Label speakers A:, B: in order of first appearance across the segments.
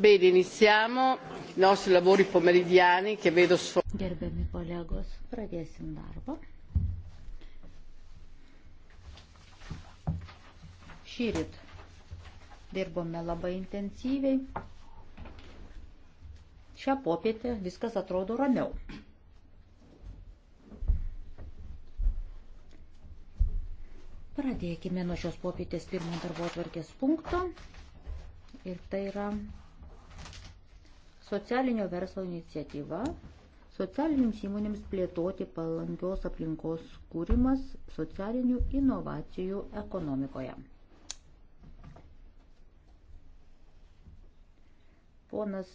A: Bene, iniziamo i nostri lavori pomeridiani che vedo solo. Gerbiami kolegos, pradėsim darbą. Šįryt dirbome labai intensyviai. Šią popietę viskas atrodo ramiau. Pradėkime nuo šios popietės pirmo darbo atvarkės punkto. Ir tai yra Socialinio verslo iniciatyva socialinėms įmonėms plėtoti palankios aplinkos kūrimas socialinių inovacijų ekonomikoje. Ponas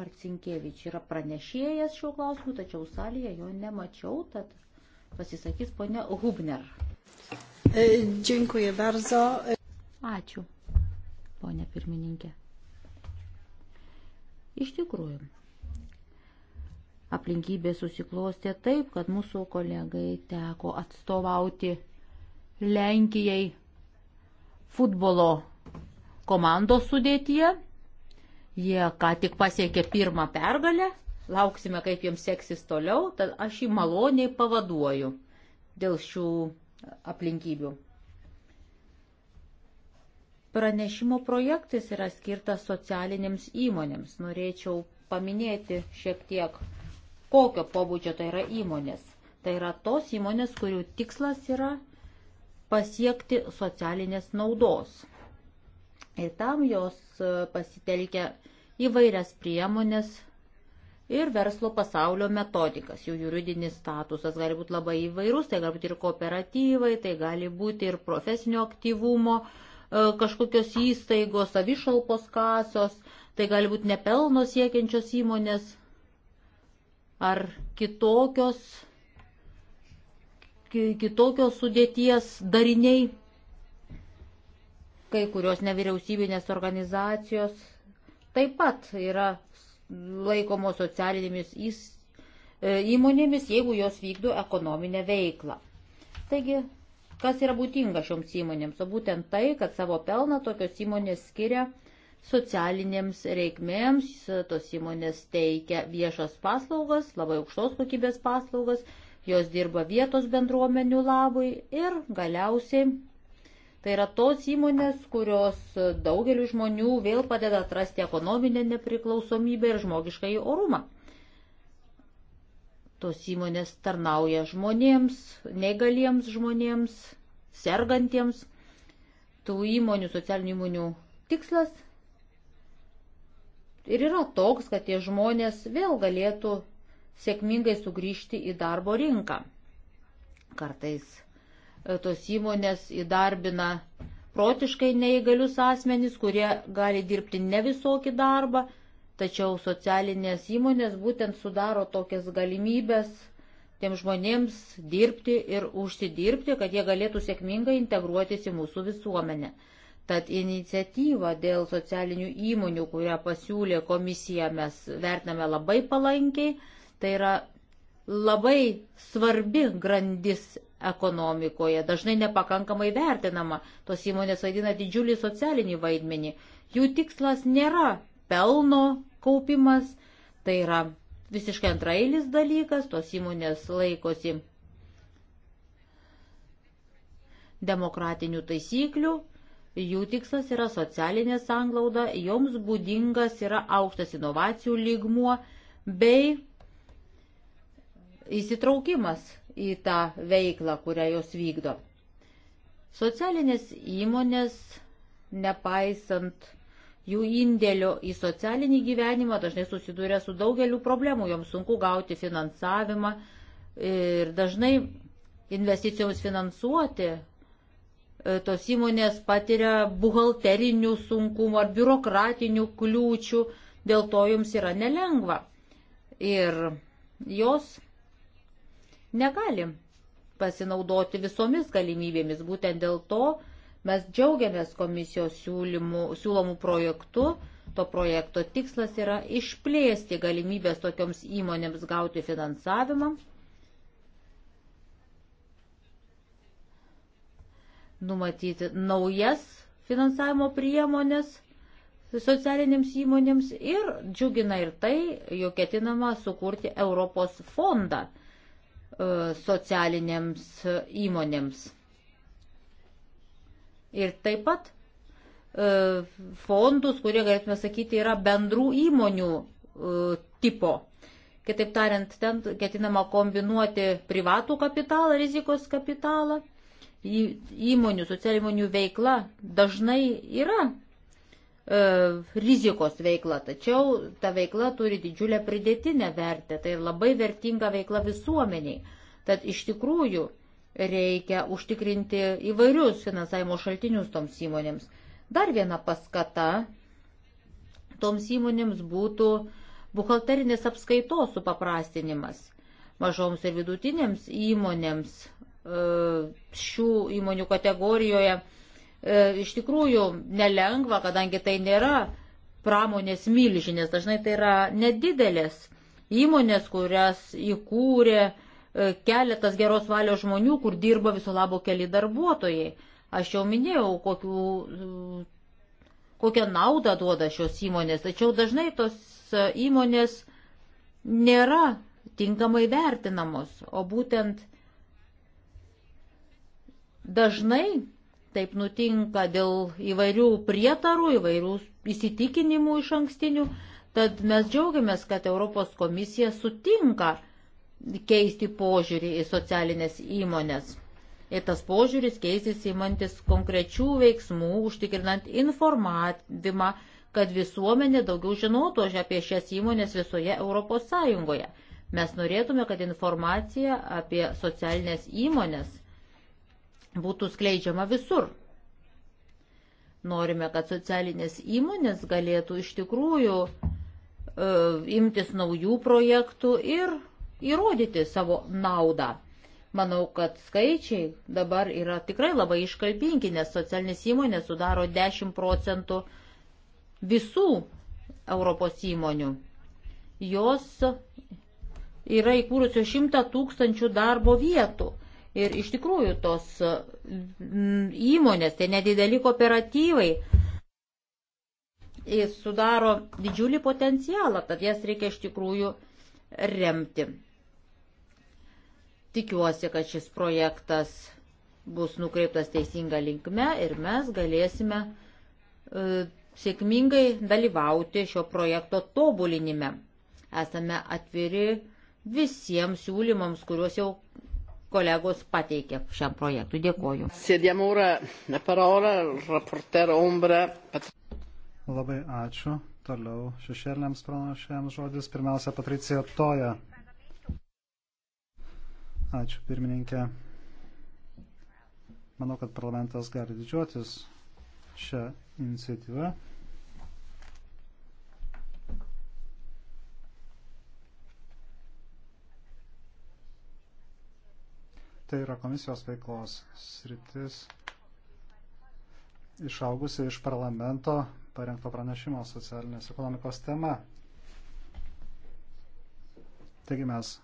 A: Marcinkievič yra pranešėjas šiuo klausimu, tačiau salėje jo nemačiau, tad pasisakys ponia Hubner. Dziękuję bardzo. Ačiū, ponia pirmininkė. Iš tikrųjų, aplinkybė susiklostė taip, kad mūsų kolegai teko atstovauti Lenkijai futbolo komandos sudėtyje. Jie ką tik pasiekė pirmą pergalę, lauksime, kaip jiems seksis toliau, tad aš jį maloniai pavaduoju dėl šių aplinkybių. Pranešimo projektas yra skirtas socialinėms įmonėms. Norėčiau paminėti šiek tiek, kokio pobūdžio tai yra įmonės. Tai yra tos įmonės, kurių tikslas yra pasiekti socialinės naudos. Ir tam jos e, pasitelkia įvairias priemonės ir verslo pasaulio metodikas. Jų juridinis statusas gali būti labai įvairus, tai gali būti ir kooperatyvai, tai gali būti ir profesinio aktyvumo E, kažkokios įstaigos, savišalpos kasos, tai gali būti nepelno siekiančios įmonės ar kitokios, kitokios sudėties dariniai. Kai kurios nevyriausybinės organizacijos taip pat yra laikomos socialinėmis e, įmonėmis, jeigu jos vykdo ekonominę veiklą. Taigi Kas yra būtinga šioms įmonėms? O būtent tai, kad savo pelną tokios įmonės skiria socialinėms reikmėms, tos įmonės teikia viešas paslaugas, labai aukštos kokybės paslaugas, jos dirba vietos bendruomenių labui ir galiausiai tai yra tos įmonės, kurios daugeliu žmonių vėl padeda atrasti ekonominę nepriklausomybę ir žmogišką į orumą. Tos įmonės tarnauja žmonėms, negaliems žmonėms, sergantiems. Tų įmonių, socialinių įmonių tikslas ir yra toks, kad tie žmonės vėl galėtų sėkmingai sugrįžti į darbo rinką. Kartais e, tos įmonės įdarbina protiškai neįgalius asmenys, kurie gali dirbti ne visokį darbą, Tačiau socialinės įmonės būtent sudaro tokias galimybės tiem žmonėms dirbti ir užsidirbti, kad jie galėtų sėkmingai integruotis į mūsų visuomenę. Tad iniciatyvą dėl socialinių įmonių, kurią pasiūlė komisija, mes vertiname labai palankiai. Tai yra labai svarbi grandis ekonomikoje, dažnai nepakankamai vertinama. Tos įmonės vaidina didžiulį socialinį vaidmenį. Jų tikslas nėra pelno kaupimas, tai yra visiškai antrailis dalykas, tos įmonės laikosi demokratinių taisyklių, jų tikslas yra socialinė sanglauda, joms būdingas yra aukštas inovacijų lygmuo bei įsitraukimas į tą veiklą, kurią jos vykdo. Socialinės įmonės, nepaisant jų indėlio į socialinį gyvenimą dažnai susiduria su daugeliu problemų, joms sunku gauti finansavimą ir dažnai investicijoms finansuoti e, tos įmonės patiria buhalterinių sunkumų ar biurokratinių kliūčių, dėl to jums yra nelengva. Ir jos negali pasinaudoti visomis galimybėmis. Būtent dėl to Mes džiaugiamės komisijos siūlymų, siūlomų projektų. To projekto tikslas yra išplėsti galimybės tokioms įmonėms gauti finansavimą. Numatyti naujas finansavimo priemonės socialinėms įmonėms ir džiugina ir tai, jog ketinama sukurti Europos fondą e, socialinėms įmonėms. Ir taip pat e, fondus, kurie, galėtume sakyti, yra bendrų įmonių e, tipo. Kitaip tariant, ten ketinama kombinuoti privatų kapitalą, rizikos kapitalą. Į, įmonių, socialinių įmonių veikla dažnai yra e, rizikos veikla, tačiau ta veikla turi didžiulę pridėtinę vertę, tai labai vertinga veikla visuomeniai. Tad iš tikrųjų reikia užtikrinti įvairius finansavimo šaltinius toms įmonėms. Dar viena paskata toms įmonėms būtų buhalterinės apskaitos supaprastinimas. Mažoms ir vidutinėms įmonėms e, šių įmonių kategorijoje e, iš tikrųjų nelengva, kadangi tai nėra pramonės milžinės, dažnai tai yra nedidelės įmonės, kurias įkūrė uh, E, keletas geros valios žmonių, kur dirba viso labo keli darbuotojai. Aš jau minėjau, kokiu, e, kokią naudą duoda šios įmonės, tačiau dažnai tos e, įmonės nėra tinkamai vertinamos, o būtent dažnai taip nutinka dėl įvairių prietarų, įvairių įsitikinimų iš ankstinių, tad mes džiaugiamės, kad Europos komisija sutinka keisti požiūrį į socialinės įmonės. Ir tas požiūris keisys įmantis konkrečių veiksmų, užtikrinant informavimą, kad visuomenė daugiau žinotų apie šias įmonės visoje Europos Sąjungoje. Mes norėtume, kad informacija apie socialinės įmonės būtų skleidžiama visur. Norime, kad socialinės įmonės galėtų iš tikrųjų e, imtis naujų projektų ir įrodyti savo naudą. Manau, kad skaičiai dabar yra tikrai labai iškalbingi, nes socialinės įmonės sudaro 10 procentų visų Europos įmonių. Jos yra įkūrusios 100 tūkstančių darbo vietų. Ir iš tikrųjų tos mm, įmonės, tai nedideli kooperatyvai, sudaro didžiulį potencialą, tad jas reikia iš tikrųjų remti. Tikiuosi, kad šis projektas bus nukreiptas teisinga linkme ir mes galėsime e, sėkmingai dalyvauti šio projekto tobulinime. Esame atviri visiems siūlymams, kuriuos jau kolegos pateikė šiam projektui. Dėkoju. Sėdėm ora, ne parola, raportero umbra.
B: Labai ačiū. Toliau šešėliams pranašėjams žodis. Pirmiausia, Patricija Toja. Ačiū pirmininkė. Manau, kad parlamentas gali didžiuotis šią iniciatyvą. Tai yra komisijos veiklos sritis išaugusi iš parlamento parengto pranešimo socialinės ekonomikos tema. Taigi mes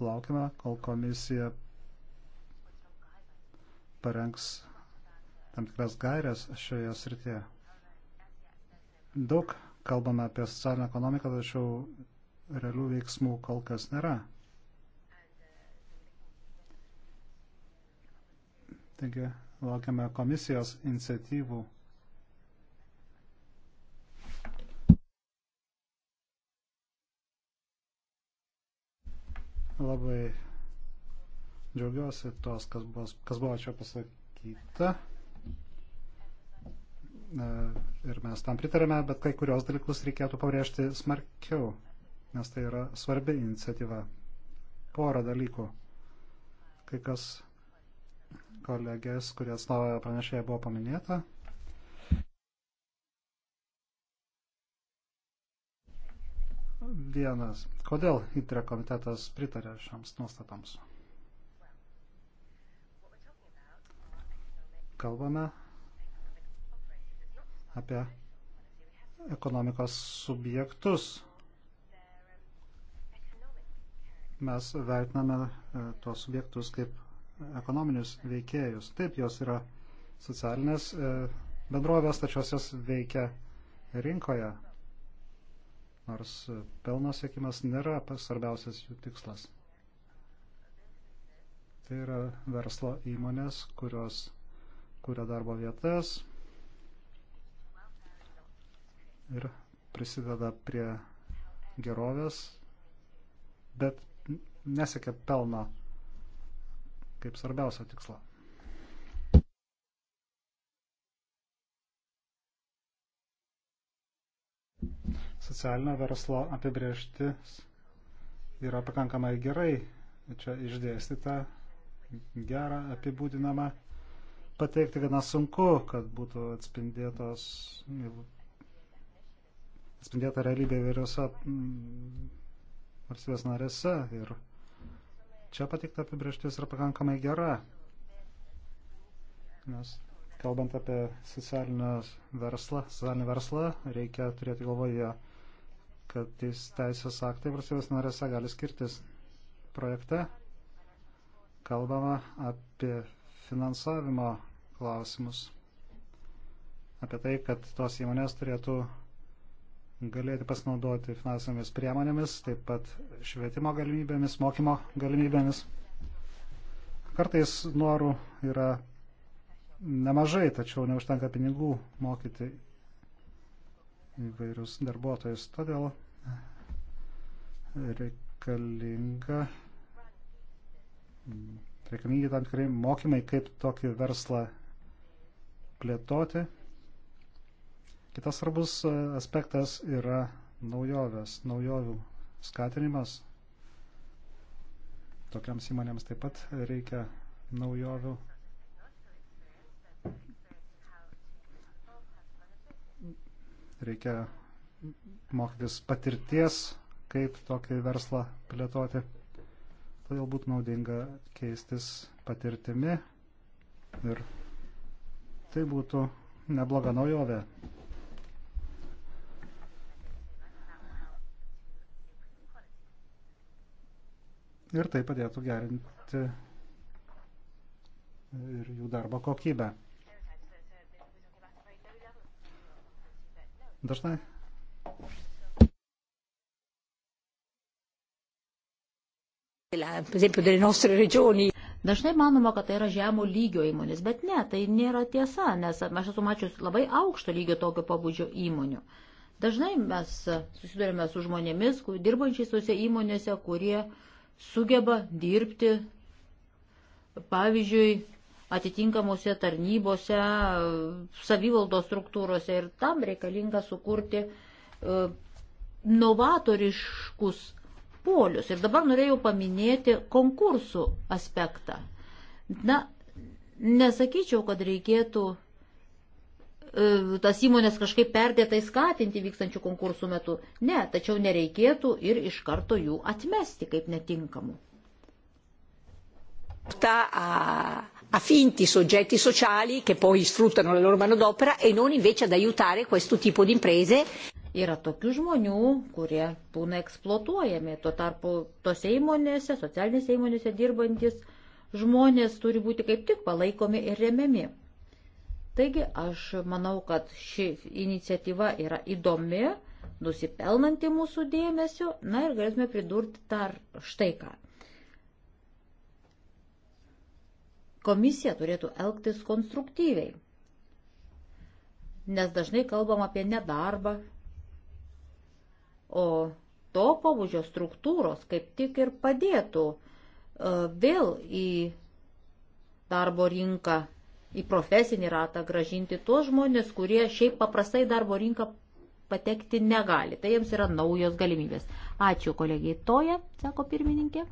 B: Laukime, kol komisija parengs tam tikras gairias šioje srityje. Daug kalbame apie socialinę ekonomiką, tačiau realių veiksmų kol kas nėra. Taigi laukiame komisijos iniciatyvų Labai džiaugiuosi tos, kas buvo, kas buvo čia pasakyta. E, ir mes tam pritarėme, bet kai kurios dalykus reikėtų pabrėžti smarkiau, nes tai yra svarbi iniciatyva. Porą dalykų. Kai kas kolegės, kurie atstovauja pranešėją, buvo paminėta. 1. Kodėl ITRE komitetas pritarė šiams nuostatams? Kalbame apie ekonomikos subjektus. Mes vertiname e, tuos subjektus kaip ekonominius veikėjus. Taip, jos yra socialinės e, bendrovės, tačiau jos veikia rinkoje nors pelno siekimas nėra svarbiausias jų tikslas. Tai yra verslo įmonės, kurios kuria darbo vietas ir prisideda prie gerovės, bet nesiekia pelno kaip svarbiausio tikslo socialinio verslo apibrieštis yra pakankamai gerai čia išdėstyta, gerą apibūdinama. Pateikti gana sunku, kad būtų atspindėtos, atspindėta realybė įvairiose mm, valstybės narėse ir čia pateikta apibrieštis yra pakankamai gera, nes kalbant apie socialinį verslą, socialinį verslą reikia turėti galvoje kad tais teisės aktai valstybės narėse gali skirtis. Projekte kalbama apie finansavimo klausimus, apie tai, kad tos įmonės turėtų galėti pasinaudoti finansinėmis priemonėmis, taip pat švietimo galimybėmis, mokymo galimybėmis. Kartais norų yra nemažai, tačiau neužtenka pinigų mokyti įvairius darbuotojus. Todėl reikalinga, reikalingi tam tikrai mokymai, kaip tokį verslą plėtoti. Kitas svarbus aspektas yra naujovės, naujovių skatinimas. Tokiams įmonėms taip pat reikia naujovių Reikia mokytis patirties, kaip tokį verslą plėtoti. Todėl būtų naudinga keistis patirtimi ir tai būtų nebloga naujovė. ir tai padėtų gerinti ir jų darbo kokybę.
A: Dažnai. Dažnai manoma, kad tai yra žemų lygio įmonės, bet ne, tai nėra tiesa, nes aš esu mačius labai aukšto lygio tokio pabudžio įmonių. Dažnai mes susidurime su žmonėmis, kur, dirbančiais tose įmonėse, kurie sugeba dirbti, pavyzdžiui, atitinkamuose tarnybose, e, savivaldos struktūrose ir tam reikalinga sukurti e, novatoriškus polius. Ir dabar norėjau paminėti konkursų aspektą. Na, nesakyčiau, kad reikėtų e, tas įmonės kažkaip perdėtai skatinti vykstančių konkursų metu. Ne, tačiau nereikėtų ir iš karto jų atmesti kaip netinkamų. Ta, a, a finti soggetti sociali che poi sfruttano la loro manodopera e non invece ad aiutare questo tipo di imprese. Yra tokių žmonių, kurie būna eksploatuojami, tuo tarpu tose įmonėse, socialinėse įmonėse dirbantis žmonės turi būti kaip tik palaikomi ir remiami. Taigi aš manau, kad ši iniciatyva yra įdomi, nusipelnanti mūsų dėmesio, na ir galėsime pridurti dar štai ką Komisija turėtų elgtis konstruktyviai, nes dažnai kalbam apie nedarbą, o to pabudžio struktūros kaip tik ir padėtų e, vėl į darbo rinką, į profesinį ratą gražinti tuos žmonės, kurie šiaip paprastai darbo rinką patekti negali. Tai jiems yra naujos galimybės. Ačiū kolegijai Toje, sako pirmininkė.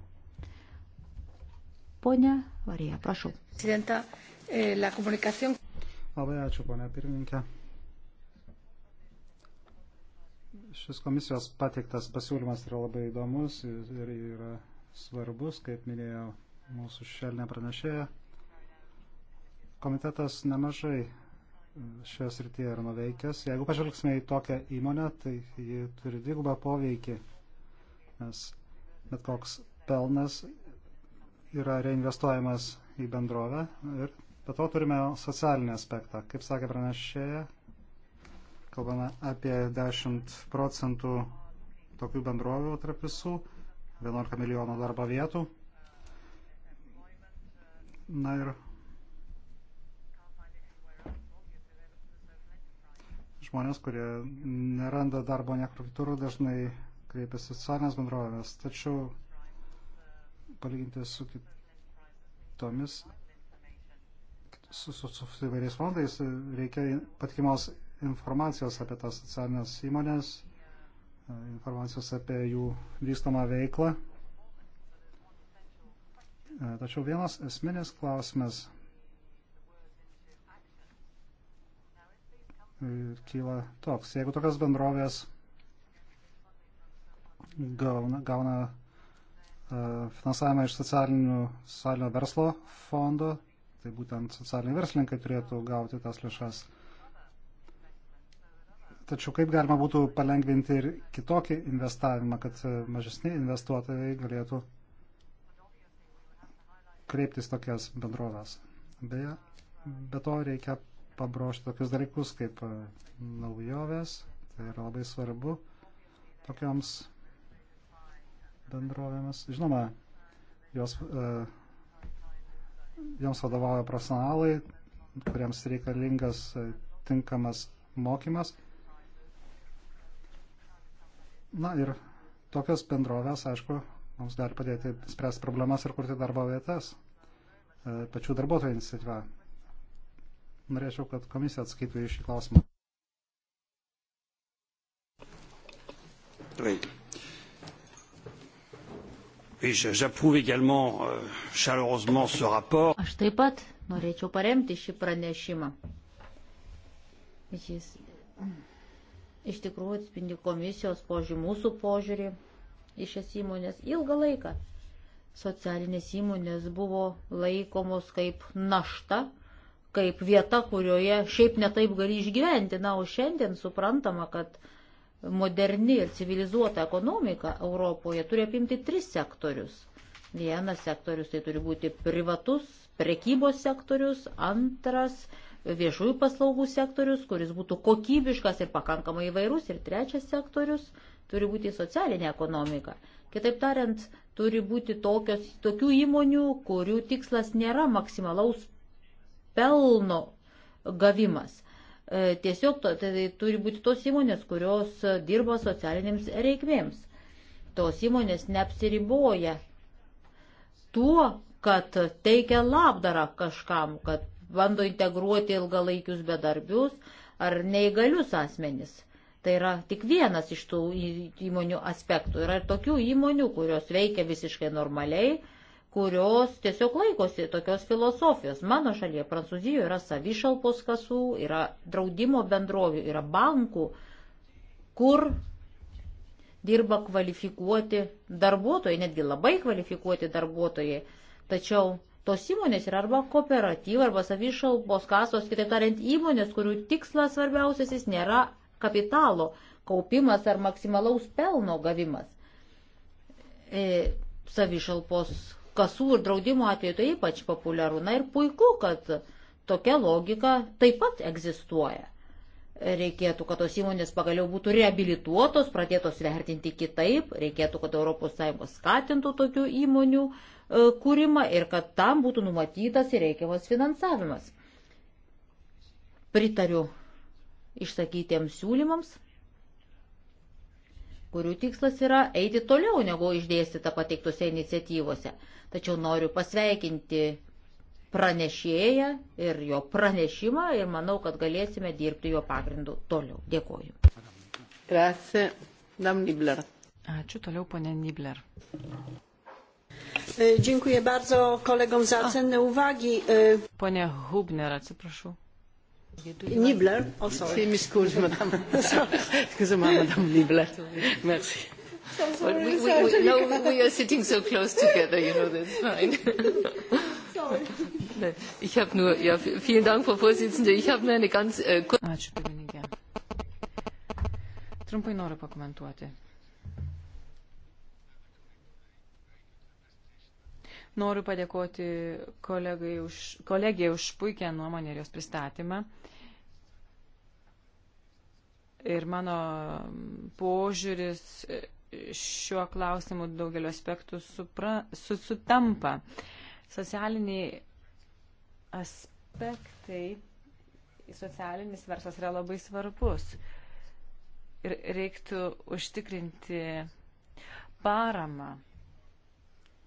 A: Pone Varija, prašau. Eh, labai ačiū, ponia
B: pirmininkė. Šis komisijos pateiktas pasiūlymas yra labai įdomus ir yra svarbus, kaip minėjo mūsų šelnė pranešėja. Komitetas nemažai šioje srityje yra nuveikęs. Jeigu pažvelgsime į tokią įmonę, tai ji turi dvigubą poveikį, nes bet koks pelnas yra reinvestuojamas į bendrovę ir be to turime socialinį aspektą. Kaip sakė pranešėja, kalbame apie 10 procentų tokių bendrovių tarp visų, 11 milijonų darbo vietų. Na ir žmonės, kurie neranda darbo niekur kitur, dažnai kreipiasi socialinės bendrovės. Tačiau palyginti su kitomis, su, su, su, su įvairiais fondais, reikia patikimos informacijos apie tas socialinės įmonės, informacijos apie jų vystamą veiklą. Tačiau vienas esminis klausimas kyla toks. Jeigu tokias bendrovės gauna, gauna E, finansavimą iš socialinio verslo fondo, tai būtent socialiniai verslininkai turėtų gauti tas lėšas. Tačiau kaip galima būtų palengvinti ir kitokį investavimą, kad mažesni investuotojai galėtų kreiptis tokias bendrovės. Beje, be to reikia pabrošti tokius dalykus kaip naujovės, tai yra labai svarbu tokioms bendrovėmis. Žinoma, jos, e, joms vadovauja profesionalai, kuriems reikalingas e, tinkamas mokymas. Na ir tokios bendrovės, aišku, mums gali padėti spręsti problemas ir kurti darbo vietas e, pačių darbuotojų iniciatyva. Norėčiau, kad komisija atskaitų į šį klausimą. Taip. Euh, Aš
A: taip pat norėčiau paremti šį pranešimą. Jis iš tikrųjų atspindi komisijos požiūrį, mūsų požiūrį į šias įmonės ilgą laiką. Socialinės įmonės buvo laikomos kaip našta, kaip vieta, kurioje šiaip netaip gali išgyventi. Na, o šiandien suprantama, kad moderni ir civilizuota ekonomika Europoje turi apimti tris sektorius. Vienas sektorius tai turi būti privatus prekybos sektorius, antras viešųjų paslaugų sektorius, kuris būtų kokybiškas ir pakankamai įvairus, ir trečias sektorius turi būti socialinė ekonomika. Kitaip tariant, turi būti tokios, tokių įmonių, kurių tikslas nėra maksimalaus pelno gavimas. E, tiesiog to, tai turi būti tos įmonės, kurios e, dirba socialinėms reikmėms. Tos įmonės neapsiriboja tuo, kad teikia labdarą kažkam, kad bando integruoti ilgalaikius bedarbius ar neįgalius asmenis. Tai yra tik vienas iš tų įmonių aspektų. Yra ir tokių įmonių, kurios veikia visiškai normaliai, kurios tiesiog laikosi tokios filosofijos. Mano šalyje, Prancūzijoje, yra savišalpos kasų, yra draudimo bendrovių, yra bankų, kur dirba kvalifikuoti darbuotojai, netgi labai kvalifikuoti darbuotojai. Tačiau tos įmonės yra arba kooperatyva, arba savišalpos kasos, kitaip tariant, įmonės, kurių tikslas svarbiausiasis nėra kapitalo kaupimas ar maksimalaus pelno gavimas. E, savišalpos kasų ir draudimo atveju tai ypač populiaru. Na ir puiku, kad tokia logika taip pat egzistuoja. Reikėtų, kad tos įmonės pagaliau būtų reabilituotos, pradėtos vertinti kitaip, reikėtų, kad ES skatintų tokių įmonių e, kūrimą ir kad tam būtų numatytas ir reikiamas finansavimas. Pritariu išsakytiems siūlymams kurių tikslas yra eiti toliau negu išdėstyta pateiktose iniciatyvose. Tačiau noriu pasveikinti pranešėją ir jo pranešimą ir manau, kad galėsime dirbti jo pagrindu toliau. Dėkoju. Grazie, dam Nibler.
C: Ačiū toliau, ponė Nibler. E, dziękuję bardzo kolegom za cenne uwagi. Panie Hubner, atsiprašau. Nibler, oh sorry. Mi scusi, madame. Scusa, madame Nibler. Merci.
A: So sorry, we, we, we, no, we are sitting so close together, you know, that's fine. sorry. Ich habe nur, ja, vielen Dank, Frau Vorsitzende. Ich habe nur eine ganz äh,
C: kurze. Ačiū, pirmininkė. Trumpai noriu pakomentuoti. Noriu padėkoti už, kolegijai už puikią nuomonę ir jos pristatymą. Ir mano požiūris šiuo klausimu daugeliu aspektų supra, su, sutampa. Socialiniai aspektai, socialinis verslas yra labai svarbus. Ir reiktų užtikrinti paramą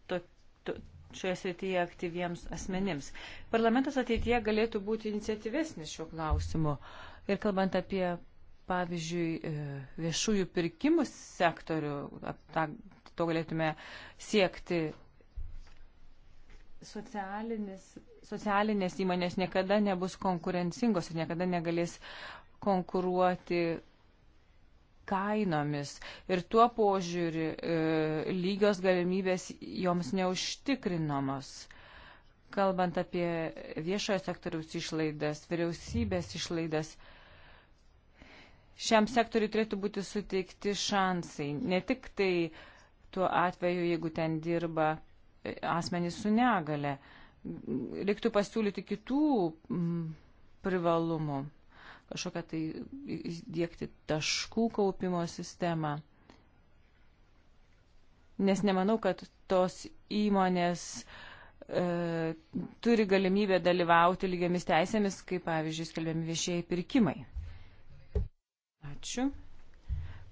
C: to, to, šioje srityje aktyviems asmenims. Parlamentas ateityje galėtų būti iniciatyvesnis šiuo klausimu. Ir kalbant apie, pavyzdžiui, e, viešųjų pirkimų sektorių, tą, to galėtume siekti. Socialinis, socialinės įmonės niekada nebus konkurencingos ir niekada negalės konkuruoti kainomis ir tuo požiūriu e, lygios galimybės joms neužtikrinamos. Kalbant apie viešojo sektoriaus išlaidas, vyriausybės išlaidas, šiam sektoriu turėtų būti suteikti šansai. Ne tik tai tuo atveju, jeigu ten dirba e, asmenys su negale. Reiktų pasiūlyti kitų privalumų kažkokią tai įdėkti taškų kaupimo sistemą. Nes nemanau, kad tos įmonės e, turi galimybę dalyvauti lygiamis teisėmis, kaip pavyzdžiui, skelbiami viešieji pirkimai. Ačiū.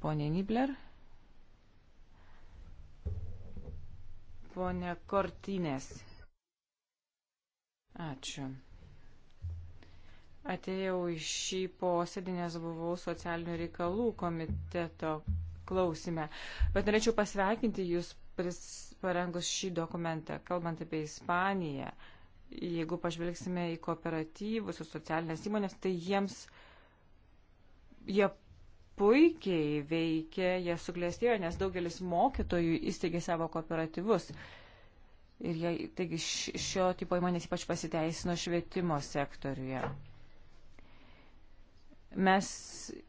C: Pone Nibler. Pone Kortinės. Ačiū atėjau į šį posėdį, nes buvau socialinių reikalų komiteto klausime. Bet norėčiau pasveikinti Jūs parengus šį dokumentą, kalbant apie Ispaniją. Jeigu pažvelgsime į kooperatyvus ir socialinės įmonės, tai jiems jie puikiai veikia, jie suklėstėjo, nes daugelis mokytojų įsteigė savo kooperatyvus. Ir jie, taigi šio tipo įmonės ypač pasiteisino švietimo sektoriuje. Mes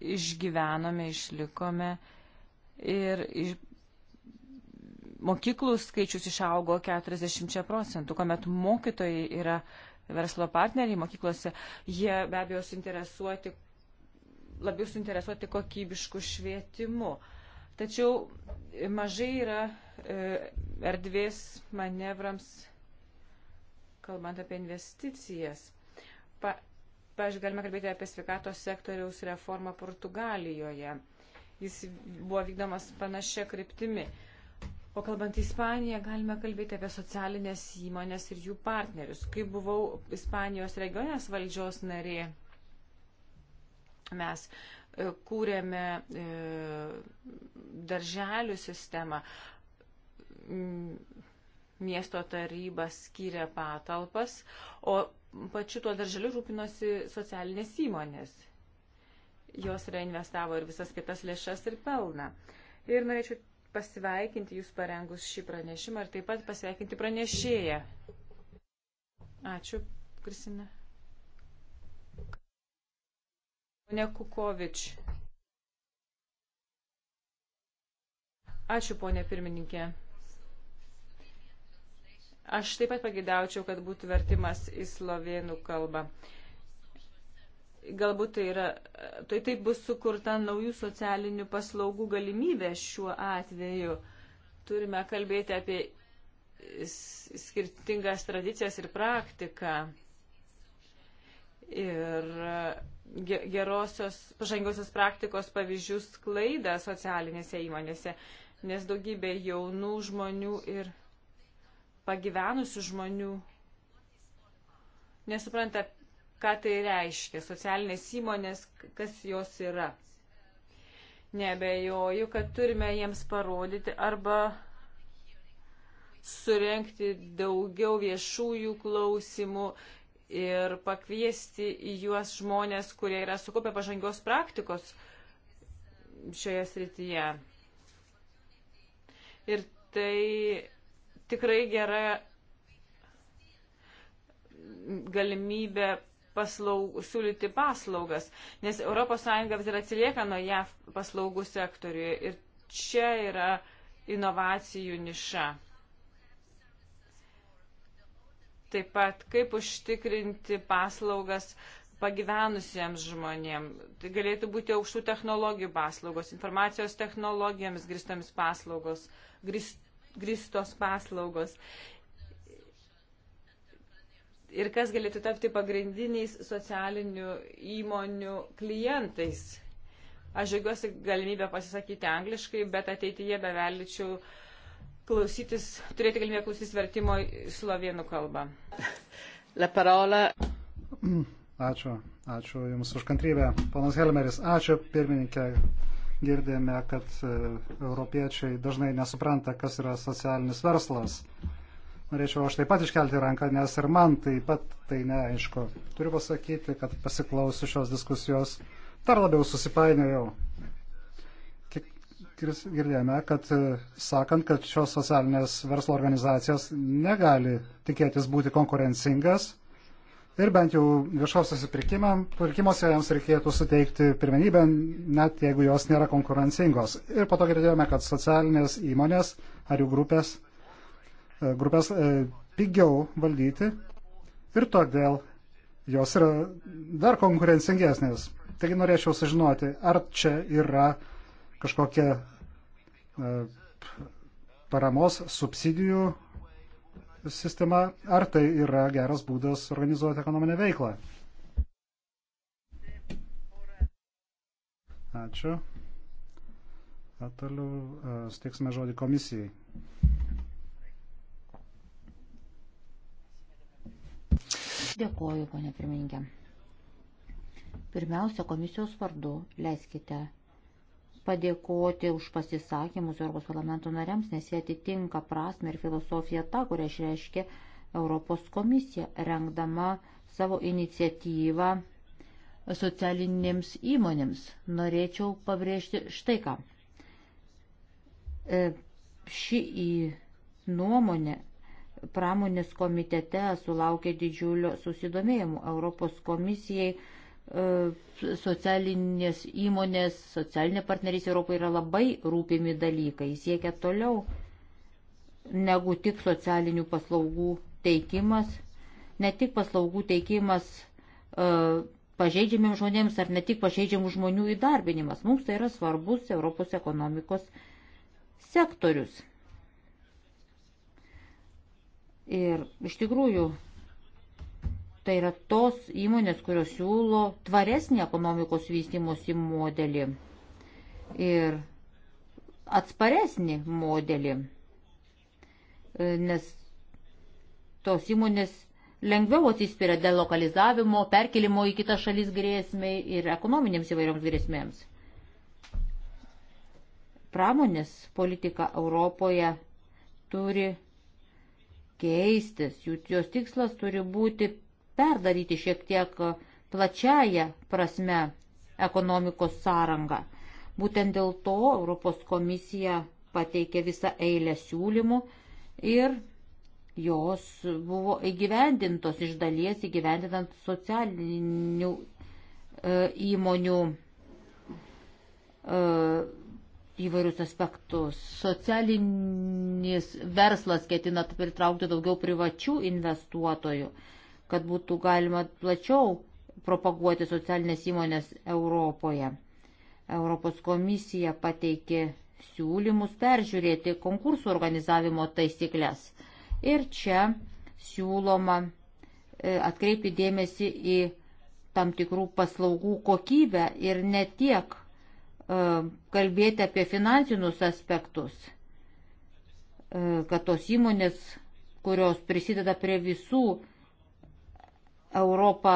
C: išgyvenome, išlikome ir iš... mokyklų skaičius išaugo 40 procentų, kuomet mokytojai yra verslo partneriai mokyklose, jie be abejo suinteresuoti, labiau suinteresuoti kokybiškų švietimu. Tačiau mažai yra e, erdvės manevrams, kalbant apie investicijas. Pa, pavyzdžiui, galime kalbėti apie sveikatos sektoriaus reformą Portugalijoje. Jis buvo vykdomas panašia kryptimi. O kalbant į Ispaniją, galime kalbėti apie socialinės įmonės ir jų partnerius. Kai buvau Ispanijos regionės valdžios narė, mes e, kūrėme e, darželių sistemą. Miesto taryba skyrė patalpas, o pačiu tuo darželiu rūpinosi socialinės įmonės. Jos reinvestavo ir visas kitas lėšas ir pelną. Ir norėčiau pasveikinti jūs parengus šį pranešimą ir taip pat pasveikinti pranešėją. Ačiū, Kristina. Pone Kukovič. Ačiū, ponė pirmininkė. Aš taip pat pagidaučiau, kad būtų vertimas į slovėnų kalbą. Galbūt tai yra, tai taip bus sukurta naujų socialinių paslaugų galimybė šiuo atveju. Turime kalbėti apie skirtingas tradicijas ir praktiką. Ir e, gerosios, pažangiosios praktikos pavyzdžių sklaida socialinėse įmonėse, nes daugybė jaunų žmonių ir pagyvenusių žmonių nesupranta, ką tai reiškia, socialinės įmonės, kas jos yra. Nebejoju, kad turime jiems parodyti arba surenkti daugiau viešųjų klausimų ir pakviesti į juos žmonės, kurie yra sukupę pažangios praktikos šioje srityje. Ir tai tikrai gera galimybė paslaug, siūlyti paslaugas, nes ES vis ir atsilieka nuo JAV paslaugų sektoriuje ir čia yra inovacijų niša. Taip pat, kaip užtikrinti paslaugas pagyvenusiems žmonėms. Tai galėtų būti aukštų technologijų paslaugos, informacijos technologijomis grįstomis paslaugos, grįst, grįstos paslaugos. Ir kas galėtų tapti pagrindiniais socialinių įmonių klientais. Aš žiūriuosi galimybę pasisakyti angliškai, bet ateityje bevelyčiau klausytis, turėti galimybę klausytis vertimo į slovėnų kalbą. La parola.
B: Ačiū. Ačiū Jums už kantrybę. Ponas Helmeris, ačiū pirmininkė girdėjome, kad e, europiečiai dažnai nesupranta, kas yra socialinis verslas. Norėčiau aš taip pat iškelti ranką, nes ir man taip pat tai neaišku. Turiu pasakyti, kad pasiklausiu šios diskusijos, dar labiau susipainiojau. Girdėjome, kad e, sakant, kad šios socialinės verslo organizacijos negali tikėtis būti konkurencingas, Ir bent jau viešosiuose pirkimuose joms reikėtų suteikti pirmenybę, net jeigu jos nėra konkurencingos. Ir po to girdėjome, kad socialinės įmonės ar jų grupės, e, grupės e, pigiau valdyti ir todėl jos yra dar konkurencingesnės. Taigi norėčiau sužinoti, ar čia yra kažkokia e, paramos subsidijų sistema, ar tai yra geras būdas organizuoti ekonominę veiklą. Ačiū. A, toliau steiksime žodį komisijai.
A: Dėkuoju, ponė pirmininkė. Pirmiausia, komisijos vardu leiskite padėkoti už pasisakymus Europos parlamento nariams, nes jie atitinka prasme ir filosofiją tą, kurią išreiškė Europos komisija, rengdama savo iniciatyvą socialinėms įmonėms. Norėčiau pabrėžti štai ką. E, ši į nuomonę pramonės komitete sulaukė didžiulio susidomėjimo Europos komisijai E, socialinės įmonės, socialinė partnerys Europoje yra labai rūpimi dalykai. Jis siekia toliau negu tik socialinių paslaugų teikimas, ne tik paslaugų teikimas e, pažeidžiamiems žmonėms ar ne tik pažeidžiamų žmonių įdarbinimas. Mums tai yra svarbus Europos ekonomikos sektorius. Ir iš tikrųjų Tai yra tos įmonės, kurios siūlo tvaresnį ekonomikos vystimosi modelį ir atsparesnį modelį, e, nes tos įmonės lengviau atsispiria dėl lokalizavimo, perkelimo į kitas šalis grėsmiai ir ekonominėms įvairioms grėsmėms. Pramonės politika Europoje turi keistis, jų jos tikslas turi būti perdaryti šiek tiek plačiają prasme ekonomikos sąrangą. Būtent dėl to Europos komisija pateikė visą eilę siūlymų ir jos buvo įgyvendintos iš dalies įgyvendinant socialinių e, įmonių e, įvairius aspektus. Socialinis verslas ketina pritraukti daugiau privačių investuotojų. E, kad būtų galima plačiau propaguoti socialinės įmonės Europoje. Europos komisija pateikė siūlymus peržiūrėti konkursų organizavimo taisyklės. Ir čia siūloma e, atkreipti dėmesį į tam tikrų paslaugų kokybę ir ne tiek e, kalbėti apie finansinius aspektus, e, kad tos įmonės, kurios prisideda prie visų Europą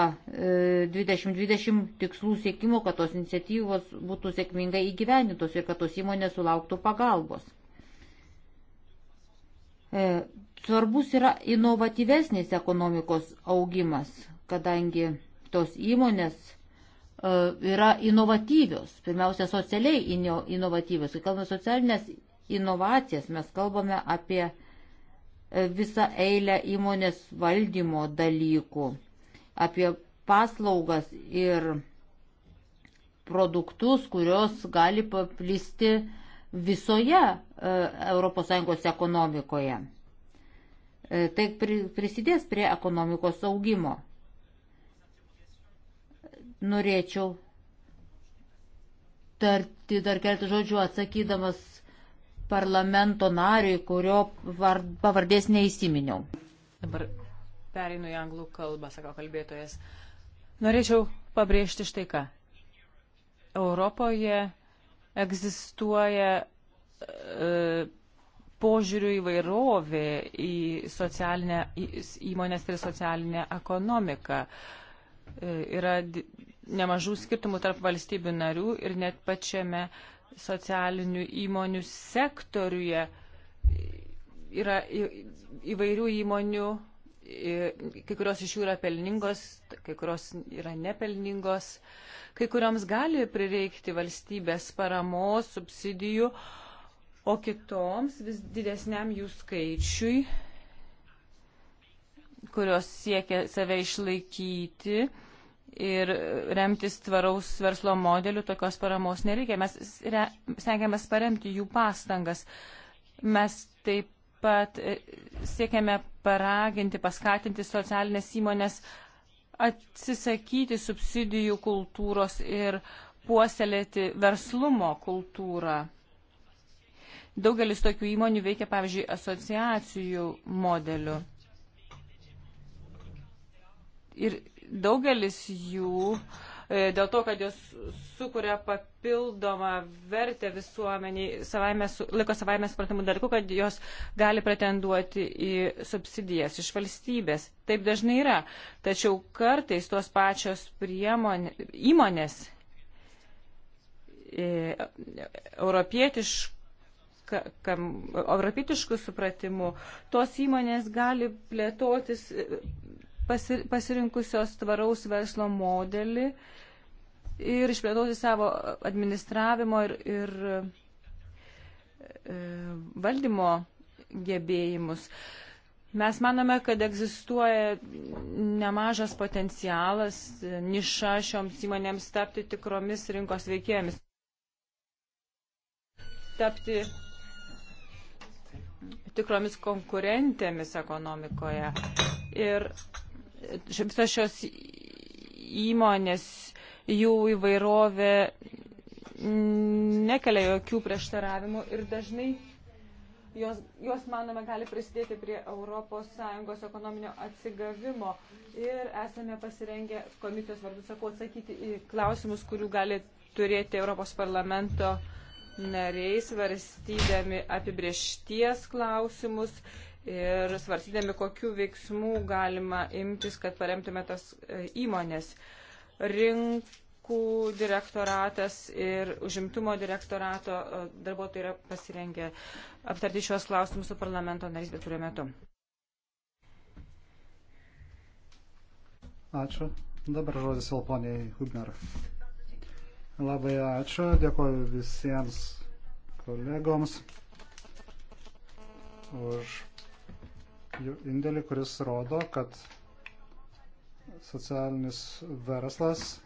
A: 2020 e, tikslų siekimo, kad tos iniciatyvos būtų sėkmingai įgyvenintos ir kad tos įmonės sulauktų pagalbos. E, svarbus yra inovatyvesnis ekonomikos augimas, kadangi tos įmonės e, yra inovatyvios, pirmiausia, socialiai inovatyvios. Kai kalbame socialinės inovacijas, mes kalbame apie visą eilę įmonės valdymo dalykų apie paslaugas ir produktus, kurios gali paplisti visoje ES ekonomikoje. E, tai prisidės prie ekonomikos augimo. Norėčiau tarti dar keletą žodžių atsakydamas parlamento nariui, kurio pavardės neįsiminiau.
C: Dabar Perinu į anglų kalbą, sako kalbėtojas. Norėčiau pabrėžti štai ką. Europoje egzistuoja e, požiūrių įvairovė į socialinę į įmonės ir socialinę ekonomiką. E, yra nemažų skirtumų tarp valstybių narių ir net pačiame socialinių įmonių sektoriuje yra įvairių įmonių kai kurios iš jų yra pelningos, kai kurios yra nepelningos, kai kurioms gali prireikti valstybės paramos, subsidijų, o kitoms vis didesniam jų skaičiui, kurios siekia save išlaikyti ir remtis tvaraus verslo modeliu, tokios paramos nereikia. Mes stengiamės paremti jų pastangas. Mes taip pat e, siekiame paraginti, paskatinti socialinės įmonės atsisakyti subsidijų kultūros ir puoselėti verslumo kultūrą. Daugelis tokių įmonių veikia, pavyzdžiui, asociacijų modeliu. Ir daugelis jų uh, E, dėl to, kad jos sukuria papildomą vertę visuomeniai, savaime, laiko savaime suprantamų dalykų, kad jos gali pretenduoti į subsidijas iš valstybės. Taip dažnai yra. Tačiau kartais tos pačios priemonė, įmonės e, europietiškų kam, europietiškų supratimų, tos įmonės gali plėtotis e, pasir, pasirinkusios tvaraus verslo modelį ir išplėtoti savo administravimo ir, ir e, valdymo gebėjimus. Mes manome, kad egzistuoja nemažas potencialas, niša šioms įmonėms tapti tikromis rinkos veikėjomis. Tapti tikromis konkurentėmis ekonomikoje. Ir visos šios įmonės jų įvairovė nekelia jokių prieštaravimų ir dažnai jos, jos manome, gali prisidėti prie ES ekonominio atsigavimo ir esame pasirengę komisijos vardu sakau atsakyti į klausimus, kurių gali turėti Europos parlamento nariai, svarstydami apibriešties klausimus ir svarstydami, kokiu veiksmu galima imtis, kad paremtume tas e, įmonės. Uh, rinkų direktoratas ir užimtumo direktorato e, darbuotojai yra pasirengę aptarti šios klausimus su parlamento narys bet kuriuo metu.
B: Ačiū. Dabar žodis vėl poniai Hubner. Labai ačiū. Dėkoju visiems kolegoms už jų indėlį, kuris rodo, kad socialinis verslas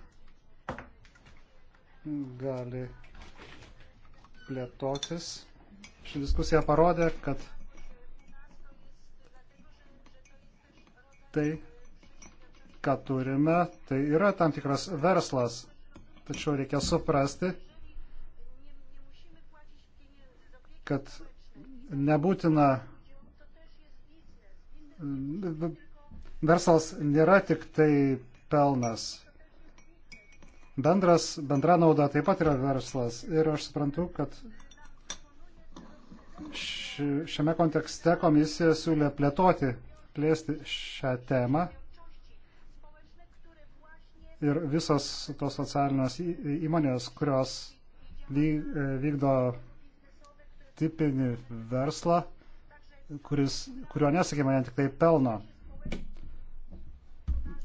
B: gali plėtotis. Ši diskusija parodė, kad tai, ką turime, tai yra tam tikras verslas. Tačiau reikia suprasti, kad nebūtina Verslas nėra tik tai pelnas. Bendras, bendra nauda taip pat yra verslas. Ir aš suprantu, kad ši, šiame kontekste komisija siūlė plėtoti, plėsti šią temą. Ir visos tos socialinės įmonės, kurios e, vykdo tipinį verslą, kuris, kurio nesakėme ne tik tai pelno.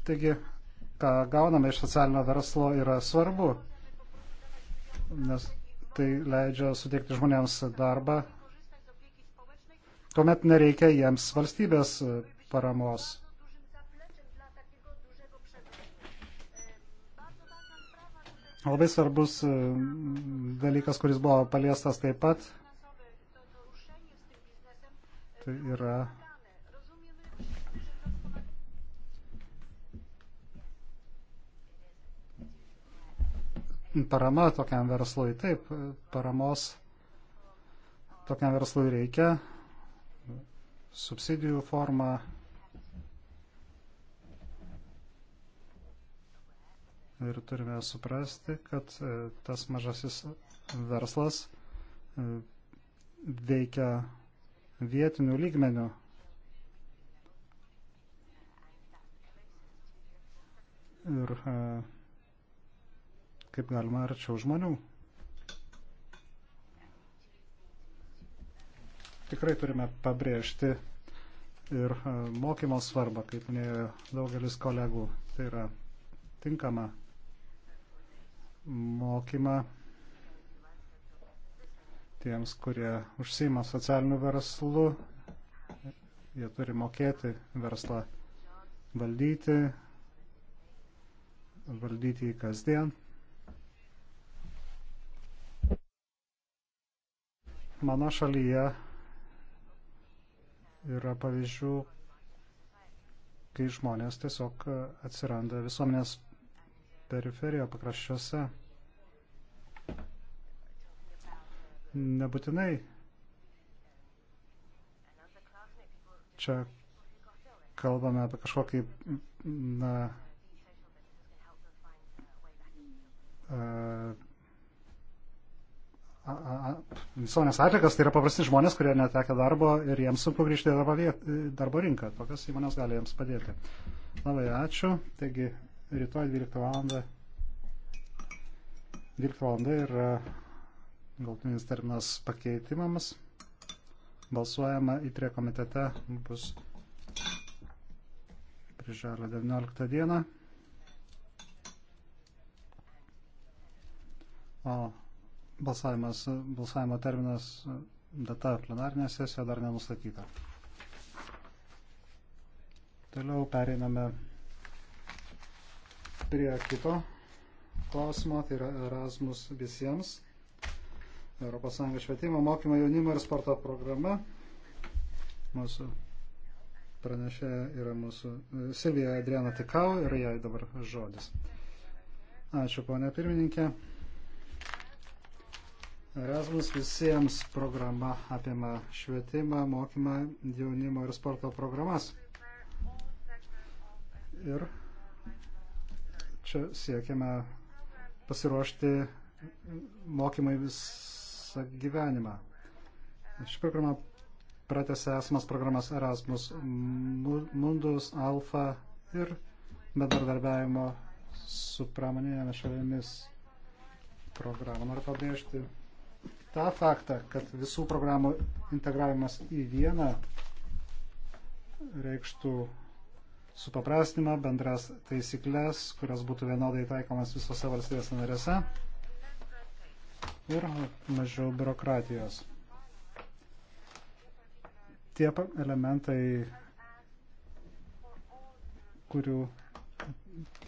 B: Taigi, ką gauname iš socialinio verslo yra svarbu, nes tai leidžia suteikti žmonėms darbą, tuomet nereikia jiems valstybės paramos. Labai svarbus e, dalykas, kuris buvo paliestas taip pat, tai yra parama tokiam verslui. Taip, paramos tokiam verslui reikia, subsidijų forma. Ir turime suprasti, kad e, tas mažasis verslas e, veikia vietinių lygmenių. Ir uh, kaip galima arčiau žmonių. Tikrai turime pabrėžti ir e, mokymo svarbą, kaip minėjo daugelis kolegų. Tai yra tinkama mokyma tiems, kurie užsima socialiniu verslu. Jie turi mokėti verslą valdyti, valdyti jį kasdien. Mano šalyje yra pavyzdžių, kai žmonės tiesiog atsiranda visuomenės periferijoje, pakraščiuose. Nebūtinai čia kalbame apie kažkokį na, visuomenės atlikas, tai yra paprasti žmonės, kurie netekia darbo ir jiems sunku grįžti į darbo, viet, darbo rinką. Tokios įmonės gali jiems padėti. Labai ačiū. Taigi, rytoj 12 val. 12 val. yra galtinis terminas pakeitimams. Balsuojama į trie komitete bus prižalio 19 dieną. O Balsavimas, balsavimo terminas data plenarinė sesija dar nenustatyta. Toliau pereiname prie kito klausimo, tai yra Erasmus visiems. ES švietimo mokymo jaunimo ir sporto programa. Mūsų pranešė yra mūsų Silvija Adriana Tikau ir jai dabar žodis. Ačiū, ponė pirmininkė. Erasmus visiems programa apima švietimą, mokymą, jaunimo ir sporto programas. Ir čia siekiame pasiruošti mokymai visą gyvenimą. Ši programa pratęsė esamas programas Erasmus Mundus, Alfa ir bendradarbiavimo su pramoninėmis šalimis programą. Noriu pabrėžti tą faktą, kad visų programų integravimas į vieną reikštų supaprastinimą, bendras taisyklės, kurios būtų vienodai taikomas visose valstybės narėse ir mažiau biurokratijos. Tie elementai, kurių,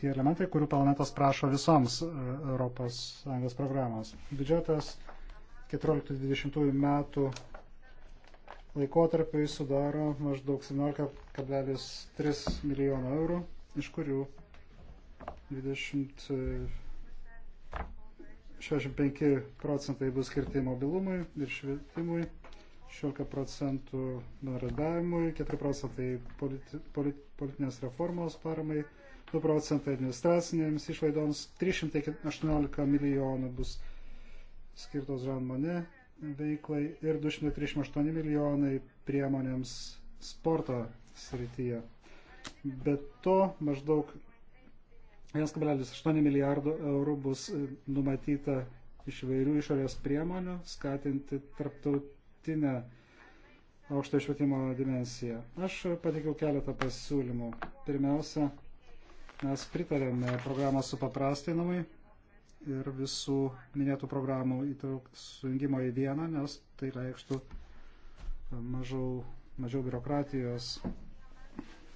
B: tie elementai, kurių planetas prašo visoms ES programos. Biudžetas 14-20 metų laikotarpiui sudaro maždaug 17,3 milijono eurų, iš kurių 20, 65 procentai bus skirti mobilumui ir švietimui, 16 procentų bendradarbiavimui, 4 procentai politi, polit, politinės reformos paramai, 2 procentai administracinėms išlaidoms, 318 milijonų bus skirti skirtos Žan Mone veiklai ir 238 milijonai priemonėms sporto srityje. Be to maždaug 1,8 milijardų eurų bus e, numatyta iš vairių išorės priemonių skatinti tarptautinę aukšto išvietimo dimensiją. Aš pateikiau keletą pasiūlymų. Pirmiausia, mes pritarėme programos supaprastinamui ir visų minėtų programų sujungimo į vieną, nes tai reikštų mažiau, mažiau biurokratijos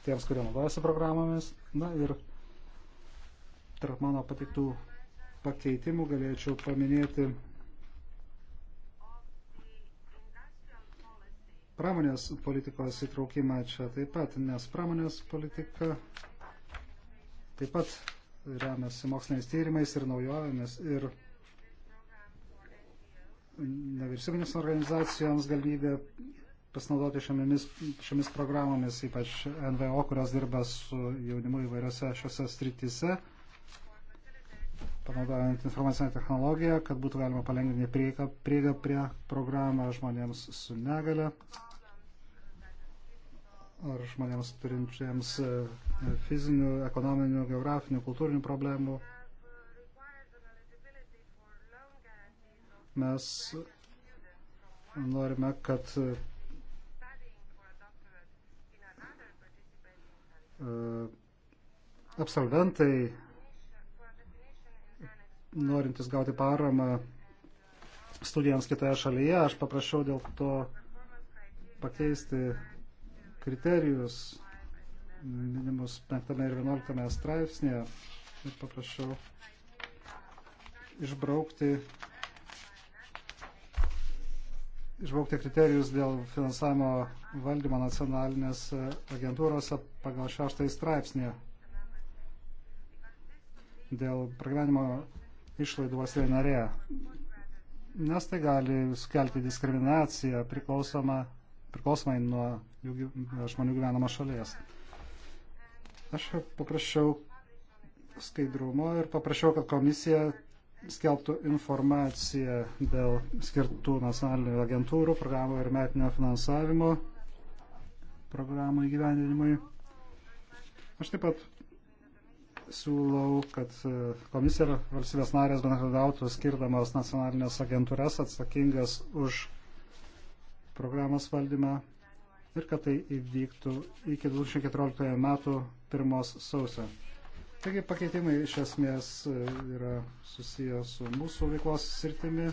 B: tiems, kurie naudojasi programomis. Na ir tarp mano patiktų pakeitimų galėčiau paminėti pramonės politikos įtraukimą čia taip pat, nes pramonės politika taip pat remiasi moksliniais tyrimais ir naujovėmis ir nevyriausybinės organizacijoms galimybė pasinaudoti šiomis, šiomis programomis, ypač NVO, kurios dirba su jaunimu įvairiose šiose strityse, panaudojant informacinę technologiją, kad būtų galima palengvinti prieigą prie programą žmonėms su negale, ar žmonėms turinčiams e, e, fizinių, ekonominių, geografinių, kultūrinių problemų. Mes norime, kad e, absolventai, norintys gauti paramą studijams kitoje šalyje, aš paprašiau dėl to pakeisti kriterijus minimus 5 ir 11 straipsnėje ir paprašiau išbraukti, išbraukti kriterijus dėl finansavimo valdymo nacionalinės agentūrose pagal 6 straipsnėje dėl pragyvenimo išlaidų valstybė narė, nes tai gali sukelti diskriminaciją priklausomą priklausomai nuo jų, žmonių gyvenamos šalies. Aš paprašiau skaidrumo ir paprašiau, kad komisija skelbtų informaciją dėl skirtų nacionalinių agentūrų, programų ir metinio finansavimo programų įgyvendinimui. Aš taip pat siūlau, kad e, komisija ir valstybės narės bendradarbiautų skirdamas nacionalinės agentūras atsakingas už programos valdymą ir kad tai įvyktų iki 2014 metų 1 sausio. Taigi pakeitimai iš esmės e, yra susiję su mūsų veiklos sirtimi.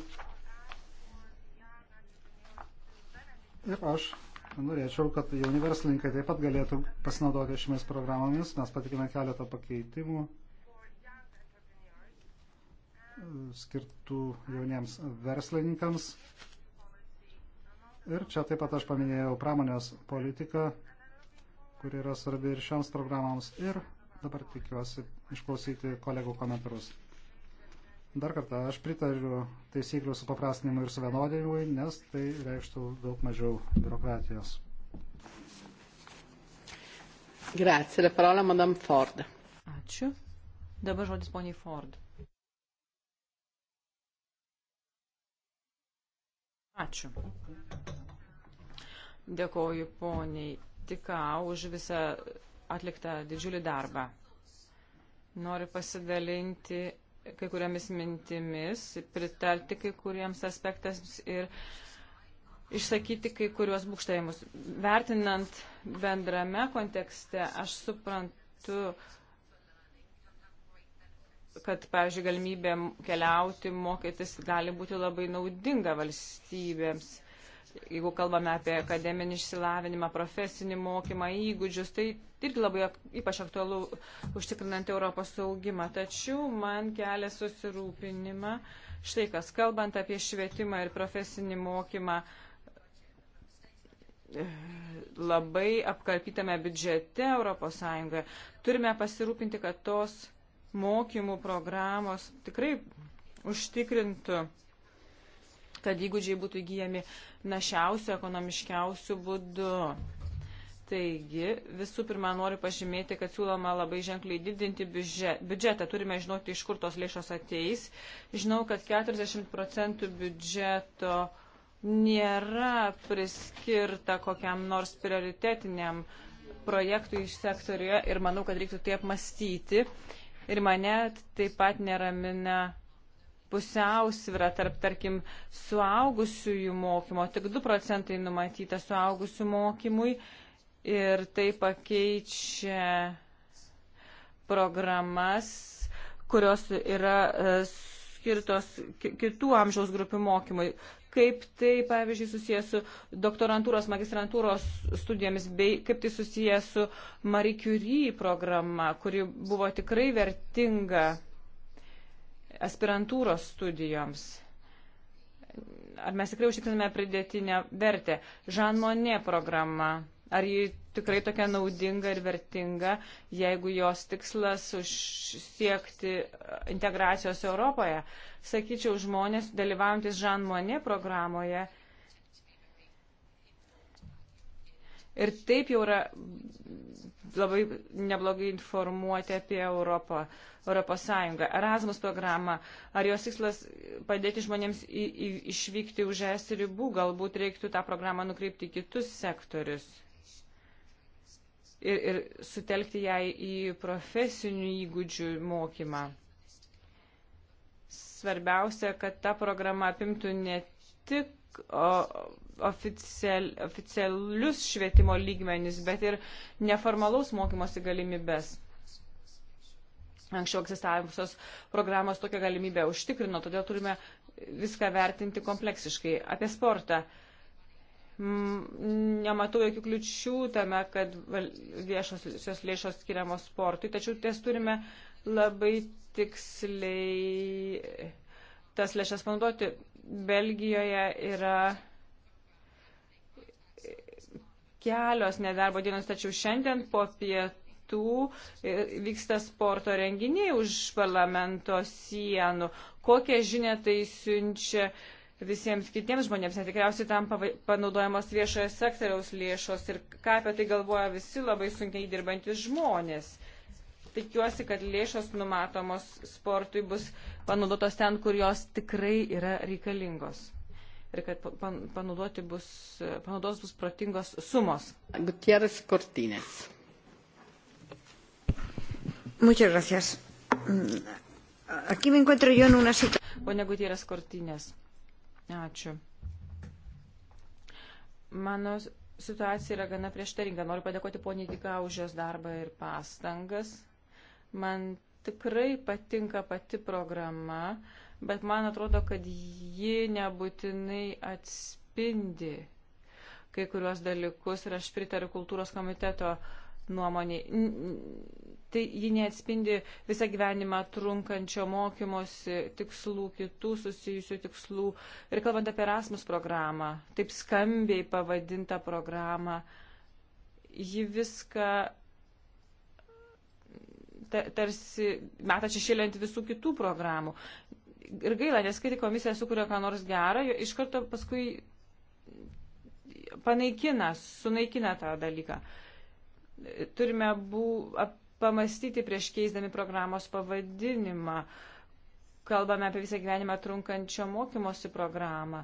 B: Ir aš norėčiau, kad jauni verslininkai taip pat galėtų pasinaudoti šiomis programomis. Mes patikime keletą pakeitimų e, skirtų jauniems verslininkams. Ir čia taip pat aš paminėjau pramonės politiką, kuri yra svarbi ir šioms programams. Ir dabar tikiuosi išklausyti kolegų komentarus. Dar kartą, aš pritariu taisyklių supaprastinimui ir suvienodinimui, nes tai reikštų daug mažiau biurokratijos.
A: Grazie, la parola Madame Ford.
C: Ačiū. Dabar žodis poniai Ford. Ačiū. Dėkoju poniai Tikau už visą atliktą didžiulį darbą. Noriu pasidalinti kai kuriamis mintimis, pritarti kai kuriems aspektams ir išsakyti kai kuriuos būkštavimus. Vertinant bendrame kontekste, aš suprantu, kad, pavyzdžiui, galimybė keliauti, mokytis gali būti labai naudinga valstybėms. Jeigu kalbame apie akademinį išsilavinimą, profesinį mokymą, įgūdžius, tai irgi labai ypač aktualu užtikrinant Europos saugimą. Tačiau man kelia susirūpinimą. Štai kas, kalbant apie švietimą ir profesinį mokymą, labai apkarpytame biudžete ES turime pasirūpinti, kad tos mokymų programos tikrai užtikrintų, kad įgūdžiai būtų įgyjami našiausių, ekonomiškiausių būdų. Taigi, visų pirma, noriu pažymėti, kad siūloma labai ženkliai didinti biudžetą. Turime žinoti, iš kur tos lėšos ateis. Žinau, kad 40 procentų biudžeto nėra priskirta kokiam nors prioritetiniam projektui iš sektoriuje ir manau, kad reiktų tai apmastyti Ir mane taip pat neramina pusiausvyrą tarp, tarkim, suaugusiųjų mokymo. Tik 2 procentai numatyta suaugusių mokymui ir tai pakeičia programas, kurios yra e, skirtos kitų amžiaus grupių mokymui kaip tai, pavyzdžiui, susijęs su doktorantūros, magistrantūros studijomis, bei kaip tai susijęs su Marie Curie programa, kuri buvo tikrai vertinga aspirantūros studijoms. Ar mes tikrai užtikriname pridėtinę vertę? Žan Monė programa. Ar ji tikrai tokia naudinga ir vertinga, jeigu jos tikslas siekti e, integracijos Europoje. Sakyčiau, žmonės dalyvaujantis Žan Monė programoje ir taip jau yra labai neblogai informuoti apie Europą, Europos Sąjungą, Erasmus programą, ar jos tikslas padėti žmonėms į, į, išvykti už es ribų, galbūt reiktų tą programą nukreipti į kitus sektorius ir, ir sutelkti jai į profesinių įgūdžių mokymą. Svarbiausia, kad ta programa apimtų ne tik oficial, oficialius švietimo lygmenis, bet ir neformalaus mokymosi galimybės. Anksčiau egzistavusios programos tokią galimybę užtikrino, todėl turime viską vertinti kompleksiškai. Apie sportą. Uh, Mm, nematau jokių kliučių tame, kad viešosios lėšos skiriamos sportui, tačiau ties turime labai tiksliai tas lėšas panaudoti. Belgijoje yra kelios nedarbo dienos, tačiau šiandien po pietų vyksta sporto renginiai už parlamento sienų. Kokią žinę tai siunčia uh, visiems kitiems žmonėms, netikriausiai tam panaudojamos viešojo sektoriaus lėšos ir ką apie tai galvoja visi labai sunkiai dirbantis žmonės. Tikiuosi, kad lėšos numatomos sportui bus panaudotos ten, kur jos tikrai yra reikalingos. Ir kad panaudoti bus, panaudos bus protingos sumos. Gutierrez Cortines.
A: Muchas gracias. Mm,
C: aquí me encuentro yo en una situación. Pone Gutierrez Cortines. Ačiū. Mano situacija yra gana prieštaringa. Noriu padėkoti poniai Dika už jos darbą ir pastangas. Man tikrai patinka pati programa, bet man atrodo, kad ji nebūtinai atspindi kai kuriuos dalykus ir aš pritariu kultūros komiteto nuomonį tai ji neatspindi visą gyvenimą trunkančio mokymosi tikslų, kitų susijusių tikslų. Ir kalbant apie Erasmus programą, taip skambiai pavadinta programą, ji viską tarsi meta šešėlint visų kitų programų. Ir gaila, nes kai komisija sukuria ką nors gerą, iš karto paskui panaikina, sunaikina tą dalyką. Turime bū, ap, pamastyti prieš keisdami programos pavadinimą. Kalbame apie visą gyvenimą trunkančio mokymosi programą.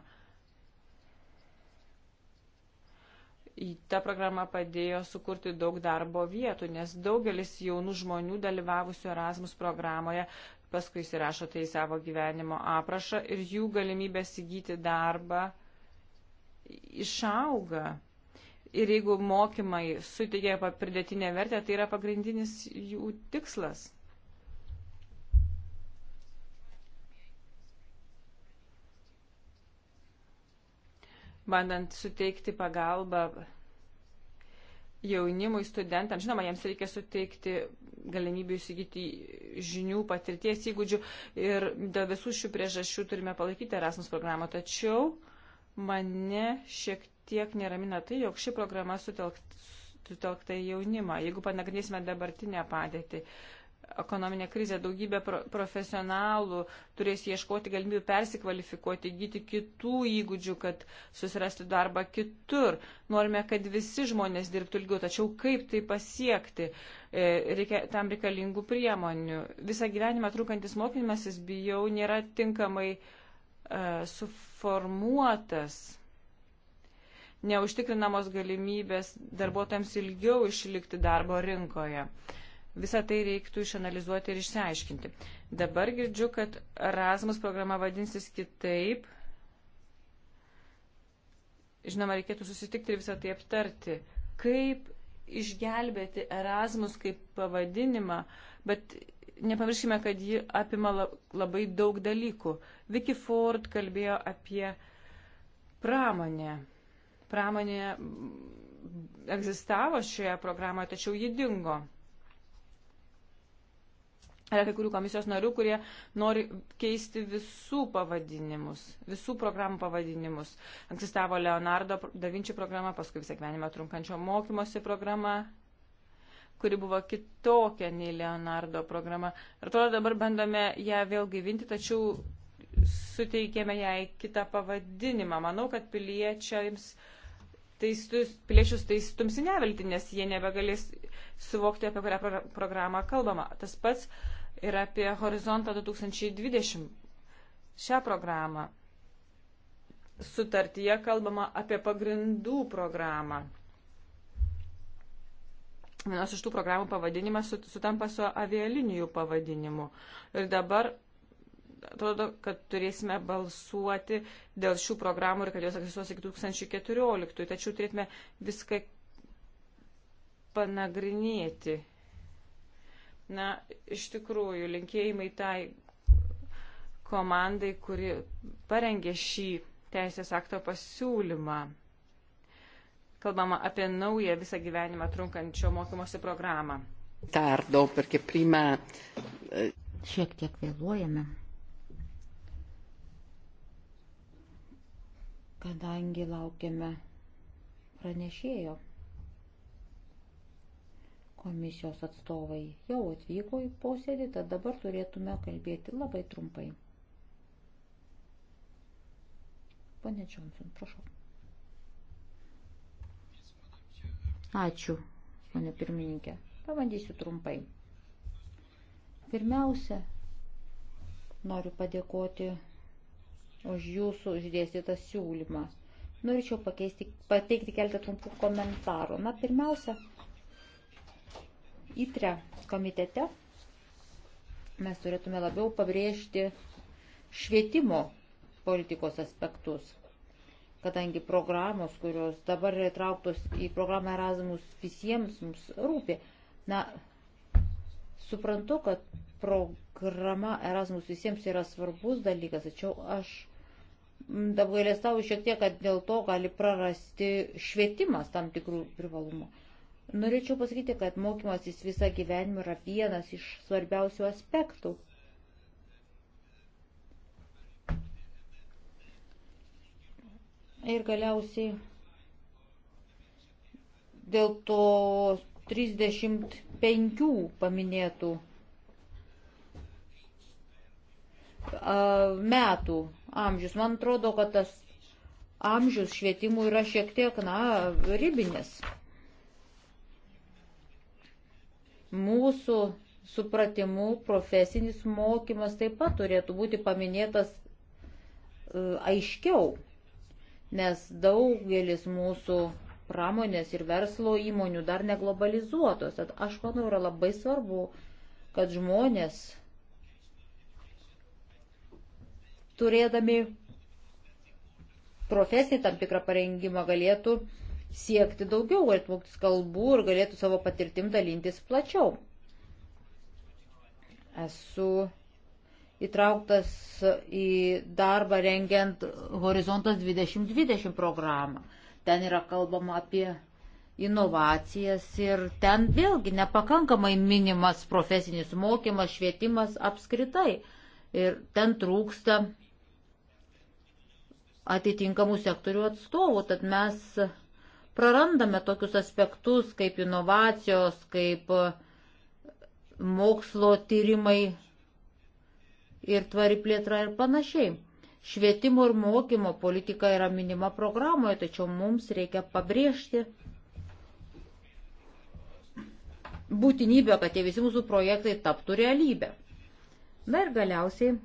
C: Ta programa padėjo sukurti daug darbo vietų, nes daugelis jaunų žmonių dalyvavusių Erasmus programoje paskui įsirašo tai į savo gyvenimo aprašą ir jų galimybės įgyti darbą išauga. Ir jeigu mokymai suteikia pridėtinę vertę, tai yra pagrindinis jų tikslas. Bandant suteikti pagalbą jaunimui, studentams, žinoma, jiems reikia suteikti galimybių įsigyti žinių, patirties, įgūdžių ir dėl visų šių priežasčių turime palaikyti Erasmus programą. Tačiau mane šiek tiek neramina tai, jog ši programa sutelkta į jaunimą. Jeigu panagrinėsime dabartinę padėtį, ekonominė krizė, daugybė pro profesionalų turės ieškoti galimybių persikvalifikuoti, įgyti kitų įgūdžių, kad susirasti darbą kitur. Norime, kad visi žmonės dirbtų ilgiau, tačiau kaip tai pasiekti, e, reikia, tam reikalingų priemonių. Visą gyvenimą trukantis mokymasis, bijau, nėra tinkamai e, suformuotas neužtikrinamos galimybės darbuotojams ilgiau išlikti darbo rinkoje. Visą tai reiktų išanalizuoti ir išsiaiškinti. Dabar girdžiu, kad Erasmus programa vadinsis kitaip. Žinoma, reikėtų susitikti ir visą tai aptarti. Kaip išgelbėti Erasmus kaip pavadinimą, bet nepamirškime, kad ji apima labai daug dalykų. Vicky Ford kalbėjo apie pramonę pramonė egzistavo šioje programoje, tačiau ji dingo. Yra kai kurių komisijos narių, kurie nori keisti visų pavadinimus, visų programų pavadinimus. Egzistavo Leonardo da Vinci programa, paskui visą gyvenimą trunkančio mokymosi programa, kuri buvo kitokia nei Leonardo programa. Ir atrodo, dabar bandome ją vėl gaivinti, tačiau suteikėme jai kitą pavadinimą. Manau, kad piliečiams. Uh, tai piliečius tai stumsi nevilti, nes jie nebegalės suvokti, apie kurią pro programą kalbama. Tas pats ir apie Horizontą 2020 šią programą. Sutartyje kalbama apie pagrindų programą. Vienas iš tų programų pavadinimas sutampa su avialinijų pavadinimu. Ir dabar atrodo, kad turėsime balsuoti dėl šių programų ir kad jos egzistuos iki 2014. Tačiau turėtume viską panagrinėti. Na, iš tikrųjų, linkėjimai tai komandai, kuri parengė šį teisės akto pasiūlymą. Kalbama apie naują visą gyvenimą trunkančio mokymosi programą.
A: Tardo, perché prima. Eh, Šiek tiek vėluojame. kadangi laukiame pranešėjo. Komisijos atstovai jau atvyko į posėdį, tad dabar turėtume kalbėti labai trumpai. Pane Johnson, prašau. Ačiū, mane pirmininkė. Pabandysiu trumpai. Pirmiausia, noriu padėkoti už jūsų išdėstytą siūlymą. Norėčiau pakeisti, pateikti keletą trumpų komentarų. Na, pirmiausia, įtre komitete mes turėtume labiau pabrėžti švietimo politikos aspektus, kadangi programos, kurios dabar yra įtrauktos į programą Erasmus visiems mums rūpi. Na, suprantu, kad programa Erasmus visiems yra svarbus dalykas, tačiau aš apgailestauju šiek tiek, kad dėl to gali prarasti švietimas tam tikrų privalumų. Norėčiau pasakyti, kad mokymasis visą gyvenimą yra vienas iš svarbiausių aspektų. Ir galiausiai dėl to 35 paminėtų metų amžius. Man atrodo, kad tas amžius švietimų yra šiek tiek, na, ribinis. Mūsų supratimu profesinis mokymas taip pat turėtų būti paminėtas e, aiškiau, nes daugelis mūsų pramonės ir verslo įmonių dar neglobalizuotos. Tad aš manau, yra labai svarbu, kad žmonės turėdami profesinį tam tikrą parengimą galėtų siekti daugiau, galėtų mokytis kalbų ir galėtų savo patirtim dalintis plačiau. Esu įtrauktas į darbą rengiant Horizontas 2020 programą. Ten yra kalbama apie inovacijas ir ten vėlgi nepakankamai minimas profesinis mokymas, švietimas apskritai. Ir ten trūksta atitinkamų sektorių atstovų, tad mes prarandame tokius aspektus kaip inovacijos, kaip e, mokslo tyrimai ir tvari plėtra ir panašiai. Švietimo ir mokymo politika yra minima programoje, tačiau mums reikia pabrėžti būtinybę, kad tie visi mūsų projektai taptų realybę. Na ir galiausiai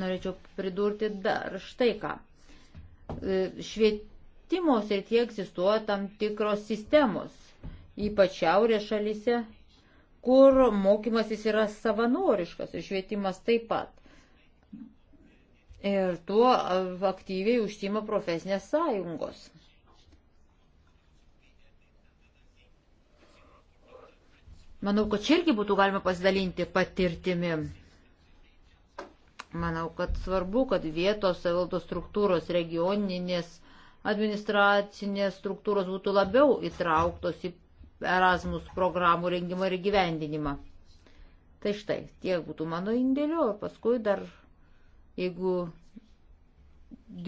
A: Norėčiau pridurti dar štai ką. E, švietimo srityje egzistuoja tam tikros sistemos, ypač šiaurės šalyse, kur mokymasis yra savanoriškas ir švietimas taip pat. Ir tuo aktyviai užsima profesinės sąjungos. Manau, kad čia irgi būtų galima pasidalinti patirtimi Manau, kad svarbu, kad vietos savivaldos struktūros, regioninės administracinės struktūros būtų labiau įtrauktos į Erasmus programų rengimą ir gyvendinimą. Tai štai, tiek būtų mano indėlio, o paskui dar, jeigu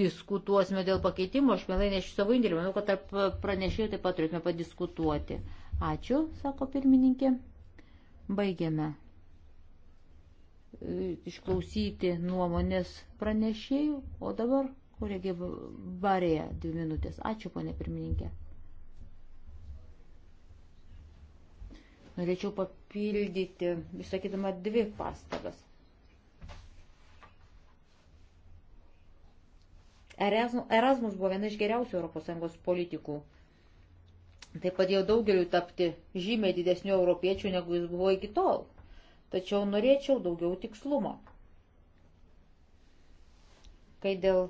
A: diskutuosime dėl pakeitimo, aš mielai nešiu savo indėlį. Manau, kad tarp pranešėjų taip pat turėtume padiskutuoti. Ačiū, sako pirmininkė. Baigiame išklausyti nuomonės pranešėjų, o dabar kolegė Barėja dvi minutės. Ačiū, ponė pirmininkė. Norėčiau papildyti, išsakydama, dvi pastabas. Erasmus buvo viena iš geriausių ES politikų. Tai padėjo daugeliu tapti žymiai didesnių europiečių, negu jis buvo iki tol tačiau norėčiau daugiau tikslumo. Kai dėl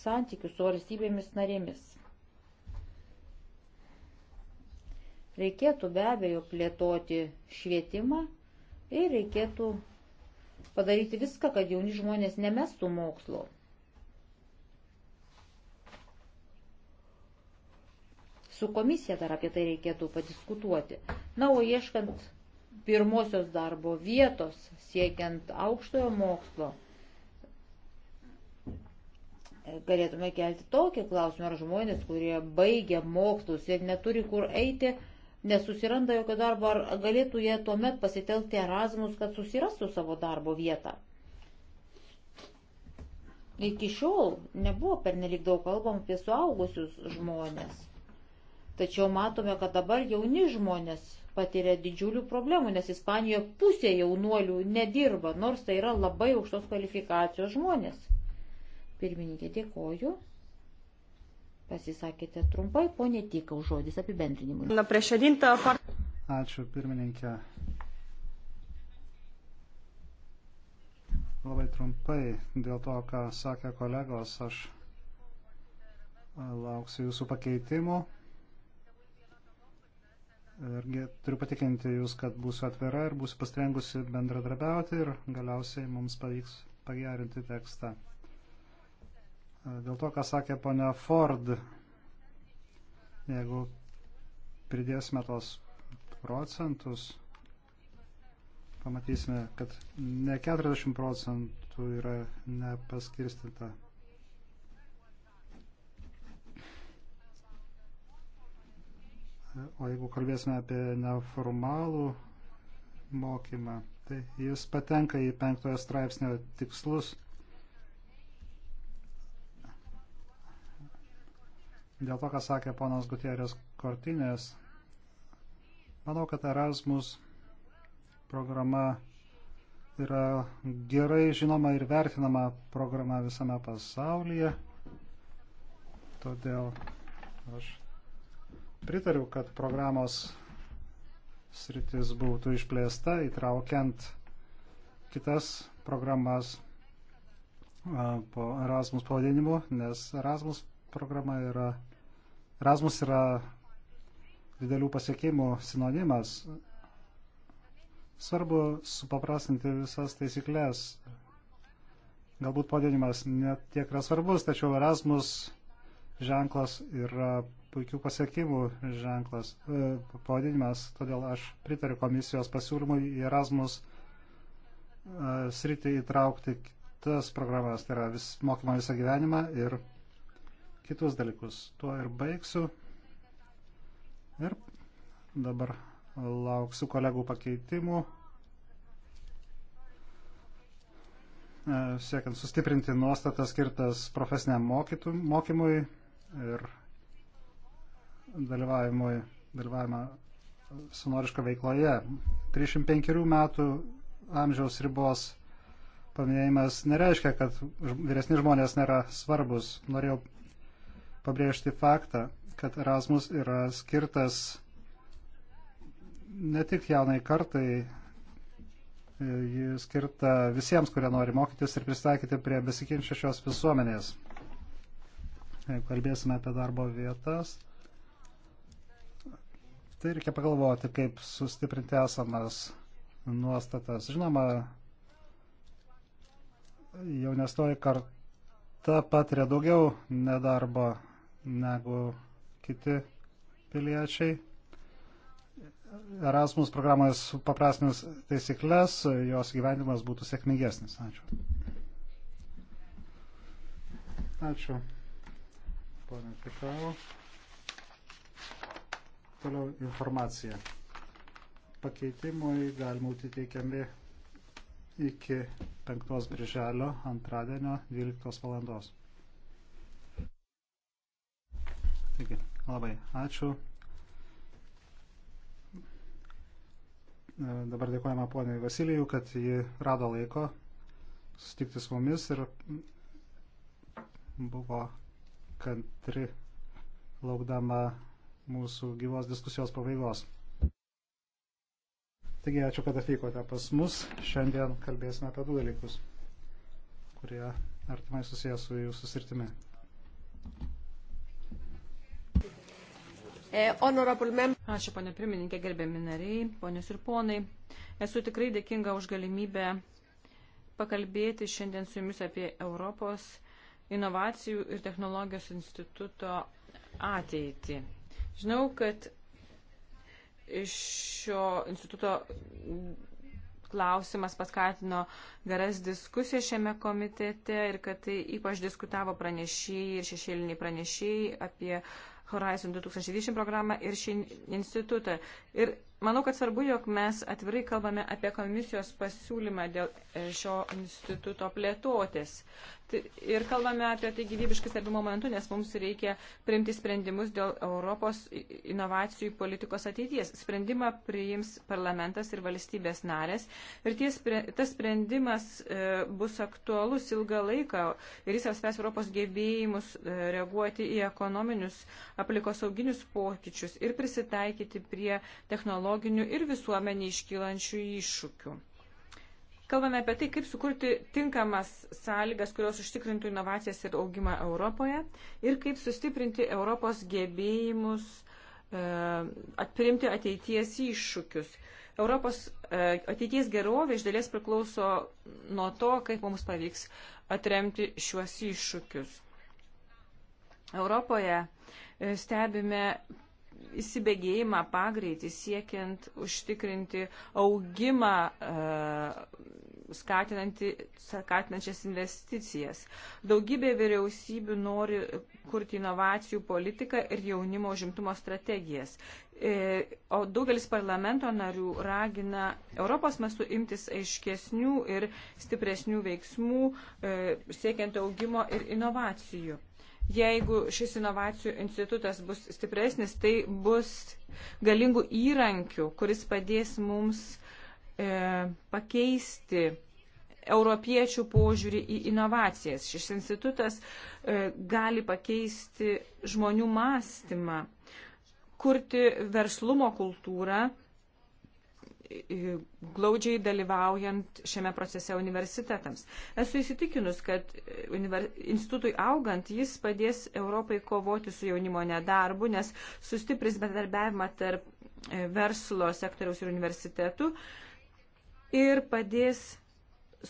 A: santykių su valstybėmis narėmis. Reikėtų be abejo plėtoti švietimą ir reikėtų padaryti viską, kad jauni žmonės nemestų mokslo. Su komisija dar apie tai reikėtų padiskutuoti. Na, o ieškant pirmosios darbo vietos siekiant aukštojo mokslo. Galėtume kelti tokį klausimą, ar žmonės, kurie baigia mokslus ir neturi kur eiti, nesusiranda jokio darbo, ar galėtų jie tuomet pasitelkti Erasmus, kad susirastų savo darbo vietą. Iki šiol nebuvo pernelik daug kalbam apie suaugusius žmonės Tačiau matome, kad dabar jauni žmonės patiria didžiulių problemų, nes Ispanijoje pusė jaunuolių nedirba, nors tai yra labai aukštos kvalifikacijos žmonės. Pirmininkė, dėkoju. Pasisakėte trumpai, ponė Tikau, žodis apibendrinimui. Na, priešadinta.
B: Ačiū, pirmininkė. Labai trumpai dėl to, ką sakė kolegos, aš lauksiu jūsų pakeitimų. Irgi turiu patikinti Jūs, kad būsiu atvira ir būsiu pasirengusi bendradarbiauti ir galiausiai mums pavyks pagerinti tekstą. E, dėl to, ką sakė ponia Ford, jeigu pridėsime tos procentus, pamatysime, kad ne 40 procentų yra nepaskirstita O jeigu kalbėsime apie neformalų mokymą, tai jis patenka į penktojo straipsnio tikslus. Dėl to, ką sakė ponas Gutierės Kortinės, manau, kad Erasmus programa yra gerai žinoma ir vertinama programa visame pasaulyje. Todėl aš Pritariu, kad programos sritis būtų išplėsta, įtraukiant kitas programas po Erasmus pavadinimu, nes Erasmus programa yra, Erasmus yra didelių pasiekimų sinonimas. Svarbu supaprastinti visas taisyklės. Galbūt pavadinimas net tiek yra svarbus, tačiau Erasmus ženklas yra puikių pasiekimų ženklas, e, pavadinimas, todėl aš pritariu komisijos pasiūlymui į Erasmus e, sritį įtraukti kitas programas, tai yra vis, mokymą visą gyvenimą ir kitus dalykus. Tuo ir baigsiu. Ir dabar lauksiu kolegų pakeitimų, e, siekiant sustiprinti nuostatas skirtas profesiniam mokytum, mokymui ir dalyvavimą sunoriško veikloje. 35 metų amžiaus ribos paminėjimas nereiškia, kad vyresni žmonės nėra svarbus. Norėjau pabrėžti faktą, kad Erasmus yra skirtas ne tik jaunai kartai, ji skirta visiems, kurie nori mokytis ir pristaikyti prie besikinčios visuomenės. Jeigu kalbėsime apie darbo vietas, Tai reikia pagalvoti, kaip sustiprinti esamas nuostatas. Žinoma, jaunesnioji karta patiria daugiau nedarbo negu kiti piliečiai. Erasmus programoje supaprastinus taisyklės, jos gyvenimas būtų sėkmingesnis. Ačiū. Ačiū. Pone Tikau. Toliau informacija. Pakeitimui galima būti teikiami iki 5 birželio antradienio 12 valandos. Taigi, labai ačiū. Dabar dėkojame poniai Vasilijų, kad ji rado laiko susitikti su mumis ir buvo kantri laukdama mūsų gyvos diskusijos pabaigos. Taigi ačiū, kad atvykote pas mus. Šiandien kalbėsime apie du dalykus, kurie artimai susijęs su jūsų sirtimi.
C: E, ačiū, ponė pirmininkė, gerbėmi nariai, ponės ir ponai. Esu tikrai dėkinga už galimybę pakalbėti šiandien su jumis apie Europos inovacijų ir technologijos instituto ateitį. Žinau, kad iš šio instituto klausimas paskatino geras diskusijas šiame komitete ir kad tai ypač diskutavo pranešėjai ir šešėliniai pranešėjai apie Horizon 2020 programą ir šį institutą. Ir manau, kad svarbu, jog mes atvirai kalbame apie komisijos pasiūlymą dėl šio instituto plėtotės ir kalbame apie tai gyvybiškai svarbių momentų, nes mums reikia priimti sprendimus dėl Europos inovacijų politikos ateities. Sprendimą priims parlamentas ir valstybės narės ir tie, tas sprendimas e, bus aktualus ilgą laiką ir jis apspręs Europos gebėjimus e, reaguoti į ekonominius aplikosauginius pokyčius ir prisitaikyti prie technologinių ir visuomenį iškylančių iššūkių. Kalbame apie tai, kaip sukurti tinkamas sąlygas, kurios užtikrintų inovacijas ir augimą Europoje ir kaip sustiprinti Europos gebėjimus e, atprimti ateities iššūkius. Europos e, ateities gerovė iš dalies priklauso nuo to, kaip mums pavyks atremti šiuos iššūkius. Europoje e, stebime įsibėgėjimą pagreitį siekiant užtikrinti augimą, e, skatinančias investicijas. Daugybė vyriausybių nori kurti inovacijų politiką ir jaunimo užimtumo strategijas. E, o daugelis parlamento narių ragina Europos mastu imtis aiškesnių ir stipresnių veiksmų e, siekiant augimo ir inovacijų. Jeigu šis inovacijų institutas bus stipresnis, tai bus galingų įrankių, kuris padės mums e, pakeisti europiečių požiūrį į inovacijas. Šis institutas e, gali pakeisti žmonių mąstymą, kurti verslumo kultūrą glaudžiai dalyvaujant šiame procese universitetams. Esu įsitikinus, kad univer... institutui augant jis padės Europai kovoti su jaunimo nedarbu, nes sustipris bendarbiavimą tarp e, verslo sektoriaus ir universitetų ir padės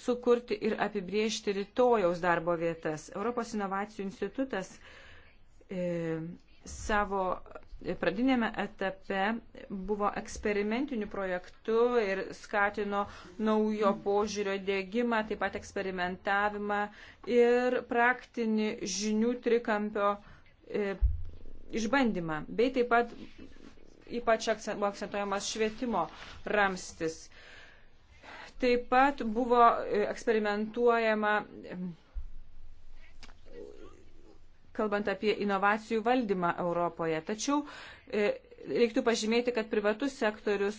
C: sukurti ir apibriežti rytojaus darbo vietas. Europos inovacijų institutas e, savo pradinėme etape buvo eksperimentiniu projektu ir skatino naujo požiūrio dėgymą, taip pat eksperimentavimą ir praktinį žinių trikampio e, išbandymą. Bei taip pat ypač buvo akcentuojamas švietimo ramstis. Taip pat buvo e, eksperimentuojama kalbant apie inovacijų valdymą Europoje. Tačiau e, reiktų pažymėti, kad privatus sektorius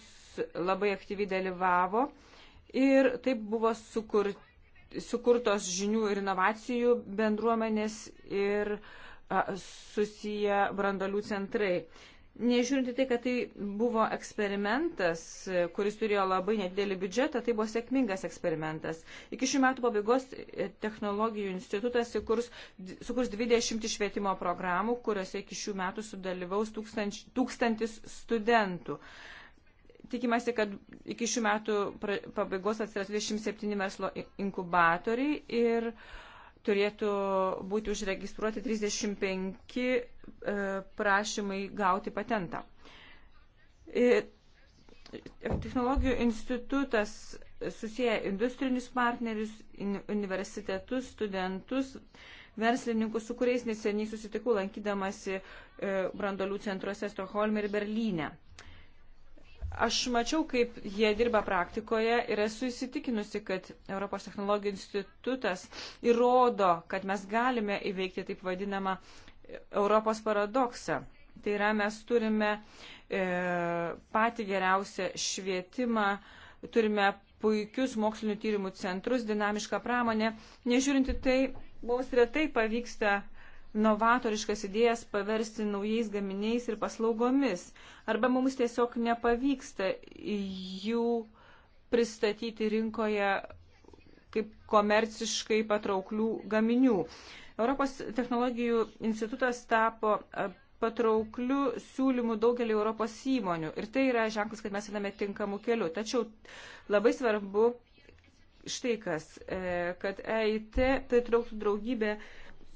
C: labai aktyviai dalyvavo ir taip buvo sukur, sukurtos žinių ir inovacijų bendruomenės ir susiję brandolių centrai. Nežiūrinti tai, kad tai buvo eksperimentas, kuris turėjo labai nedidelį biudžetą, tai buvo sėkmingas eksperimentas. Iki šių metų pabaigos e, technologijų institutas sukurs, sukurs 20 švietimo programų, kuriuose iki šių metų sudalyvaus tūkstanč, tūkstantis studentų. Tikimasi, kad iki šių metų pabaigos atsiras 27 verslo inkubatoriai ir uh, turėtų būti užregistruoti 35 e, prašymai gauti patentą. E, technologijų institutas susiję industrinius partnerius, universitetus, studentus, verslininkus, su kuriais neseniai susitikau lankydamasi e, brandolių centruose Stokholme ir Berlyne. Aš mačiau, kaip jie dirba praktikoje ir esu įsitikinusi, kad Europos technologijų institutas įrodo, kad mes galime įveikti taip vadinamą Europos paradoksą. Tai yra, mes turime e, patį geriausią švietimą, turime puikius mokslinių tyrimų centrus, dinamišką pramonę. Nežiūrinti tai, mums retai pavyksta novatoriškas idėjas paversti naujais gaminiais ir paslaugomis, arba mums tiesiog nepavyksta jų pristatyti rinkoje kaip komerciškai patrauklių gaminių. Europos technologijų institutas tapo e, patrauklių siūlymų daugelį Europos įmonių ir tai yra ženklas, kad mes einame tinkamų kelių. Tačiau labai svarbu štai kas, e, kad EIT pritrauktų draugybę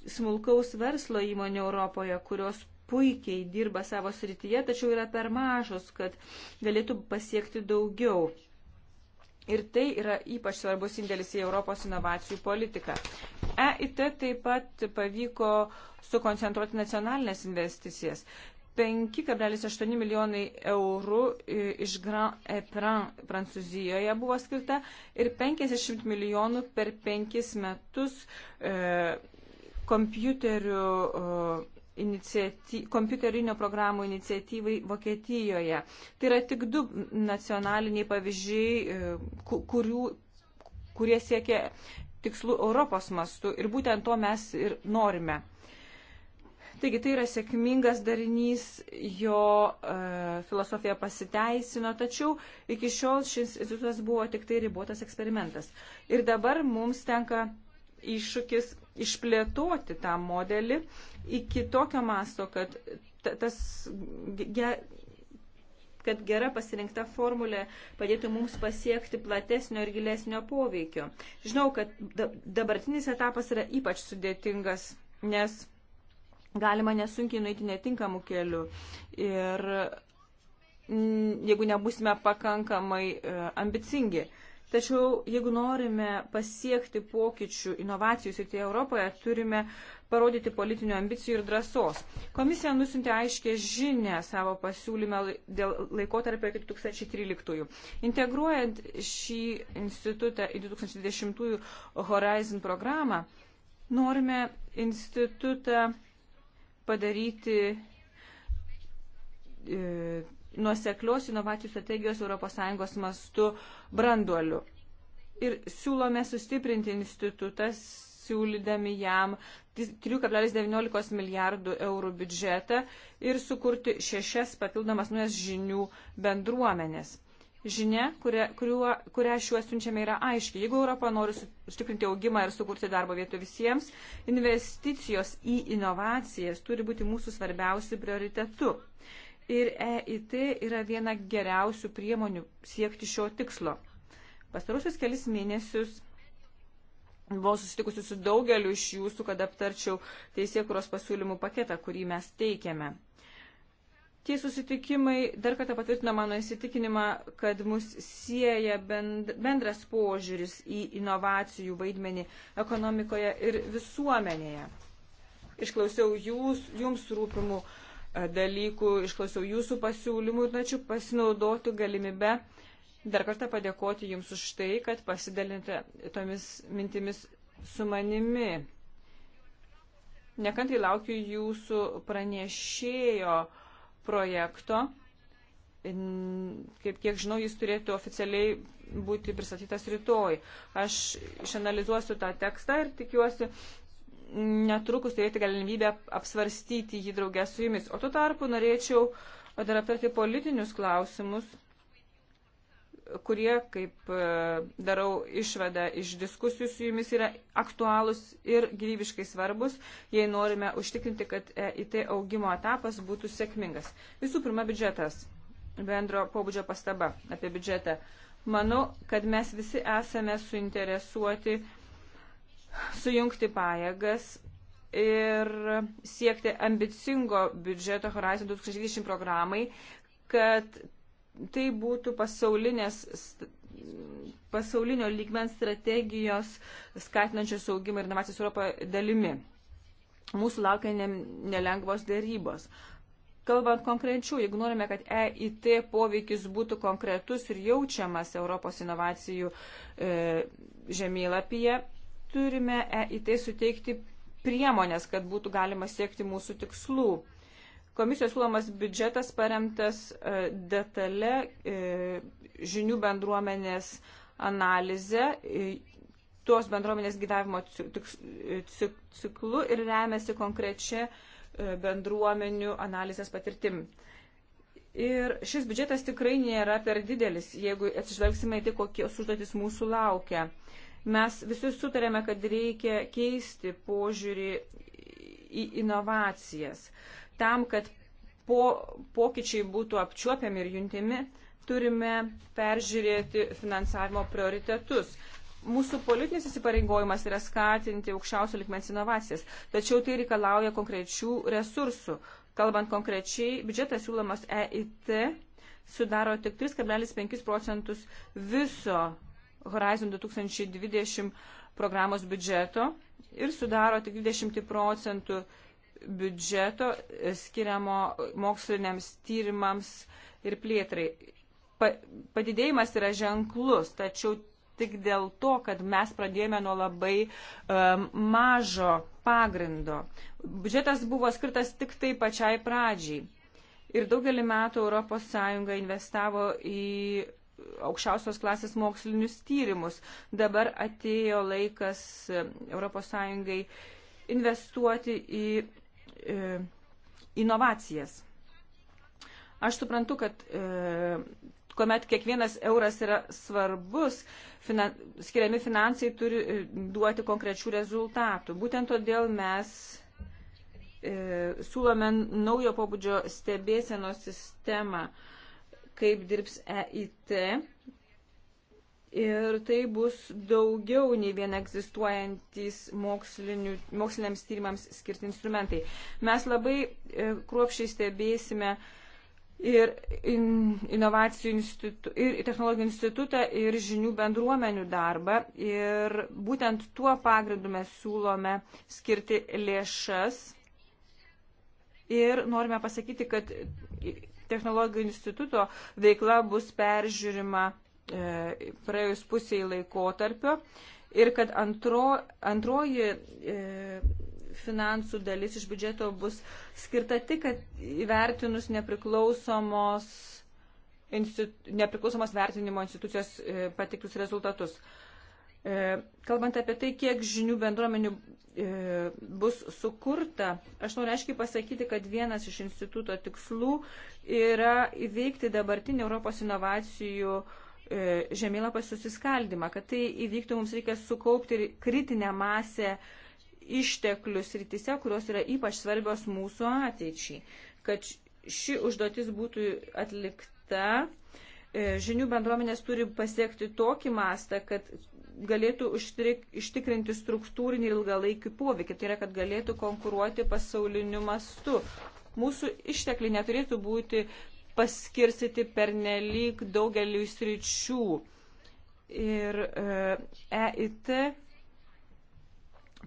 C: smulkaus verslo įmonių Europoje, kurios puikiai dirba savo srityje, tačiau yra per mažos, kad galėtų pasiekti daugiau. Ir tai yra ypač svarbus indėlis į Europos inovacijų politiką. EIT taip pat pavyko sukoncentruoti nacionalinės investicijas. 5,8 milijonai eurų iš Grand Epran Prancūzijoje buvo skirta ir 50 milijonų per penkis metus e, kompiuterių iniciaty, kompiuterinio programų iniciatyvai Vokietijoje. Tai yra tik du nacionaliniai pavyzdžiai, e, kurių, kurie siekia tikslų Europos mastu ir būtent to mes ir norime. Taigi tai yra sėkmingas darinys, jo e, filosofija pasiteisino, tačiau iki šiol šis institutas buvo tik tai ribotas eksperimentas. Ir dabar mums tenka iššūkis išplėtoti tą modelį iki tokio masto, kad, tas, kad gera pasirinkta formulė padėtų mums pasiekti platesnio ir gilesnio poveikio. Žinau, kad dabartinis etapas yra ypač sudėtingas, nes galima nesunkiai nueiti netinkamų kelių. Ir mm, jeigu nebusime pakankamai e, ambicingi. Uh, Tačiau jeigu norime pasiekti pokyčių inovacijų srityje Europoje, turime parodyti politinių ambicijų ir drąsos. Komisija nusintė aiškę žinę savo pasiūlymę dėl laikotarpio iki 2013. Integruojant šį institutą į 2020 Horizon programą, norime institutą padaryti e, nuoseklios inovacijų strategijos ES mastu branduoliu. Ir siūlome sustiprinti institutas, siūlydami jam 3,19 milijardų eurų biudžetą ir sukurti šešias papildomas nuės žinių bendruomenės. Žinia, kurią, kuriuo, kurią šiuo siunčiame, yra aiški. Jeigu Europa nori užtikrinti augimą ir sukurti darbo vietų visiems, investicijos į inovacijas turi būti mūsų svarbiausi prioritetu ir EIT yra viena geriausių priemonių siekti šio tikslo. Pastarusius kelis mėnesius buvau susitikusi su daugeliu iš jūsų, kad aptarčiau teisėkuros pasiūlymų paketą, kurį mes teikiame. Tie susitikimai dar kartą patvirtino mano įsitikinimą, kad mus sieja bendras požiūris į inovacijų vaidmenį ekonomikoje ir visuomenėje. Išklausiau jūs, jums rūpimų uh, dalykų, išklausiau jūsų pasiūlymų ir norėčiau pasinaudoti galimybę dar kartą padėkoti jums už tai, kad pasidalinate tomis mintimis su manimi. Nekantai laukiu jūsų pranešėjo projekto. Kaip kiek žinau, jis turėtų oficialiai būti pristatytas rytoj. Aš išanalizuosiu tą tekstą ir tikiuosi, netrukus turėti galimybę apsvarstyti jį draugę su jumis. O tuo tarpu norėčiau dar aptarti politinius klausimus, kurie, kaip e, darau išvadą iš diskusijų su jumis, yra aktualūs ir gyvybiškai svarbus, jei norime užtikrinti, kad EIT augimo etapas būtų sėkmingas. Visų pirma, biudžetas. Bendro pobūdžio pastaba apie biudžetą. Manau, kad mes visi esame suinteresuoti uh, sujungti pajėgas ir siekti ambicingo biudžeto Horizon 2020 programai, kad tai būtų pasaulinės pasaulinio lygmens strategijos skatinančios augimą ir inovacijas Europoje dalimi. Mūsų laukia ne, nelengvos dėrybos. Kalbant konkrečių, jeigu norime, kad EIT poveikis būtų konkretus ir jaučiamas Europos inovacijų e, žemėlapyje, turime EIT tai suteikti priemonės, kad būtų galima siekti mūsų tikslų. Komisijos siūlomas biudžetas paremtas e, detale e, žinių bendruomenės analizė, e, tuos bendruomenės gyvavimo ciklu ir remiasi konkrečia bendruomenių analizės patirtim. Ir šis biudžetas tikrai nėra per didelis, jeigu atsižvelgsime į tai, kokios užduotis mūsų laukia. Mes visi sutarėme, kad reikia keisti požiūrį į inovacijas. Tam, kad po, pokyčiai būtų apčiuopiami ir juntimi, turime peržiūrėti finansavimo prioritetus. Mūsų politinis įsipareigojimas yra skatinti aukščiausio likmens inovacijas, tačiau tai reikalauja konkrečių resursų. Kalbant konkrečiai, biudžetas siūlomas EIT sudaro tik 3,5 procentus viso Horizon 2020 programos biudžeto ir sudaro tik 20 procentų biudžeto e, skiriamo moksliniams tyrimams ir plėtrai. Pa, padidėjimas yra ženklus, tačiau tik dėl to, kad mes pradėjome nuo labai um, mažo pagrindo. Biudžetas buvo skirtas tik tai pačiai pradžiai. Ir daugelį metų ES investavo į aukščiausios klasės mokslinius tyrimus. Dabar atėjo laikas ES investuoti į e, inovacijas. Aš suprantu, kad e, kuomet kiekvienas euras yra svarbus, finan, skiriami finansai turi e, duoti konkrečių rezultatų. Būtent todėl mes e, siūlome naujo pobūdžio stebėsenos sistemą. E, kaip dirbs EIT. Ir tai bus daugiau nei vien egzistuojantis moksliniams tyrimams skirti instrumentai. Mes labai e, kruopšiai stebėsime ir inovacijų institutą, ir technologijų institutą, ir žinių bendruomenių darbą. Ir būtent tuo pagrindu mes siūlome skirti lėšas. Ir norime pasakyti, kad technologijų instituto veikla bus peržiūrima e, praėjus pusiai laikotarpio ir kad antro, antroji e, finansų dalis iš biudžeto bus skirta tik, kad įvertinus nepriklausomos, institu, nepriklausomos vertinimo institucijos e, patiktus rezultatus. E, E, kalbant apie tai, kiek žinių bendruomenių e, bus sukurta, aš noriu aiškiai pasakyti, kad vienas iš instituto tikslų yra įveikti dabartinį Europos inovacijų e, žemėlapą susiskaldimą. Kad tai įvyktų, mums reikia sukaupti kritinę masę išteklius rytise, kurios yra ypač svarbios mūsų ateičiai. Kad ši užduotis būtų atlikta, žinių bendruomenės turi pasiekti tokį mastą, kad galėtų užtrik, ištikrinti struktūrinį ilgalaikį poveikį, tai yra, kad galėtų konkuruoti pasauliniu mastu. Mūsų ištekliai neturėtų būti paskirstyti per nelik daugeliu sričių. Ir EIT e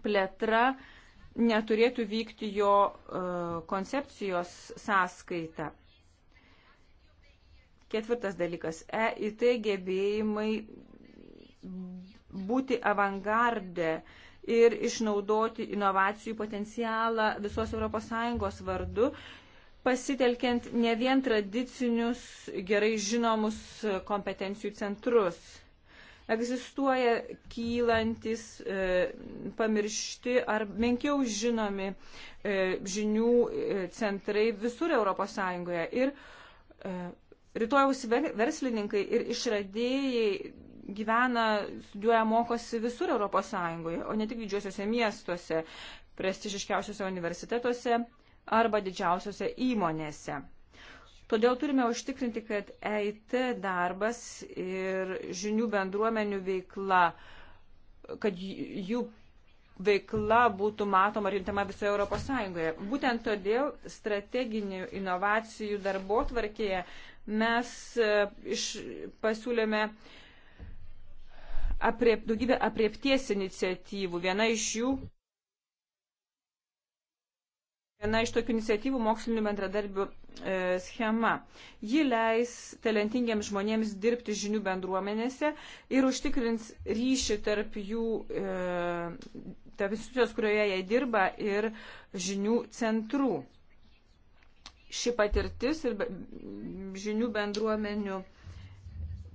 C: plėtra neturėtų vykti jo e, koncepcijos sąskaita. Ketvirtas dalykas. EIT gebėjimai būti avangardė ir išnaudoti inovacijų potencialą visos ES vardu, pasitelkiant ne vien tradicinius gerai žinomus kompetencijų centrus. Egzistuoja kylantis, e, pamiršti ar menkiau žinomi e, žinių e, centrai visur ES. Ir e, rytojaus verslininkai ir išradėjai gyvena, studijuoja, mokosi visur ES, o ne tik didžiuosiuose miestuose, prestižiškiausiuose universitetuose arba didžiausiuose įmonėse. Todėl turime užtikrinti, kad EIT darbas ir žinių bendruomenių veikla, kad jų veikla būtų matoma ir juntama visoje Europos Sąjungoje. Būtent todėl strateginių inovacijų darbo tvarkėje mes e, iš, pasiūlėme uh, apriep, daugybė apriepties iniciatyvų. Viena iš jų. Viena iš tokių iniciatyvų mokslinių bendradarbių e, schema. Ji leis talentingiems žmonėms dirbti žinių bendruomenėse ir užtikrins ryšį tarp jų, e, tarp institucijos, kurioje jie dirba, ir žinių centrų. Ši patirtis ir žinių bendruomenių e,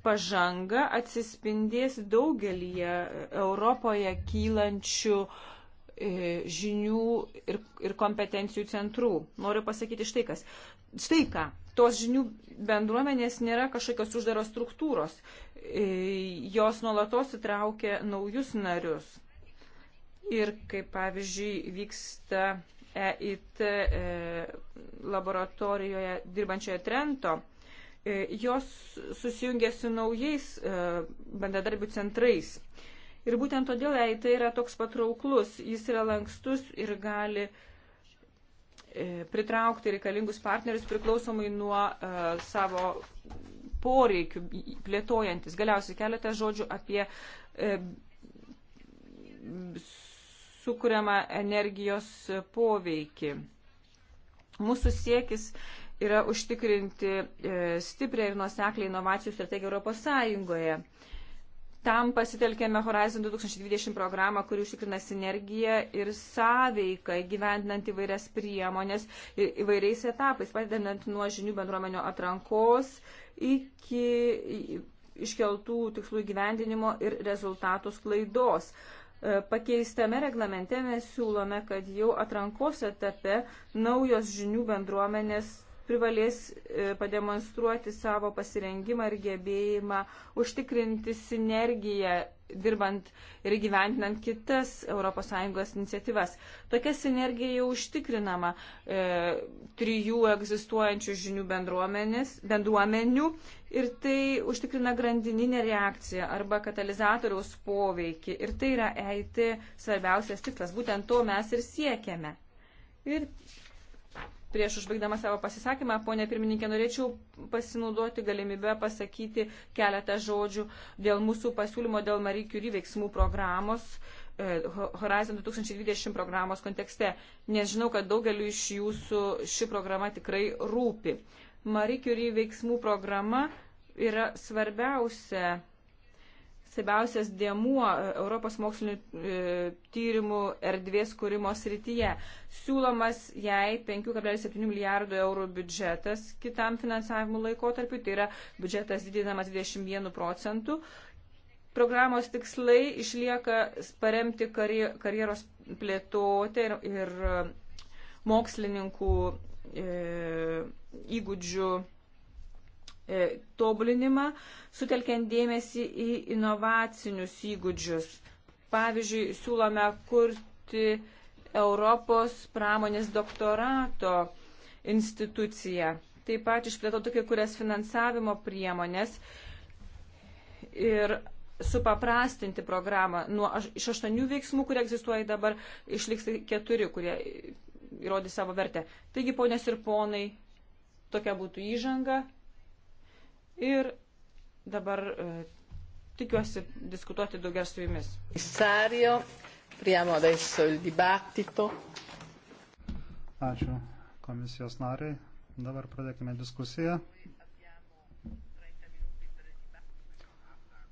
C: pažanga atsispindės daugelį e, Europoje kylančių e, žinių ir, ir kompetencijų centrų. Noriu pasakyti štai kas. Štai ką. Tos žinių bendruomenės nėra kažkokios uždaros struktūros. E, jos nuolatos įtraukia naujus narius. Ir kaip pavyzdžiui vyksta EIT laboratorijoje dirbančioje Trento E, jos susijungia su naujais e, bendradarbių centrais. Ir būtent todėl EIT tai yra toks patrauklus, jis yra lankstus ir gali e, pritraukti reikalingus partnerius priklausomai nuo uh, savo poreikių plėtojantis. Galiausiai keletą žodžių apie uh, sukuriamą energijos poveikį. Mūsų siekis uh, yra užtikrinti e, stiprią ir nuoseklę inovacijų strategiją Europos Sąjungoje. Tam pasitelkėme Horizon 2020 programą, kuri užtikrina sinergiją ir sąveiką, gyvendinant įvairias priemonės įvairiais etapais, padedant nuo žinių bendruomenio atrankos iki iškeltų tikslų įgyvendinimo ir rezultatų sklaidos. E, pakeistame reglamente mes siūlome, kad jau atrankos etape naujos žinių bendruomenės privalės e, pademonstruoti savo pasirengimą ir gebėjimą užtikrinti sinergiją dirbant ir gyventinant kitas ES iniciatyvas. Tokia sinergija jau užtikrinama e, trijų egzistuojančių žinių bendruomenių ir tai užtikrina grandininę reakciją arba katalizatoriaus poveikį. Ir tai yra EIT svarbiausias tikslas. Būtent to mes ir siekiame. Ir Prieš užbaigdama savo pasisakymą, ponė pirmininkė, norėčiau pasinaudoti galimybę pasakyti keletą žodžių dėl mūsų pasiūlymo dėl Marie Curie veiksmų programos. E, Horizon 2020 programos kontekste, nes žinau, kad daugeliu iš jūsų ši programa tikrai rūpi. Marie Curie veiksmų programa yra svarbiausia svarbiausias dėmuo e, Europos mokslinių e, tyrimų erdvės kūrimo srityje. Siūlomas jai 5,7 milijardų eurų biudžetas kitam finansavimo laikotarpiu, tai yra biudžetas didinamas 21 procentų. Programos tikslai išlieka paremti karjeros plėtotę ir, ir e, mokslininkų e, įgūdžių E, tobulinimą, sutelkiant dėmesį į inovacinius įgūdžius. Pavyzdžiui, siūlome kurti Europos pramonės doktorato instituciją. Taip pat išplėtoti kai kurias finansavimo priemonės ir supaprastinti programą. Nuo, iš aštuonių veiksmų, kurie egzistuoja dabar, išliks keturi, kurie įrodys savo vertę. Taigi, ponės ir ponai, tokia būtų įžanga. Ir dabar e, tikiuosi diskutuoti daugiau su jumis. Komisario,
A: priamo adesso il dibattito.
B: Ačiū komisijos nariai. Dabar pradėkime diskusiją.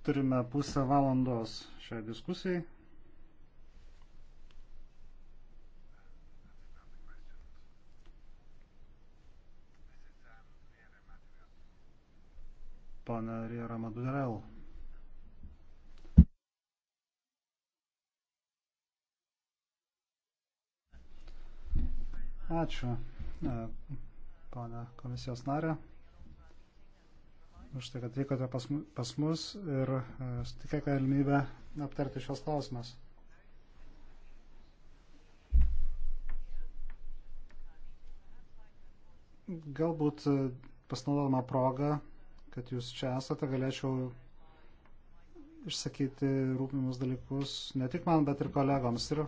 B: Turime pusę valandos šiai diskusijai. pana Riera Madurel. Ačiū, e, pana komisijos narė, už tai, kad vykote pas, pas mus ir e, sutikė galimybę aptarti šios klausimas. Galbūt e, pasinaudodama progą kad jūs čia esate, galėčiau išsakyti rūpimus dalykus ne tik man, bet ir kolegoms ir e,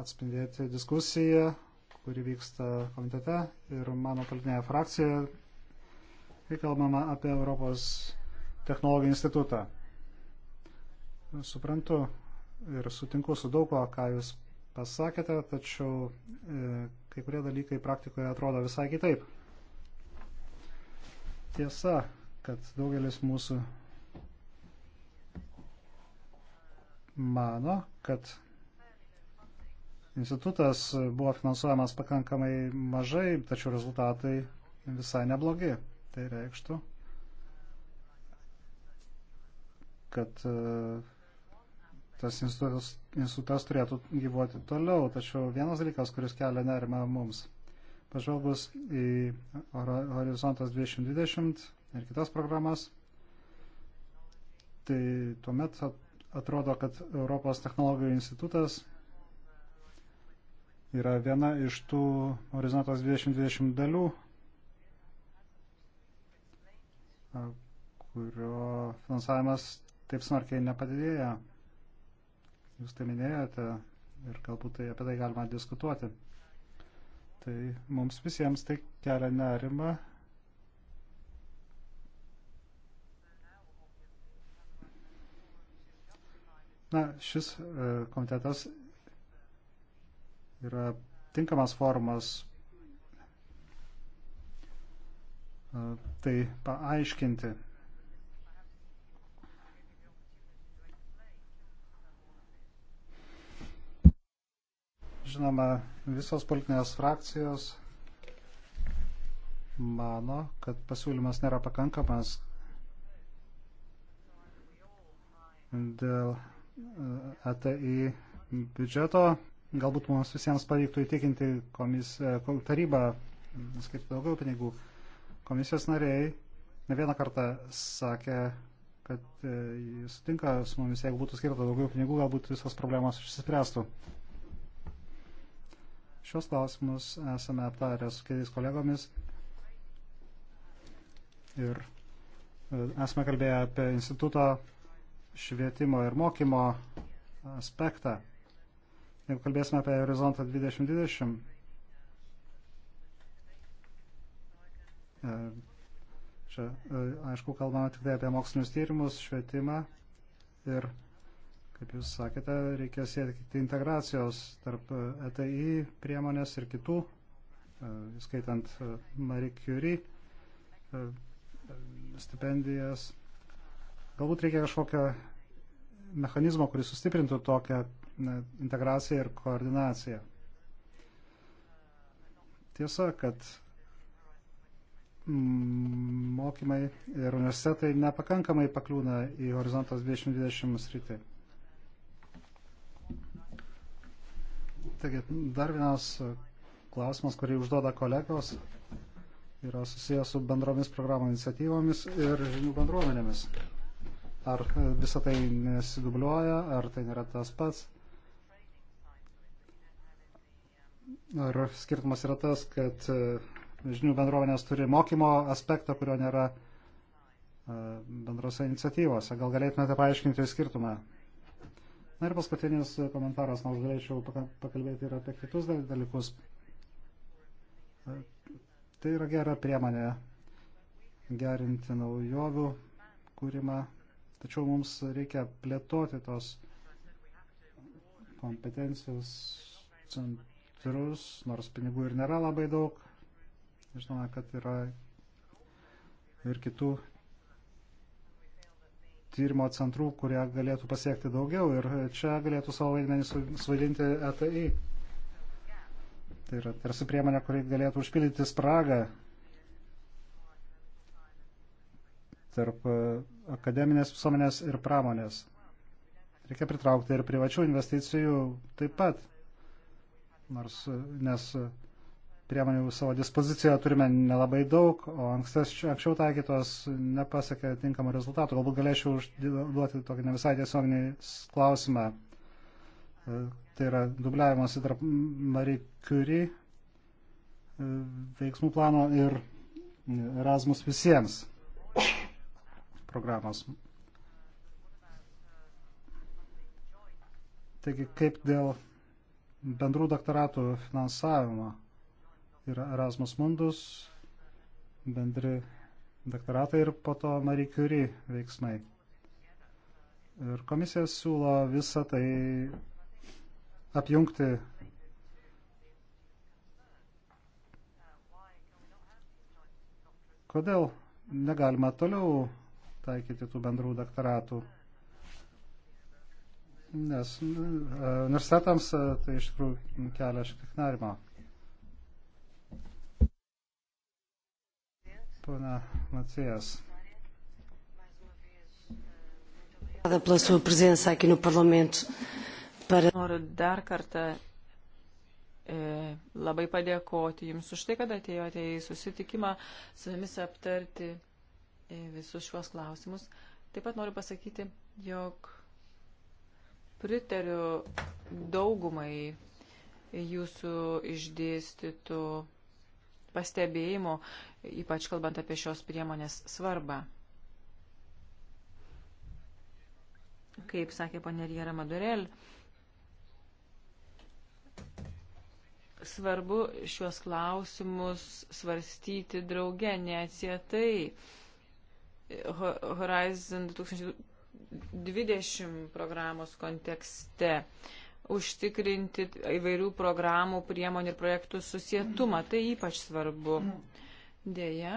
B: atspindėti diskusiją, kuri vyksta komitete ir mano politinėje frakcijoje, kai kalbama apie Europos technologijų institutą. Suprantu ir sutinku su daug ko, ką jūs pasakėte, tačiau e, kai kurie dalykai praktikoje atrodo visai kitaip tiesa, kad daugelis mūsų mano, kad institutas buvo finansuojamas pakankamai mažai, tačiau rezultatai visai neblogi. Tai reikštų, kad e, tas institutas, institutas turėtų gyvuoti toliau. Tačiau vienas dalykas, kuris kelia nerimą mums Pažvelgus į Horizontas 2020 ir kitas programas, tai tuomet atrodo, kad Europos technologijų institutas yra viena iš tų horizontos 2020 dalių, kurio finansavimas taip smarkiai nepadidėja. Jūs tai minėjote ir galbūt tai apie tai galima diskutuoti. Tai mums visiems tai kelia nerima. Na, šis e, komitetas yra tinkamas formas e, tai paaiškinti. Žinoma, visos politinės frakcijos mano, kad pasiūlymas nėra pakankamas dėl e, ATI biudžeto. Galbūt mums visiems pavyktų įtikinti komis, e, tarybą skirti daugiau pinigų. Komisijos nariai ne vieną kartą sakė, kad e, jis sutinka su mumis, jeigu būtų skirta daugiau pinigų, galbūt visos problemos išsispręstų. Šios klausimus esame aptarę su keliais kolegomis ir e, esame kalbėję apie instituto švietimo ir mokymo aspektą. Jeigu kalbėsime apie horizontą 2020, e, čia e, aišku kalbame tik tai apie mokslinius tyrimus, švietimą ir Kaip jūs sakėte, reikia siekti integracijos tarp ETI e priemonės ir kitų, e, skaitant e, Marie Curie stipendijas. Galbūt reikia kažkokio mechanizmo, kuris sustiprintų tokią integraciją ir koordinaciją. Tiesa, kad mm, mokymai ir universitetai nepakankamai pakliūna į horizontas 2020 sritį. Taigi, dar vienas klausimas, kurį užduoda kolegos, yra susijęs su bendromis programų iniciatyvomis ir žinių bendruomenėmis. Ar visą tai nesidubliuoja, ar tai nėra tas pats? Ar skirtumas yra tas, kad e, žinių bendruomenės turi mokymo aspektą, kurio nėra e, bendrose iniciatyvose. Gal galėtumėte paaiškinti skirtumą? Na ir paskutinis komentaras, nors galėčiau pakalbėti ir apie kitus dalykus. Tai yra gera priemonė gerinti naujovių kūrimą, tačiau mums reikia plėtoti tos kompetencijos centrus, nors pinigų ir nėra labai daug. Žinoma, kad yra ir kitų tyrimo centrų, kurie galėtų pasiekti daugiau ir čia galėtų savo vaidmenį suvaidinti ETI. Tai yra tarsi priemonė, kuri galėtų užpildyti spragą tarp e, akademinės visuomenės ir pramonės. Reikia pritraukti ir privačių investicijų taip pat, nors, nes priemonių savo dispozicijoje turime nelabai daug, o ankstas, anksčiau taikytos nepasakė tinkamų rezultatų. Galbūt galėčiau užduoti tokį ne visai tiesioginį klausimą. E, tai yra dubliavimas tarp Marie Curie e, veiksmų plano ir Erasmus visiems programos. Taigi kaip dėl bendrų doktoratų finansavimo? yra Erasmus Mundus, bendri doktoratai ir po to Marie Curie veiksmai. Ir komisija siūlo visą tai apjungti kodėl negalima toliau taikyti tų bendrų doktoratų. Nes e, universitetams e, tai iš tikrųjų kelia šiek tiek nerimo. Pana Macijas.
C: Noriu dar kartą e, labai padėkoti Jums už tai, kad atėjote į susitikimą su Jumis aptarti e, visus šiuos klausimus. Taip pat noriu pasakyti, jog pritariu daugumai Jūsų išdėstytų pastebėjimų ypač kalbant apie šios priemonės svarbą. Kaip sakė ponė Riera Madurel, svarbu šiuos klausimus svarstyti drauge, neatsietai. Horizon 2020 programos kontekste užtikrinti įvairių programų, priemonių ir projektų susietumą. Tai ypač svarbu. Mm Dėja.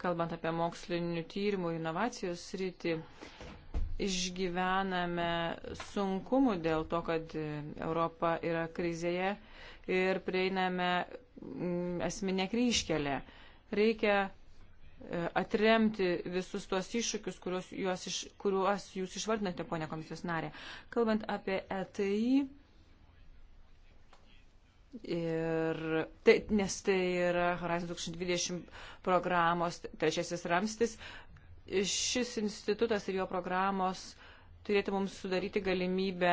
C: Kalbant apie mokslinių tyrimų ir inovacijos rytį, išgyvename sunkumų dėl to, kad Europa yra krizėje ir prieiname mm, esminę kryškelę. Reikia E, atremti visus tuos iššūkius, kuriuos, juos, iš, kuriuos jūs išvardinate, ponė komisijos narė. Kalbant apie ETI, Ir tai, nes tai yra Horizon 2020 programos trečiasis ramstis. Šis institutas ir jo programos turėtų mums sudaryti galimybę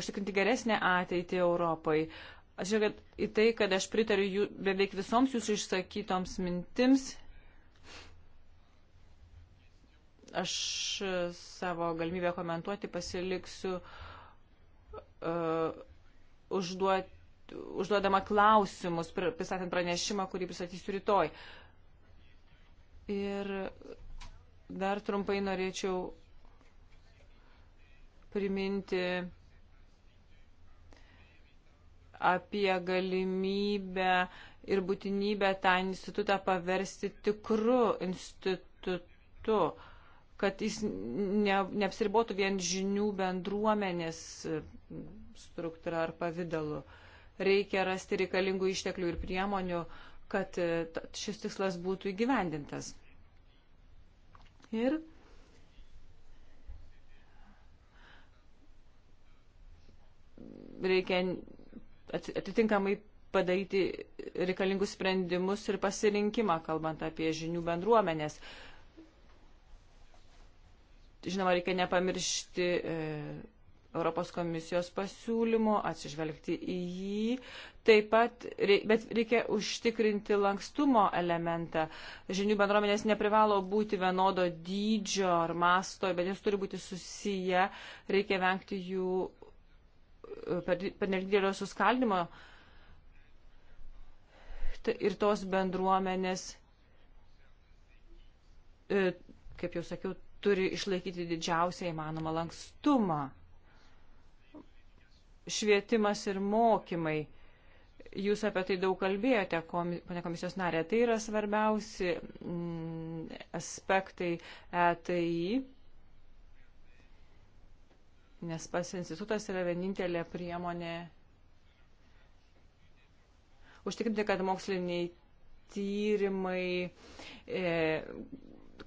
C: užtikrinti geresnę ateitį Europai. Aš žiūrėjau į tai, kad aš pritariu jų, beveik visoms jūsų išsakytoms mintims Aš savo galimybę komentuoti pasiliksiu uh, e, užduoti užduodama klausimus, pristatant pranešimą, kurį pristatysiu rytoj. Ir dar trumpai norėčiau priminti apie galimybę ir būtinybę tą institutą paversti tikru institutu kad jis ne, neapsiribotų vien žinių bendruomenės e, struktūra ar pavydalu. Reikia rasti reikalingų išteklių ir priemonių, kad e, šis tikslas būtų įgyvendintas. Ir reikia atitinkamai padaryti reikalingus sprendimus ir pasirinkimą, kalbant apie žinių bendruomenės. Uh, Žinoma, reikia nepamiršti e, Europos komisijos pasiūlymo, atsižvelgti į jį. Taip pat, reik, bet reikia užtikrinti lankstumo elementą. Žinių bendruomenės neprivalo būti vienodo dydžio ar masto, bet jos turi būti susiję. Reikia vengti jų e, per, per nedidelio suskaldimo. Ir tos bendruomenės, e, kaip jau sakiau, turi išlaikyti didžiausią įmanomą lankstumą. Švietimas ir mokymai. Jūs apie tai daug kalbėjote, pane komisijos narė. Tai yra svarbiausi mm, aspektai ETI, nes pas institutas yra vienintelė priemonė užtikrinti, kad moksliniai tyrimai e,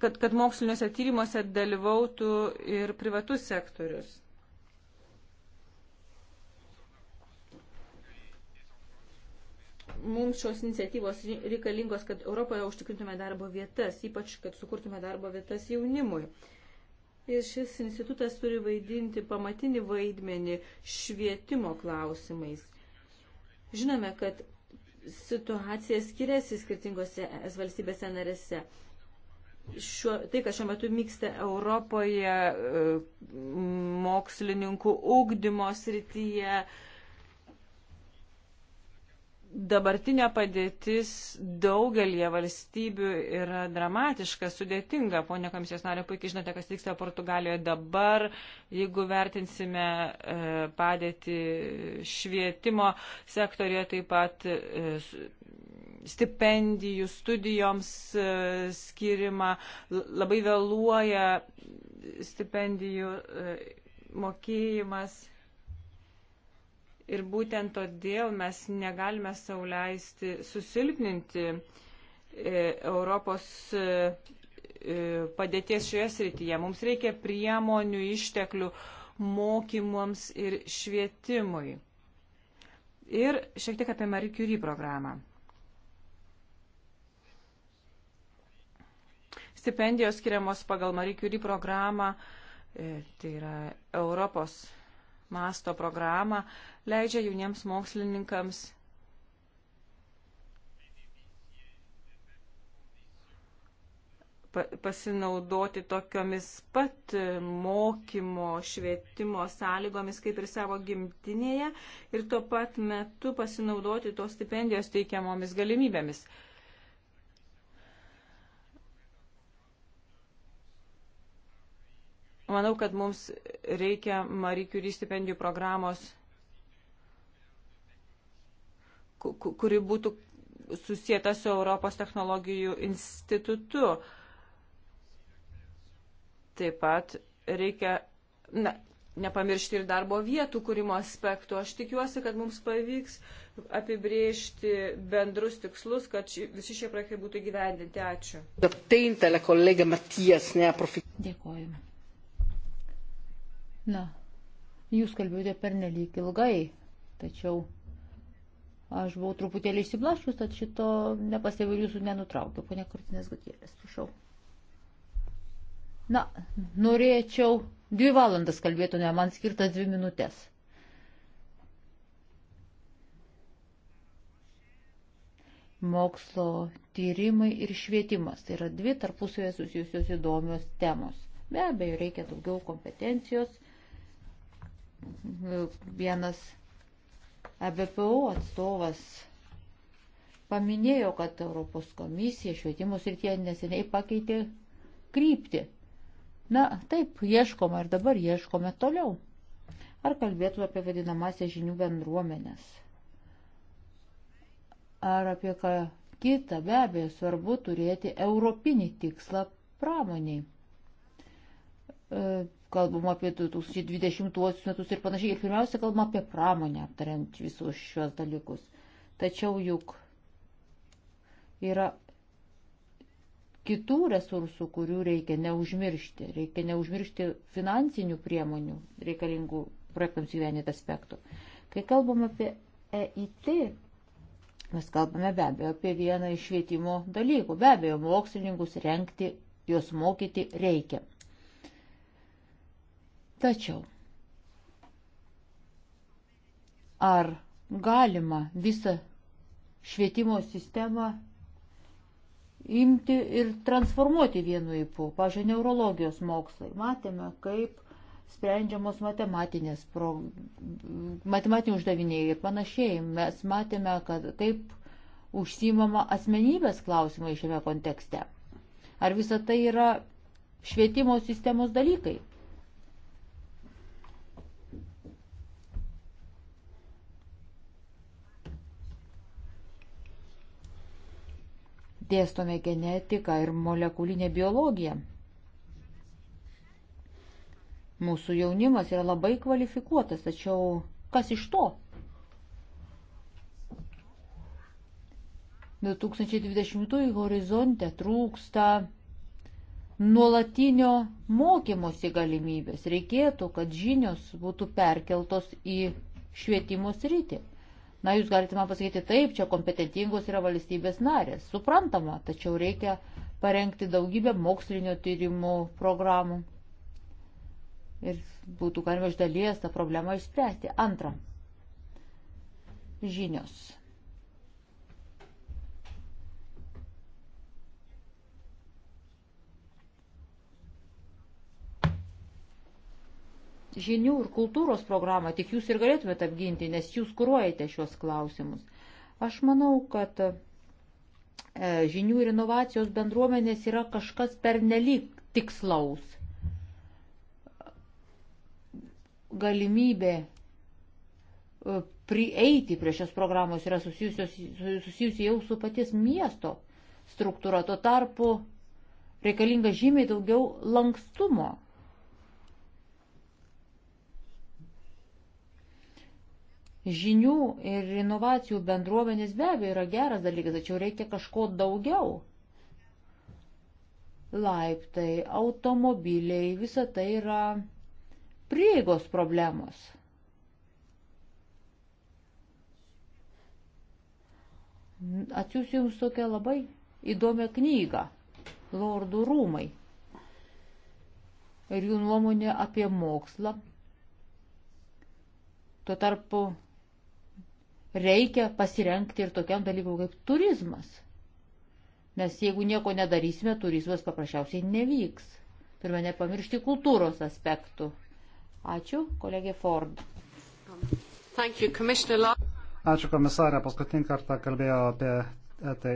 C: kad, kad moksliniuose tyrimuose dalyvautų ir privatus sektorius. Mums šios iniciatyvos reikalingos, kad Europoje užtikrintume darbo vietas, ypač kad sukurtume darbo vietas jaunimui. Ir šis institutas turi vaidinti pamatinį vaidmenį švietimo klausimais. Žinome, kad situacija skiriasi skirtingose valstybėse narėse šiuo, tai, kas šiuo metu vyksta Europoje, e, mokslininkų ugdymo srityje, dabartinė padėtis daugelie valstybių yra dramatiška, sudėtinga. Pone komisijos nario, puikiai žinote, kas vyksta Portugalijoje dabar. Jeigu vertinsime e, padėtį švietimo sektorėje, taip pat e, stipendijų studijoms e, skirimą, labai vėluoja stipendijų e, mokėjimas. Ir būtent todėl mes negalime sauliaisti susilpninti e, Europos padėties šioje srityje. Mums reikia priemonių, išteklių mokymams ir švietimui. Ir šiek tiek apie Marie Curie programą. stipendijos skiriamos pagal Marie Curie programą, e, tai yra Europos masto programą, leidžia jauniems mokslininkams pasinaudoti tokiomis pat mokymo, švietimo sąlygomis kaip ir savo gimtinėje ir tuo pat metu pasinaudoti tos stipendijos teikiamomis galimybėmis. Manau, kad mums reikia Marie Curie stipendijų programos, kuri būtų susijęta su Europos technologijų institutu. Taip pat reikia na, nepamiršti ir darbo vietų kūrimo aspektų. Aš tikiuosi, kad mums pavyks apibriežti bendrus tikslus, kad ši, visi šie projektai būtų gyvendinti. Ačiū.
A: Dėkojame. Na, jūs kalbėjote per nelik ilgai, tačiau aš buvau truputėlį išsiblaškius, tad šito nepastebėjau jūsų nenutraukiu. Pone Kartinės Gutierės, prašau. Na, norėčiau dvi valandas kalbėtų, ne man skirtas dvi minutės. Mokslo tyrimai ir švietimas. Tai yra dvi tarpusavėje susijusios įdomios temos. Be abejo, reikia daugiau kompetencijos, vienas ABPO atstovas paminėjo, kad Europos komisija švietimo srityje neseniai pakeitė kryptį. Na, taip, ieškoma ir dabar ieškome toliau. Ar kalbėtų apie vadinamąsią žinių bendruomenės? Ar apie ką kita, be abejo, svarbu turėti europinį tikslą pramoniai. E, kalbam apie 2020 metus ir panašiai. Ir pirmiausia, kalbam apie pramonę, aptariant visus šios dalykus. Tačiau juk yra kitų resursų, kurių reikia neužmiršti. Reikia neužmiršti finansinių priemonių reikalingų projektams įvenyti aspektų. Kai kalbam apie EIT, mes kalbame be abejo apie vieną iš švietimo dalykų. Be abejo, mokslininkus renkti, juos mokyti reikia. Tačiau ar galima visą švietimo sistemą imti ir transformuoti vienu įpu. Pavyzdžiui, neurologijos mokslai. Matėme, kaip sprendžiamos matematinės, pro, matematiniai uždaviniai ir panašiai. Mes matėme, kad kaip užsimama asmenybės klausimai šiame kontekste. Ar visa tai yra švietimo sistemos dalykai? dėstome genetiką ir molekulinę biologiją. Mūsų jaunimas yra labai kvalifikuotas, tačiau kas iš to? 2020 horizonte trūksta nuolatinio mokymosi galimybės. Reikėtų, kad žinios būtų perkeltos į švietimo sritį. Na, jūs galite man pasakyti, taip, čia kompetentingos yra valstybės narės. Suprantama, tačiau reikia parengti daugybę mokslinio tyrimų programų. Ir būtų galima iš dalies tą problemą išspręsti. Antra. Žinios. žinių ir kultūros programą, tik jūs ir galėtumėte apginti, nes jūs kūruojate šios klausimus. Aš manau, kad e, žinių ir inovacijos bendruomenės yra kažkas pernelyg tikslaus. Galimybė e, prieiti prie šios programos yra susijusi jau su paties miesto struktūra. Tuo tarpu reikalinga žymiai daugiau lankstumo Žinių ir inovacijų bendruomenės be abejo yra geras dalykas, tačiau reikia kažko daugiau. Laiptai, automobiliai, visa tai yra prieigos problemos. Atsiųsiu jums tokią labai įdomią knygą Lordų rūmai ir jų nuomonė apie mokslą. Tuo tarpu reikia pasirenkti ir tokiam dalykui kaip turizmas. Nes jeigu nieko nedarysime, turizmas paprasčiausiai nevyks. Turime nepamiršti kultūros aspektų. Ačiū, kolegė Ford. You,
C: Ačiū
B: komisarė. Paskutinį kartą kalbėjo apie ETI.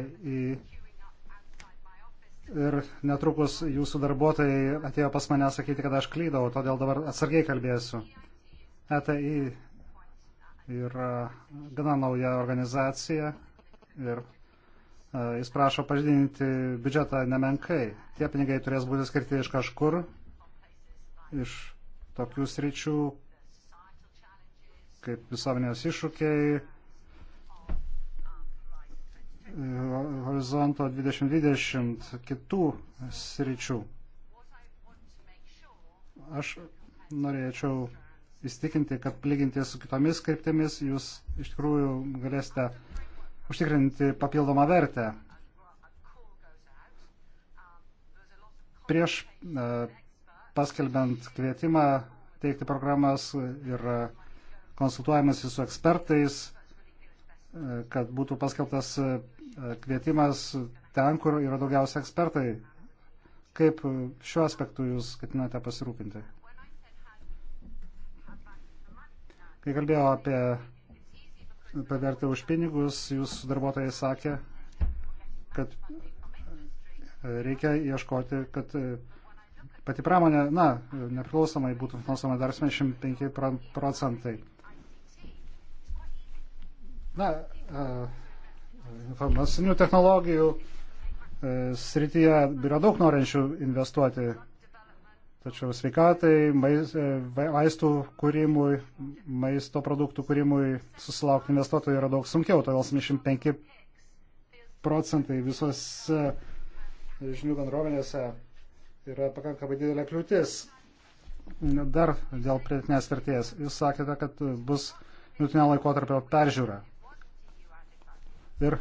B: Ir netrukus jūsų darbuotojai atėjo pas mane sakyti, kad aš klydau, todėl dabar atsargiai kalbėsiu. ETI yra gana nauja organizacija ir e, jis prašo padidinti biudžetą nemenkai. Tie pinigai turės būti skirti iš kažkur, iš tokių sričių, kaip visuomenės iššūkiai, horizonto 2020 kitų sričių. Aš norėčiau įstikinti, kad lyginti su kitomis kryptimis jūs iš tikrųjų galėsite užtikrinti papildomą vertę. Prieš e, paskelbent kvietimą teikti programas ir konsultuojamas su ekspertais, e, kad būtų paskelbtas e, kvietimas ten, kur yra daugiausia ekspertai. Kaip šiuo aspektu jūs ketinate pasirūpinti? Kai kalbėjau apie pavertę už pinigus, jūsų darbuotojai sakė, kad reikia ieškoti, kad e, pati pramonė, na, nepriklausomai būtų finansama dar 75 procentai. Na, e, informacinių technologijų e, srityje yra daug norinčių investuoti tačiau sveikatai, e, vaistų kūrimui, maisto produktų kūrimui susilaukti investuotojų yra daug sunkiau, todėl 75 procentai visos žinių bendrovinėse yra pakankamai didelė kliūtis. Dar dėl pridėtinės vertės. Jūs sakėte, kad bus vidutinio laikotarpio peržiūra. Ir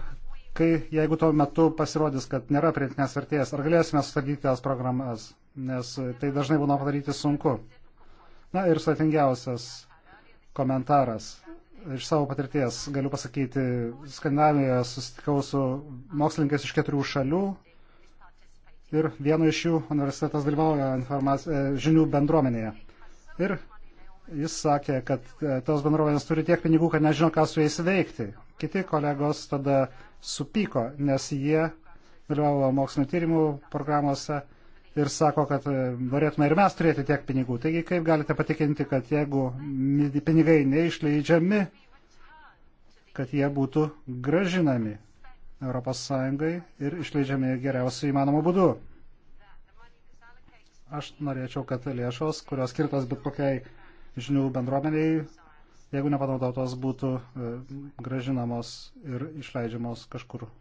B: kai, jeigu tuo metu pasirodys, kad nėra pridėtinės vertės, ar galėsime sustabdyti tas programas? nes tai dažnai būna padaryti sunku. Na ir sudėtingiausias komentaras. Iš savo patirties galiu pasakyti, Skandinavijoje susitikau su mokslininkais iš keturių šalių ir vieno iš jų universitetas dalyvauja e, žinių bendruomenėje. Ir jis sakė, kad e, tos bendruomenės turi tiek pinigų, kad nežino, ką su jais veikti. Kiti kolegos tada supyko, nes jie dalyvavo mokslinio tyrimų programuose ir sako, kad e, norėtume ir mes turėti tiek pinigų. Taigi kaip galite patikinti, kad jeigu pinigai neišleidžiami, kad jie būtų gražinami ES ir išleidžiami geriausiu įmanomu būdu. Aš norėčiau, kad lėšos, kurios skirtos bet kokiai žinių bendruomeniai, jeigu nepanaudotos, būtų e, gražinamos ir išleidžiamos kažkur e,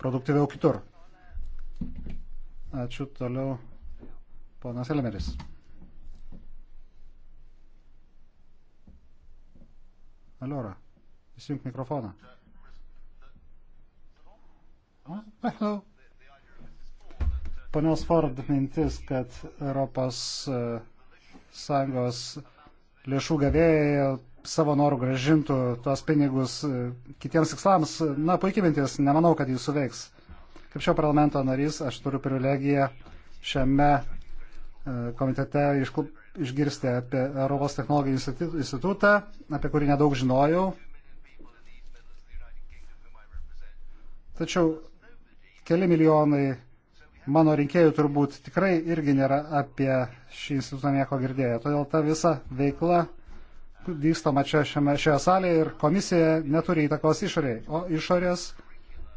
B: produktyviau kitur. Ačiū toliau, ponas Elmeris. Aliora, įsijunk mikrofoną. Hello. Ponios Ford mintis, kad Europos e, Sąjungos lėšų gavėjai savo norų gražintų tuos pinigus e, kitiems tikslams, na, puikiai mintis, nemanau, kad jis suveiks. Kaip šio parlamento narys, aš turiu privilegiją šiame e, komitete išgirsti apie Europos technologijų institutą, apie kurį nedaug žinojau. Tačiau keli milijonai mano rinkėjų turbūt tikrai irgi nėra apie šį institutą nieko girdėję. Todėl ta visa veikla vykstama čia šiame, šioje salėje ir komisija neturi įtakos išorėje, o išorės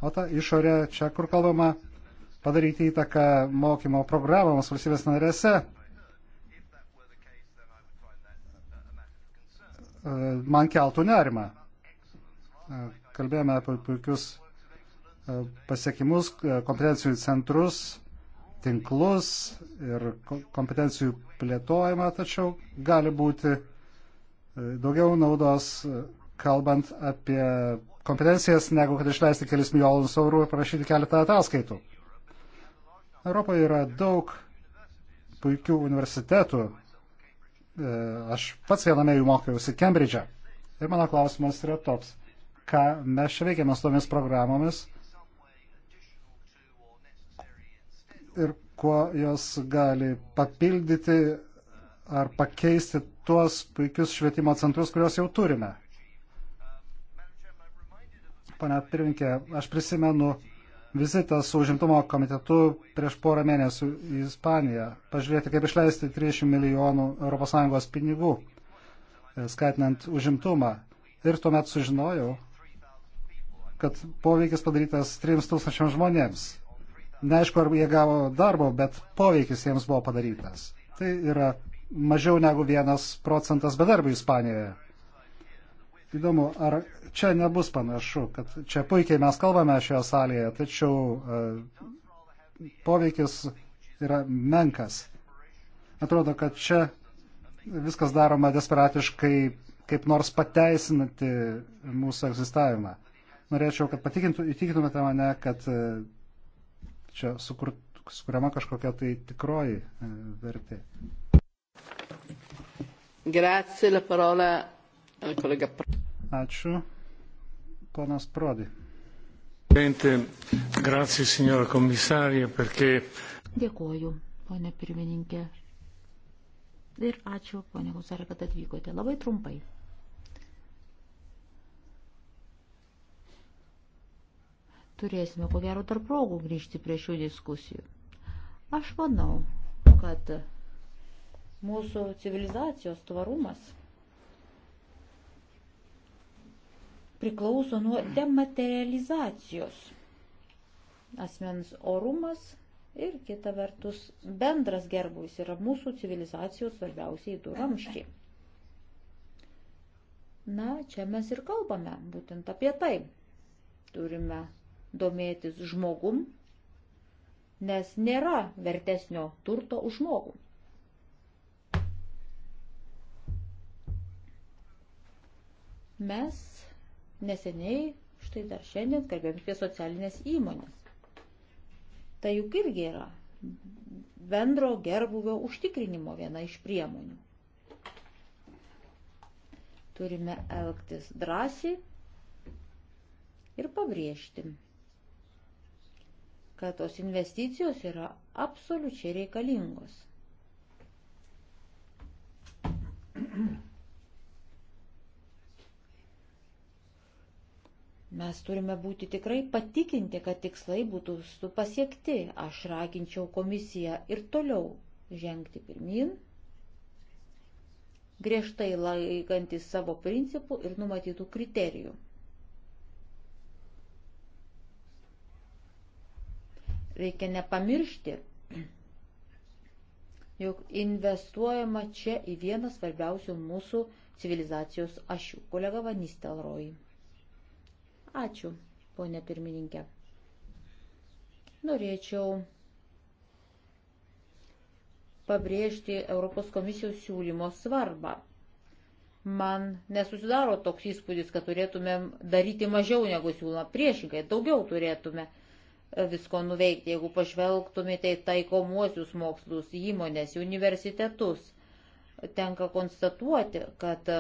B: O ta išorė, čia kur kalbama, padaryti įtaką mokymo programams valstybės narėse. E, man keltų nerimą. E, kalbėjome apie puikius e, pasiekimus, kompetencijų centrus, tinklus ir kompetencijų plėtojimą, tačiau gali būti daugiau naudos kalbant apie kompetencijas, negu kad išleisti kelis milijonus eurų ir parašyti keletą ataskaitų. Europoje yra daug puikių universitetų. E, aš pats viename jų mokiausi Kembridžą. Ir mano klausimas yra toks, ką mes čia veikiame su tomis programomis ir kuo jos gali papildyti ar pakeisti tuos puikius švietimo centrus, kuriuos jau turime. Pane Pirinkė, aš prisimenu vizitą su užimtumo komitetu prieš porą mėnesių į Ispaniją, pažiūrėti, kaip išleisti 30 milijonų ES pinigų, e, skatinant užimtumą. Ir tuomet sužinojau, kad poveikis padarytas 3000 žmonėms. Neaišku, ar jie gavo darbo, bet poveikis jiems buvo padarytas. Tai yra mažiau negu vienas procentas bedarbių Ispanijoje. Įdomu, ar čia nebus panašu, kad čia puikiai mes kalbame šioje salėje, tačiau e, poveikis yra menkas. Atrodo, kad čia viskas daroma desperatiškai, kaip nors pateisinti mūsų egzistavimą. Norėčiau, kad įtikintumėte mane, kad e, čia sukur, sukuriama kažkokia tai tikroji e, vertė.
A: Grazie, la parola Kolega.
B: Ačiū. Ponas Prodi. Grazie, signora komisarė, perché.
A: Dėkoju, ponė pirmininkė. Ir ačiū, ponė komisarė, kad atvykote. Labai trumpai. turėsime ko gero dar progų grįžti prie šių diskusijų. Aš manau, kad mūsų civilizacijos tvarumas priklauso nuo dematerializacijos. Asmens orumas ir kita vertus bendras gerbuvis yra mūsų civilizacijos svarbiausiai du ramščiai. Na, čia mes ir kalbame būtent apie tai. Turime domėtis žmogum, nes nėra vertesnio turto už žmogų. Mes Neseniai, štai dar šiandien, kalbėjom apie socialinės įmonės. Tai juk irgi yra bendro gerbuvio užtikrinimo viena iš priemonių. Turime elgtis drąsiai ir pabrėžti, kad tos investicijos yra absoliučiai reikalingos. Mes turime būti tikrai patikinti, kad tikslai būtų pasiekti. Aš raginčiau komisiją ir toliau žengti pirmin, griežtai laikantis savo principų ir numatytų kriterijų. Reikia nepamiršti, jog investuojama čia į vieną svarbiausių mūsų civilizacijos ašių, kolega Vanistelroj. Ačiū, ponė pirmininkė. Norėčiau pabrėžti Europos komisijos siūlymo svarbą. Man nesusidaro toks įspūdis, kad turėtumėm daryti mažiau negu siūloma. Priešingai, daugiau turėtume visko nuveikti, jeigu pažvelgtumėte į taikomuosius mokslus, įmonės, universitetus. Tenka konstatuoti, kad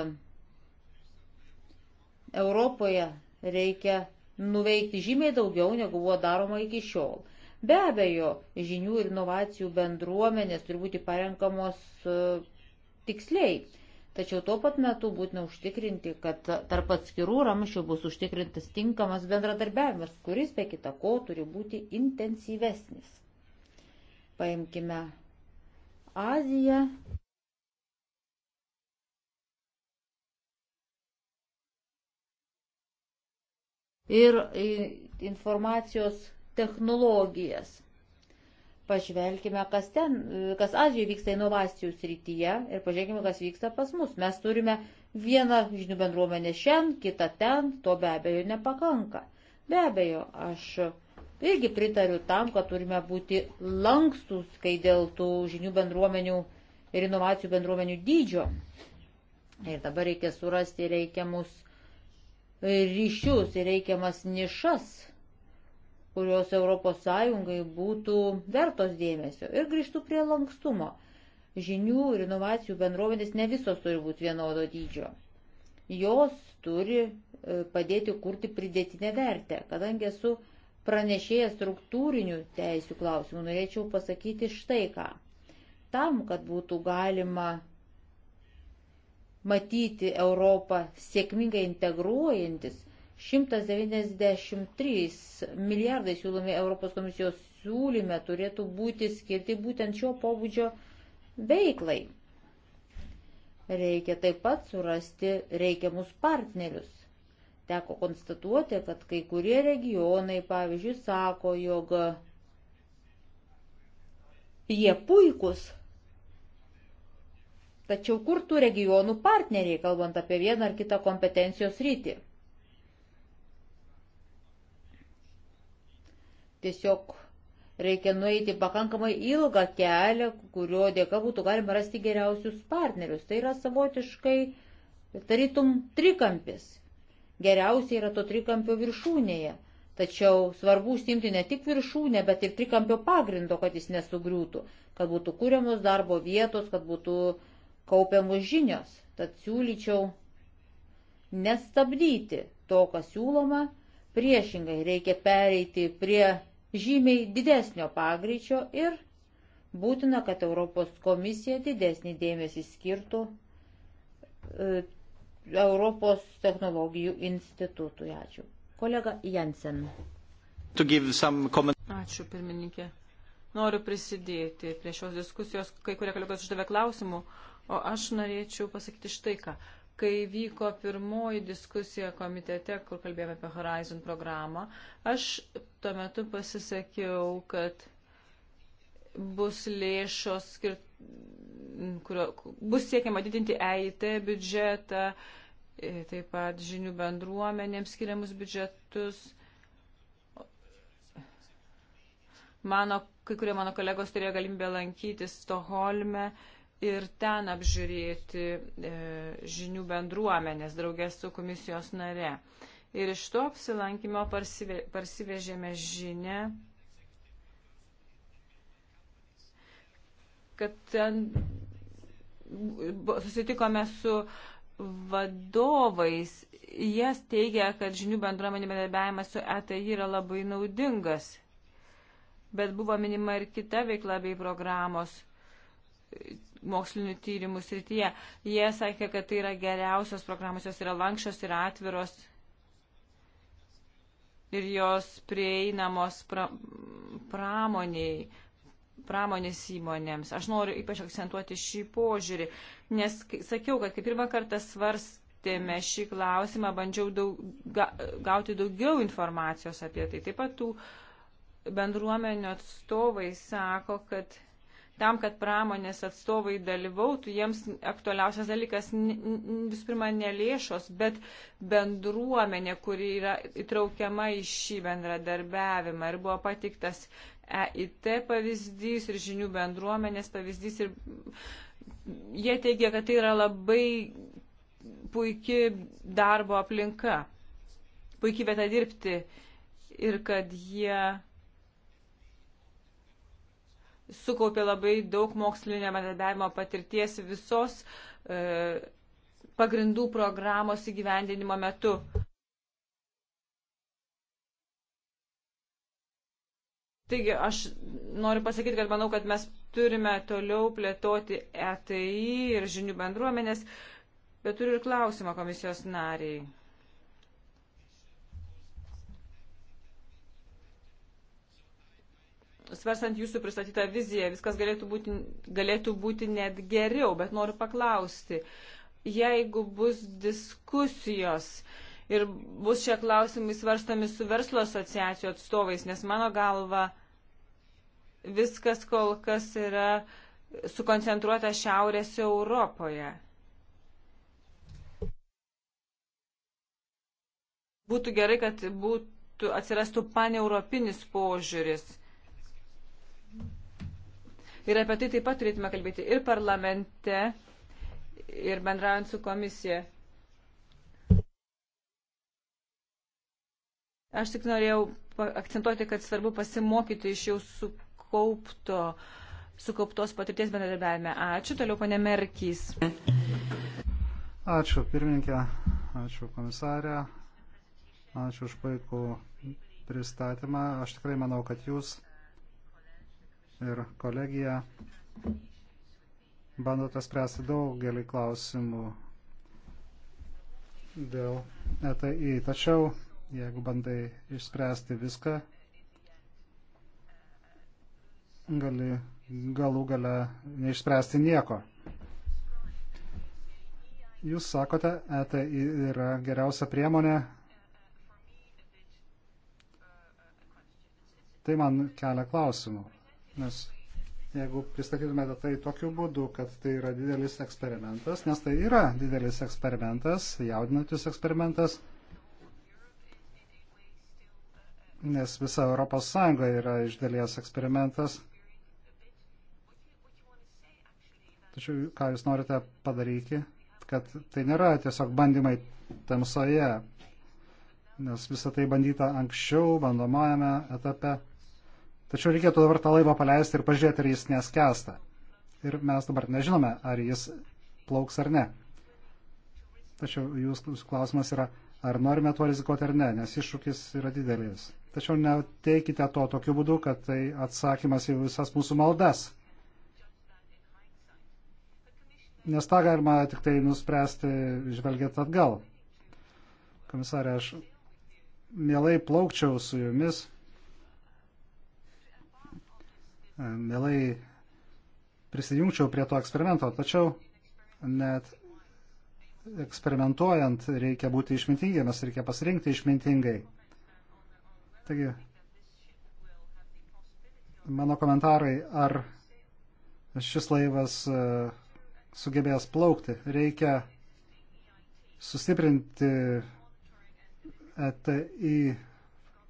A: Europoje reikia nuveikti žymiai daugiau, negu buvo daroma iki šiol. Be abejo, žinių ir inovacijų bendruomenės turi būti parenkamos e, tiksliai. Tačiau tuo pat metu būtina užtikrinti, kad tarp atskirų ramščių bus užtikrintas tinkamas bendradarbiavimas, kuris be kita ko turi būti intensyvesnis. Paimkime Aziją, ir informacijos technologijas. Pažvelkime, kas ten, kas Azijoje vyksta inovacijų srityje ir pažiūrėkime, kas vyksta pas mus. Mes turime vieną žinių bendruomenę šiandien, kitą ten, to be abejo nepakanka. Be abejo, aš irgi pritariu tam, kad turime būti lankstus, kai dėl tų žinių bendruomenių ir inovacijų bendruomenių dydžio. Ir dabar reikia surasti reikiamus ryšius ir reikiamas nišas, kurios ES būtų vertos dėmesio. Ir grįžtų prie lankstumo. Žinių ir inovacijų bendruomenės ne visos turi būti vienodo dydžio. Jos turi e, padėti kurti pridėtinę vertę. Kadangi esu pranešėjęs struktūrinių teisių klausimų, norėčiau pasakyti štai ką. Tam, kad būtų galima matyti Europą sėkmingai integruojantis. 193 milijardai siūlomi Europos komisijos siūlyme turėtų būti skirti būtent šio pobūdžio veiklai. Reikia taip pat surasti reikiamus partnerius. Teko konstatuoti, kad kai kurie regionai, pavyzdžiui, sako, jog jie puikus Tačiau kur tų regionų partneriai, kalbant apie vieną ar kitą kompetencijos rytį? Tiesiog reikia nueiti pakankamai ilgą kelią, kurio dėka būtų galima rasti geriausius partnerius. Tai yra savotiškai tarytum trikampis. Geriausiai yra to trikampio viršūnėje. Tačiau svarbu užsimti ne tik viršūnę, bet ir trikampio pagrindo, kad jis nesugriūtų, kad būtų kūriamos darbo vietos, kad būtų uh, kaupiamus žinios, tad siūlyčiau nestabdyti to, kas siūloma, priešingai reikia pereiti prie žymiai didesnio pagreičio ir būtina, kad Europos komisija didesnį dėmesį skirtų e, Europos technologijų institutui. Ačiū. Kolega Jensen.
B: Ačiū,
C: pirmininkė. Noriu prisidėti prie šios diskusijos. Kai kurie kolegos uždavė klausimų, O aš norėčiau pasakyti štai ką. Kai vyko pirmoji diskusija komitete, kur kalbėjome apie Horizon programą, aš tuo metu pasisakiau, kad bus lėšos skirt, kurio, bus siekiama didinti EIT biudžetą, e, taip pat žinių bendruomenėms skiriamus biudžetus. Mano, kai kurie mano kolegos turėjo galimybę lankytis Stoholme ir ten apžiūrėti e, žinių bendruomenės draugės su komisijos nare. Ir iš to apsilankimo parsive, parsivežėme žinę, kad ten susitikome su vadovais. Jie teigia, kad žinių bendruomenė bendarbiavimas su ETI yra labai naudingas. Bet buvo minima ir kita veikla bei programos mokslinių tyrimų srityje. Jie sakė, kad tai yra geriausios programos, jos yra lankščios ir atviros ir jos prieinamos pra, pramoniai, pramonės įmonėms. Aš noriu ypač akcentuoti šį požiūrį, nes sakiau, kad kai pirmą kartą svarstėme šį klausimą, bandžiau daug, ga, gauti daugiau informacijos apie tai. Taip pat tų bendruomenių atstovai sako, kad tam, kad pramonės atstovai dalyvautų, jiems aktualiausias dalykas visų pirma ne lėšos, bet bendruomenė, kuri yra įtraukiama į šį bendradarbiavimą. Ir buvo patiktas EIT pavyzdys ir žinių bendruomenės pavyzdys. Ir jie teigia, kad tai yra labai puikia darbo aplinka, puikia vieta dirbti ir kad jie sukaupė labai daug mokslinio bendradarbiavimo patirties visos e, pagrindų programos įgyvendinimo metu. Taigi aš noriu pasakyti, kad manau, kad mes turime toliau plėtoti ETI ir žinių bendruomenės, bet turiu ir klausimą komisijos nariai. svarstant jūsų pristatytą viziją, viskas galėtų būti, galėtų būti net geriau, bet noriu paklausti, jeigu bus diskusijos ir bus šie klausimai svarstami su verslo asociacijų atstovais, nes mano galva viskas kol kas yra sukoncentruota Šiaurės Europoje. Būtų gerai, kad būtų, atsirastų paneuropinis požiūris Ir apie tai taip pat turėtume kalbėti ir parlamente, ir bendraujant su komisija. Aš tik norėjau akcentuoti, kad svarbu pasimokyti iš jau sukaupto, sukauptos patirties bendradarbiavime. Ačiū, toliau ponė Merkys.
B: Ačiū pirmininkė, ačiū komisarė, ačiū už puikų pristatymą. Aš tikrai manau, kad jūs ir kolegija bandote spręsti daugelį klausimų dėl ETI. Tačiau, jeigu bandai išspręsti viską, gali galų gale neišspręsti nieko. Jūs sakote, ETI yra geriausia priemonė. Tai man kelia klausimų nes jeigu pristatytumėte tai tokiu būdu, kad tai yra didelis eksperimentas, nes tai yra didelis eksperimentas, jaudinantis eksperimentas, nes visa Europos Sąjunga yra iš dalies eksperimentas. Tačiau ką jūs norite padaryti, kad tai nėra tiesiog bandymai tamsoje, nes visą tai bandyta anksčiau, bandomajame etape. Tačiau reikėtų dabar tą laivą paleisti ir pažiūrėti, ar jis neskęsta. Ir mes dabar nežinome, ar jis plauks ar ne. Tačiau jūsų klausimas yra, ar norime tuo rizikuoti ar ne, nes iššūkis yra didelis. Tačiau neteikite to tokiu būdu, kad tai atsakymas į visas mūsų maldas. Nes tą galima tik tai nuspręsti, žvelgiant atgal. Komisarė, aš mielai plaukčiau su jumis. E, mielai prisijungčiau prie to eksperimento, tačiau net eksperimentuojant reikia būti išmintingiems, reikia pasirinkti išmintingai. Taigi, mano komentarai, ar šis laivas e, sugebės plaukti, reikia sustiprinti ETI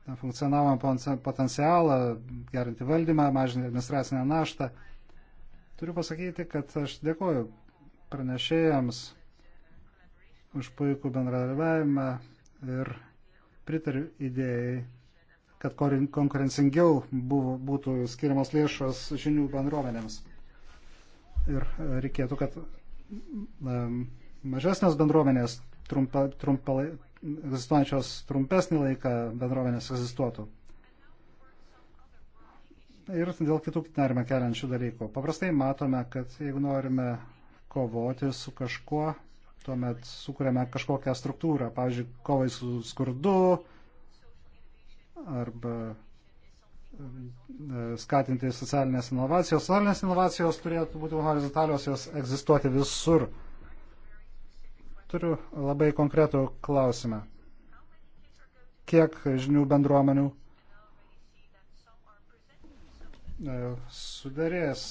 B: funkcionavimo potencialą, gerinti valdymą, mažinti administracinę naštą. Turiu pasakyti, kad aš dėkoju pranešėjams už puikų bendradarbiavimą ir pritariu idėjai, kad konkurencingiau buvo, būtų skiriamos lėšos žinių bendruomenėms. Ir reikėtų, kad mažesnės bendruomenės trumpa, trumpa, egzistuojančios trumpesnį laiką bendruomenės egzistuotų. Ir dėl kitų nerimą keliančių dalykų. Paprastai matome, kad jeigu norime kovoti su kažkuo, tuomet sukūrėme kažkokią struktūrą, pavyzdžiui, kovai su skurdu arba e, skatinti socialinės inovacijos. Socialinės inovacijos turėtų būti horizontalios, jos egzistuoti visur. Turiu labai konkretų klausimą. Kiek žinių bendruomenių e, sudarės?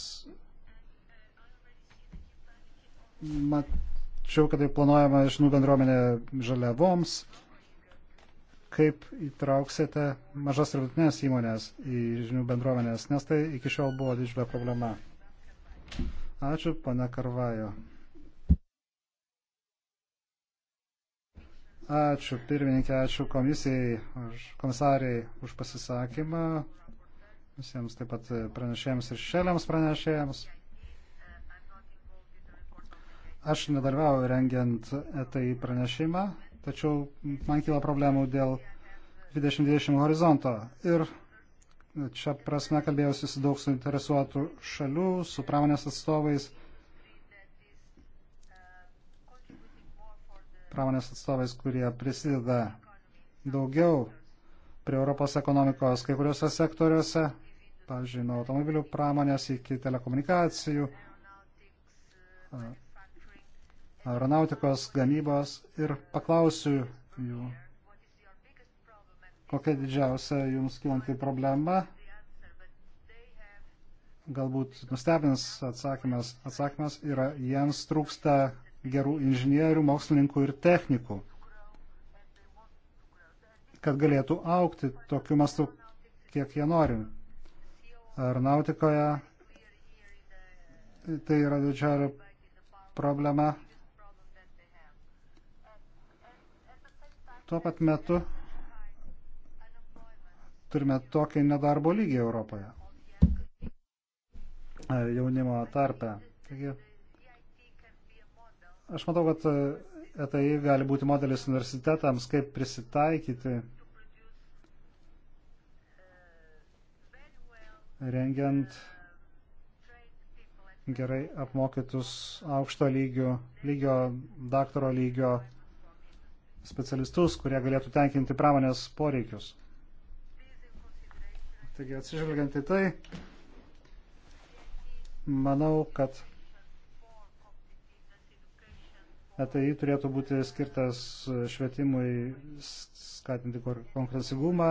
B: Mačiau, kad tai planuojama žinių bendruomenė žaliavoms. Kaip įtrauksite mažas ir vidutinės įmonės į žinių bendruomenės, nes tai iki šiol buvo didžiulė problema. Ačiū, pana Karvajo. Ačiū pirmininkė, ačiū komisijai, už komisariai už pasisakymą, visiems taip pat pranešėjams ir šėliams pranešėjams. Aš nedalyvau rengiant tai pranešimą, tačiau man kyla problemų dėl 2020 horizonto. Ir čia prasme kalbėjausi su daug suinteresuotų šalių, su pramonės atstovais pramonės atstovais, kurie prisideda daugiau prie Europos ekonomikos kai kuriuose sektoriuose, pavyzdžiui, nuo automobilių pramonės iki telekomunikacijų, aeronautikos, gamybos ir paklausiu jų, kokia didžiausia jums kilanti problema. Galbūt nustebins atsakymas, atsakymas yra, jiems trūksta gerų inžinierių, mokslininkų ir technikų, kad galėtų aukti tokiu mastu, kiek jie nori. Ar nautikoje tai yra didžiulė problema. Tuo pat metu turime tokį nedarbo lygį Europoje jaunimo tarpe. Taigi, Aš matau, kad e, tai gali būti modelis universitetams, kaip prisitaikyti, rengiant gerai apmokytus aukšto lygio, lygio daktaro lygio specialistus, kurie galėtų tenkinti pramonės poreikius. Taigi atsižvelgiant į tai, manau, kad ETI turėtų būti skirtas švietimui skatinti konkurencingumą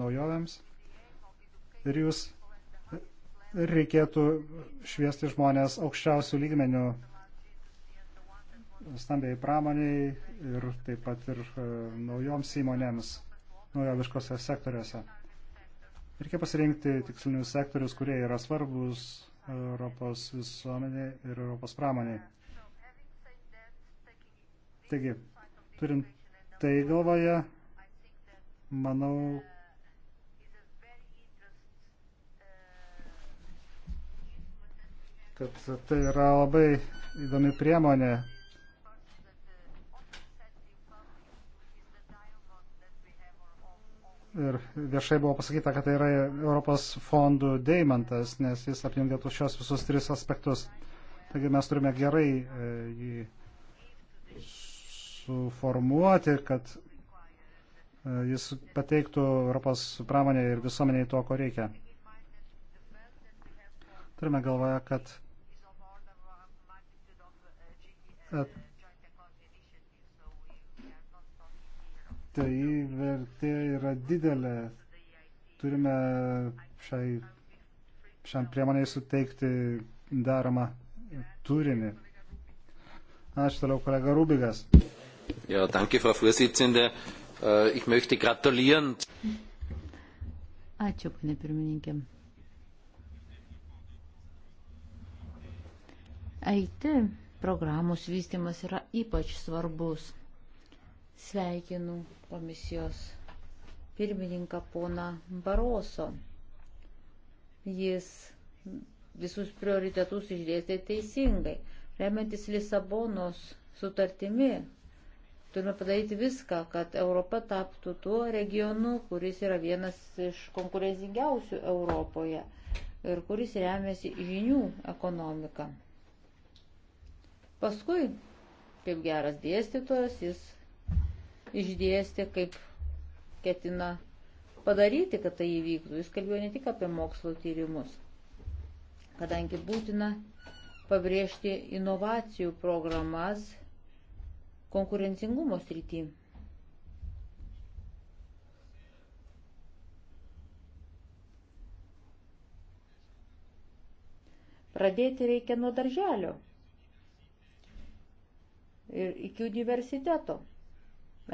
B: naujovėms. Ir jūs reikėtų šviesti žmonės aukščiausių lygmenių stambiai pramoniai ir taip pat ir e, naujoms įmonėms naujoviškose sektoriuose. Reikia pasirinkti tikslinius sektorius, kurie yra svarbus Europos visuomeniai ir Europos pramoniai. Taigi, turint tai galvoje, manau, kad tai yra labai įdomi priemonė ir viešai buvo pasakyta, kad tai yra Europos fondų deimantas, nes jis apjungėtų šios visus tris aspektus. Taigi mes turime gerai e, jį suformuoti, kad e, jis pateiktų Europos pramonė ir visuomeniai to, ko reikia. Turime galvoje, kad e, tai vertė yra didelė. Turime šiai, šiam priemoniai suteikti daromą turinį. Ačiū toliau, kolega Rubigas.
A: Ja, danke, Frau Vorsitzende. Äh, ich möchte gratulieren. Ačiū, pane pirmininkė. IT programos vystimas yra ypač svarbus. Sveikinu komisijos pirmininką poną Baroso. Jis visus prioritetus išdėstė teisingai. Remiantis Lisabonos sutartimi, Turime padaryti viską, kad Europa taptų tuo regionu, kuris yra vienas iš konkurencingiausių Europoje ir kuris remiasi žinių ekonomiką. Paskui, kaip geras dėstytojas, jis išdėstė, kaip ketina padaryti, kad tai įvyktų. Jis kalbėjo ne tik apie mokslo tyrimus, kadangi būtina pabrėžti inovacijų programas konkurencingumo srity. Pradėti reikia nuo darželio ir iki universiteto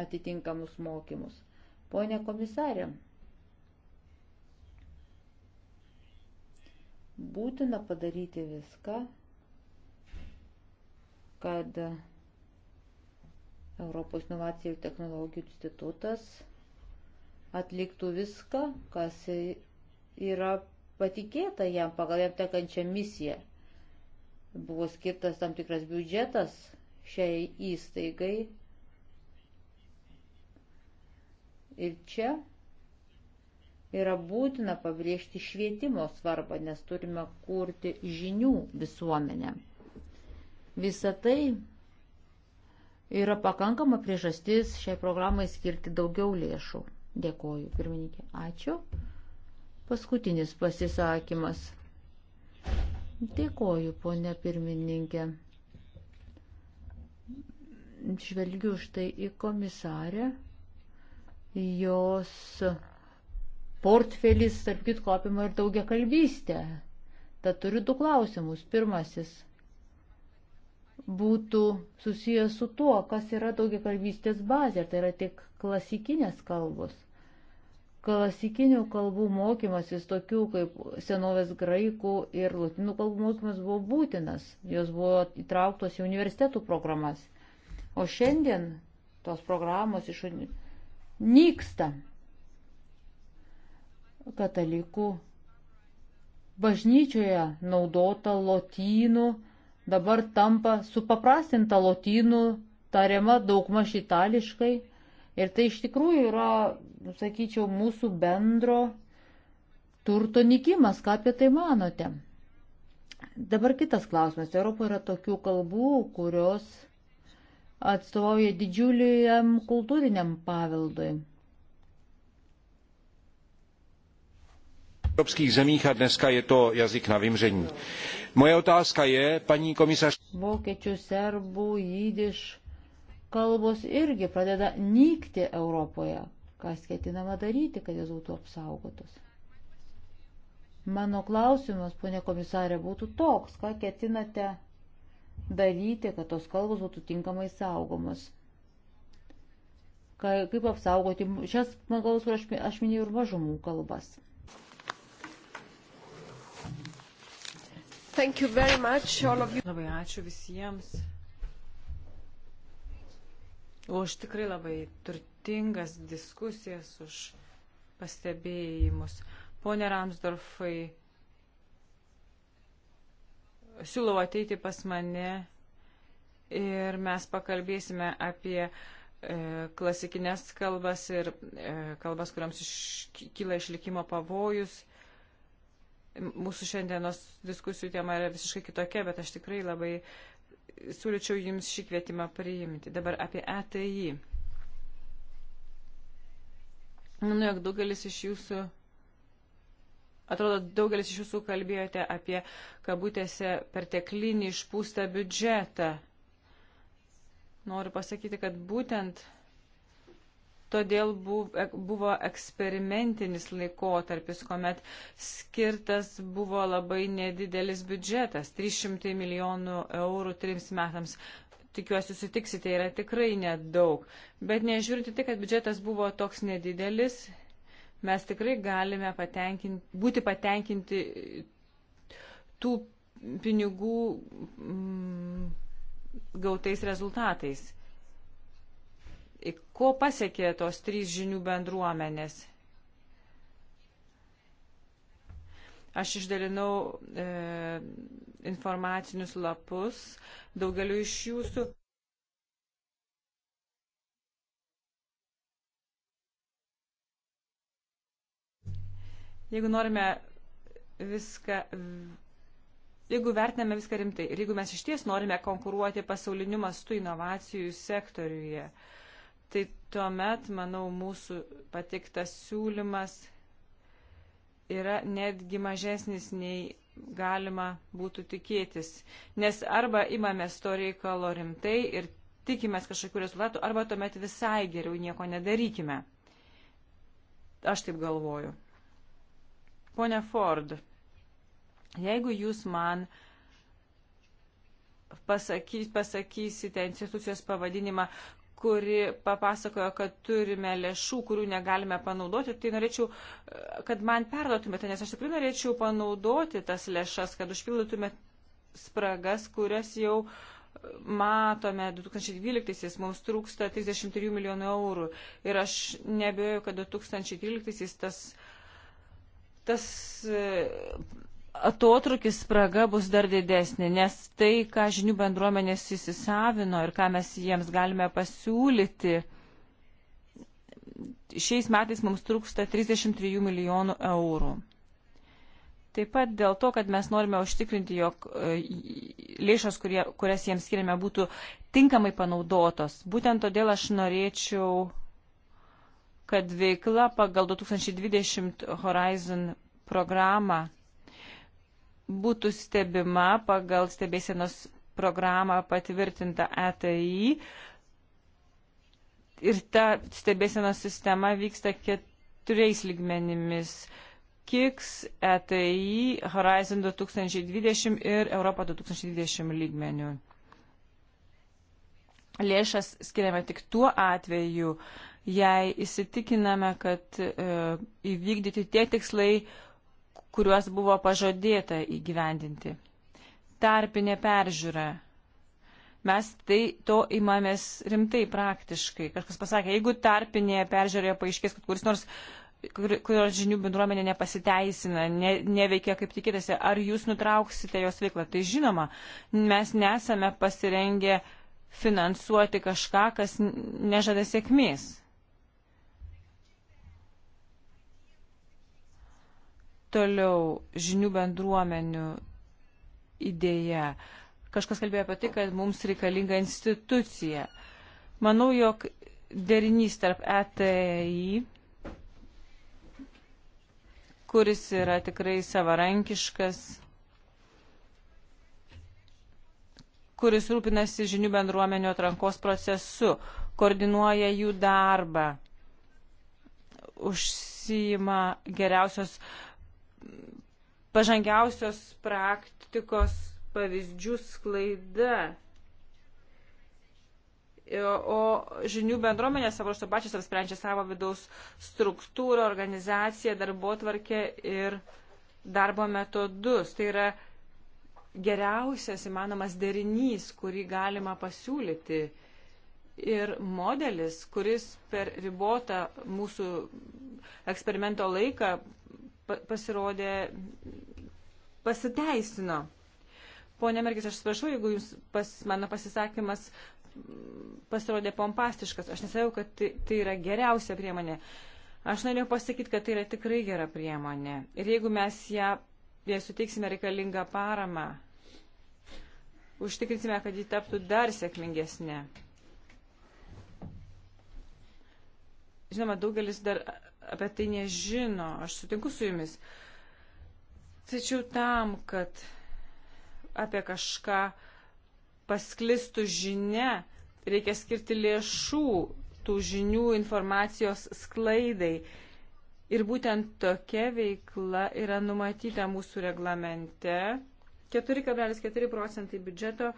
A: atitinkamus mokymus. Pone komisarė, būtina padaryti viską, kad Europos inovacijų ir technologijų institutas atliktų viską, kas yra patikėta jam pagal jam tekančią misiją. Buvo skirtas tam tikras biudžetas šiai įstaigai. Ir čia yra būtina pabrėžti švietimo svarbą, nes turime kurti žinių visuomenę. Visą tai yra pakankama priežastis šiai programai skirti daugiau lėšų. Dėkoju, pirmininkė. Ačiū. Paskutinis pasisakymas. Dėkoju, ponė pirmininkė. Žvelgiu štai į komisarę. Jos portfelis, tarp kitko, apima ir daugia kalbystę. Tad turiu du klausimus. Pirmasis – būtų susijęs su tuo, kas yra daugia kalbystės bazė, tai yra tik klasikinės kalbos. Klasikinių kalbų mokymasis, tokių kaip senovės graikų ir latinų kalbų mokymas buvo būtinas, jos buvo įtrauktos į universitetų programas. O šiandien tos programos iš nyksta katalikų bažnyčioje naudota lotynų, dabar tampa supaprastinta lotynų, tariama daugmaž itališkai. Ir tai iš tikrųjų yra, sakyčiau, mūsų bendro turto nikimas. Ką apie tai manote? Dabar kitas klausimas. Europoje yra tokių kalbų, kurios atstovauja didžiuliam kultūriniam paveldui.
B: evropských zemích a dneska je to jazyk na vymření. Moje otázka je, paní komisař...
A: Vokiečių, serbų, jidiš kalbos irgi pradeda nykti Europoje. Kas ketinama daryti, kad jos būtų apsaugotos? Mano klausimas, ponė komisarė, būtų toks, ką ketinate daryti, kad tos kalbos būtų tinkamai saugomos. Kaip apsaugoti šias, man galvos, aš, aš minėjau ir mažumų kalbas.
C: Thank you very much, all of you. Labai ačiū visiems. Už tikrai labai turtingas diskusijas, už pastebėjimus. Pone Ramsdorfai, siūlau ateiti pas mane ir mes pakalbėsime apie e, klasikinės kalbas ir e, kalbas, kuriams kyla išlikimo pavojus Mūsų šiandienos diskusijų tema yra visiškai kitokia, bet aš tikrai labai siūlyčiau Jums šį kvietimą priimti. Dabar apie ETI. Manau, jog daugelis iš Jūsų Atrodo, daugelis iš jūsų kalbėjote apie, kabutėse, perteklinį išpūstą biudžetą. Noriu pasakyti, kad būtent Todėl buvo eksperimentinis laikotarpis, kuomet skirtas buvo labai nedidelis biudžetas - 300 milijonų eurų trims metams. Tikiuosi, sutiksite, yra tikrai nedaug. Bet nežiūrinti tai, tik, kad biudžetas buvo toks nedidelis, mes tikrai galime patenkinti, būti patenkinti tų pinigų mm, gautais rezultatais ko pasiekė tos trys žinių bendruomenės. Aš išdalinau e, informacinius lapus daugeliu iš jūsų. Jeigu norime viską, jeigu vertiname viską rimtai ir jeigu mes iš ties norime konkuruoti pasauliniu mastu inovacijų sektoriuje, e, tai tuomet, manau, mūsų patiktas siūlymas yra netgi mažesnis nei galima būtų tikėtis. Nes arba imamės to reikalo rimtai ir tikimės kažkokių rezultatų, arba tuomet visai geriau nieko nedarykime. Aš taip galvoju. Pone Ford, jeigu jūs man pasakys, pasakysite institucijos pavadinimą, kuri papasakojo, kad turime lėšų, kurių negalime panaudoti. Tai norėčiau, e, kad man perduotumėte, nes aš tikrai norėčiau panaudoti tas lėšas, kad užpildytumėte spragas, kurias jau matome 2012-aisiais. Mums trūksta 33 milijonų eurų. Ir aš nebejoju, kad 2013-aisiais tas, tas e, atotrukis spraga bus dar didesnė, nes tai, ką žinių bendruomenės įsisavino ir ką mes jiems galime pasiūlyti, šiais metais mums trūksta 33 milijonų eurų. Taip pat dėl to, kad mes norime užtikrinti, jog e, lėšos, kurie, kurias jiems skiriame, būtų tinkamai panaudotos. Būtent todėl aš norėčiau, kad veikla pagal 2020 Horizon programą būtų stebima pagal stebėsienos programą patvirtinta ETI. Ir ta stebėsienos sistema vyksta keturiais lygmenimis. KIX, ETI, Horizon 2020 ir Europa 2020 lygmenių. Lėšas skiriame tik tuo atveju, jei įsitikiname, kad e, įvykdyti tie tikslai, e, kuriuos buvo pažadėta įgyvendinti. Tarpinė peržiūra. Mes tai to imamės rimtai praktiškai. Kažkas pasakė, jeigu tarpinėje peržiūroje paaiškės, kad kuris nors kurios žinių bendruomenė nepasiteisina, ne, neveikia kaip tikėtasi, ar jūs nutrauksite jos veiklą. Tai žinoma, mes nesame pasirengę finansuoti kažką, kas nežada sėkmės. Toliau žinių bendruomenių idėja. Kažkas kalbėjo apie tai, kad mums reikalinga institucija. Manau, jog derinys tarp ETI, kuris yra tikrai savarankiškas, kuris rūpinasi žinių bendruomenio atrankos procesu, koordinuoja jų darbą, užsijima geriausios uh, pažangiausios praktikos pavyzdžių sklaida. O žinių bendruomenė savo ruoštų pačios apsprendžia savo vidaus struktūrą, organizaciją, darbo tvarkę ir darbo metodus. Tai yra geriausias įmanomas derinys, kurį galima pasiūlyti. Ir modelis, kuris per ribotą mūsų eksperimento laiką pasirodė pasiteisino. Pone Mergis, aš sprašau, jeigu jums pas, mano pasisakymas pasirodė pompastiškas. Aš nesakau, kad tai, tai yra geriausia priemonė. Aš norėjau pasakyti, kad tai yra tikrai gera priemonė. Ir jeigu mes ją, jai suteiksime reikalingą paramą, užtikrinsime, kad ji taptų dar sėkmingesnė. Žinoma, daugelis dar apie tai nežino. Aš sutinku su jumis. Tačiau tam, kad apie kažką pasklistų žinia, reikia skirti lėšų tų žinių informacijos sklaidai. Ir būtent tokia veikla yra numatyta mūsų reglamente. 4,4 procentai biudžeto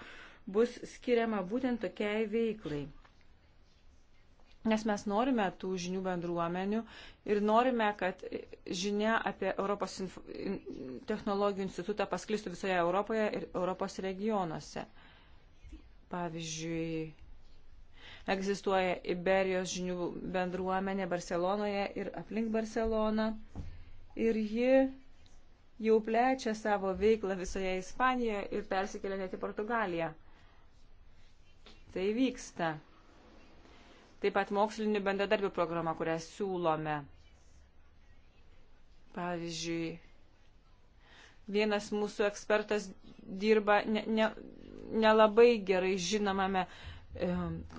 C: bus skiriama būtent tokiai veiklai. Nes mes norime tų žinių bendruomenių ir norime, kad žinia apie Europos inf... technologijų institutą pasklistų visoje Europoje ir Europos regionuose. Pavyzdžiui, egzistuoja Iberijos žinių bendruomenė Barcelonoje ir aplink Barceloną. Ir ji jau plečia savo veiklą visoje Ispanijoje ir persikelia net į Portugaliją. Tai vyksta. Taip pat mokslinių bendradarbių programą, kurią siūlome. Pavyzdžiui, vienas mūsų ekspertas dirba nelabai ne, ne gerai žinomame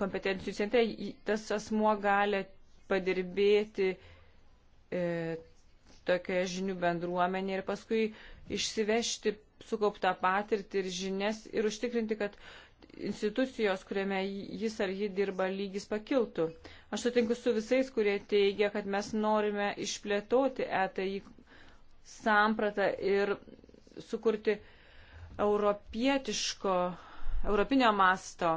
C: kompetencijų centre. Tas asmuo gali padirbėti e, tokioje žinių bendruomenėje ir paskui išsivežti sukauptą patirtį ir žinias ir užtikrinti, kad institucijos, kuriame jis ar ji dirba lygis pakiltų. Aš sutinku su visais, kurie teigia, kad mes norime išplėtoti ETI sampratą ir sukurti europietiško, europinio masto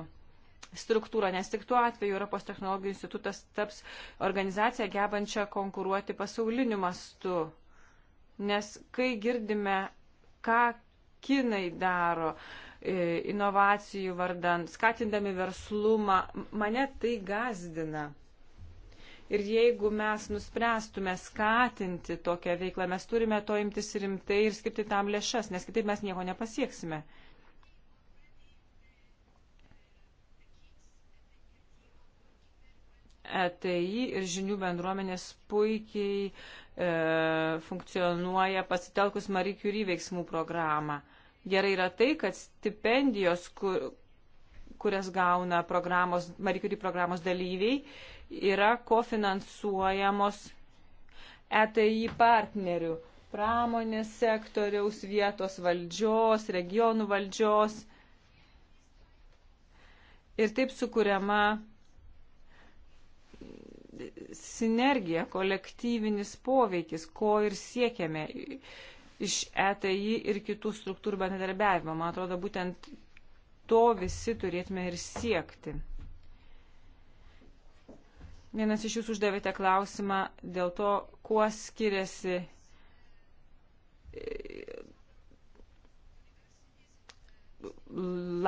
C: struktūrą, nes tik tuo atveju Europos technologijų institutas taps organizacija gebančia konkuruoti pasauliniu mastu. Nes kai girdime, ką kinai daro, E, inovacijų vardan, skatindami verslumą, mane tai gazdina. Ir jeigu mes nuspręstume skatinti tokią veiklą, mes turime to imtis rimtai ir skirti tam lėšas, nes kitaip mes nieko nepasieksime. ETI ir žinių bendruomenės puikiai e, funkcionuoja pasitelkus Marie Curie veiksmų programą. Gerai yra tai, kad stipendijos, kur, kurias gauna programos, Marie Curie programos dalyviai, yra kofinansuojamos ETI partnerių pramonės sektoriaus, vietos valdžios, regionų valdžios. Ir taip sukūriama sinergija, kolektyvinis poveikis, ko ir siekiame iš ETI ir kitų struktūrų bendradarbiavimo. Man atrodo, būtent to visi turėtume ir siekti. Vienas iš jūsų uždavėte klausimą dėl to, kuo skiriasi e,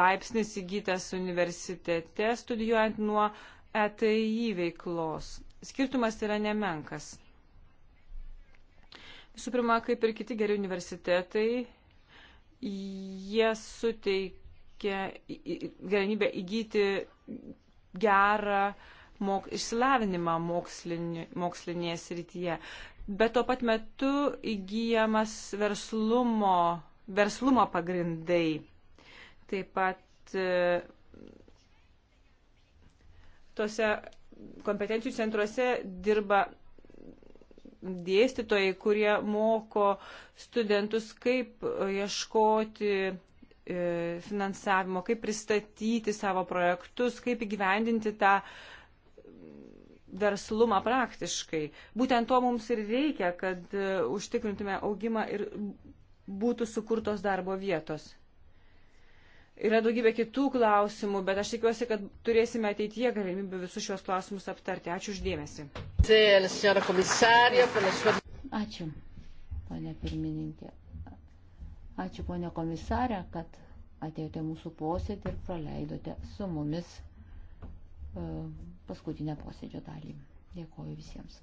C: laipsnis įgytas universitete studijuojant nuo ETI veiklos. Skirtumas yra nemenkas. Visų pirma, kaip ir kiti geri universitetai, jie suteikia galimybę įgyti gerą mok, išsilavinimą mokslinį, mokslinėje srityje. Bet tuo pat metu įgyjamas verslumo, verslumo pagrindai. Taip pat e, tose kompetencijų centruose dirba dėstytojai, kurie moko studentus, kaip e, ieškoti e, finansavimo, kaip pristatyti savo projektus, kaip įgyvendinti tą verslumą praktiškai. Būtent to mums ir reikia, kad e, užtikrintume augimą ir būtų sukurtos darbo vietos. Yra daugybė kitų klausimų, bet aš tikiuosi, kad turėsime ateityje galimybę visus šios klausimus aptarti. Ačiū uždėmesi.
A: Ačiū, ponė pirmininkė. Ačiū, ponė komisarė, kad atėjote mūsų posėdį ir praleidote su mumis e, paskutinę posėdžio dalį. Dėkuoju visiems.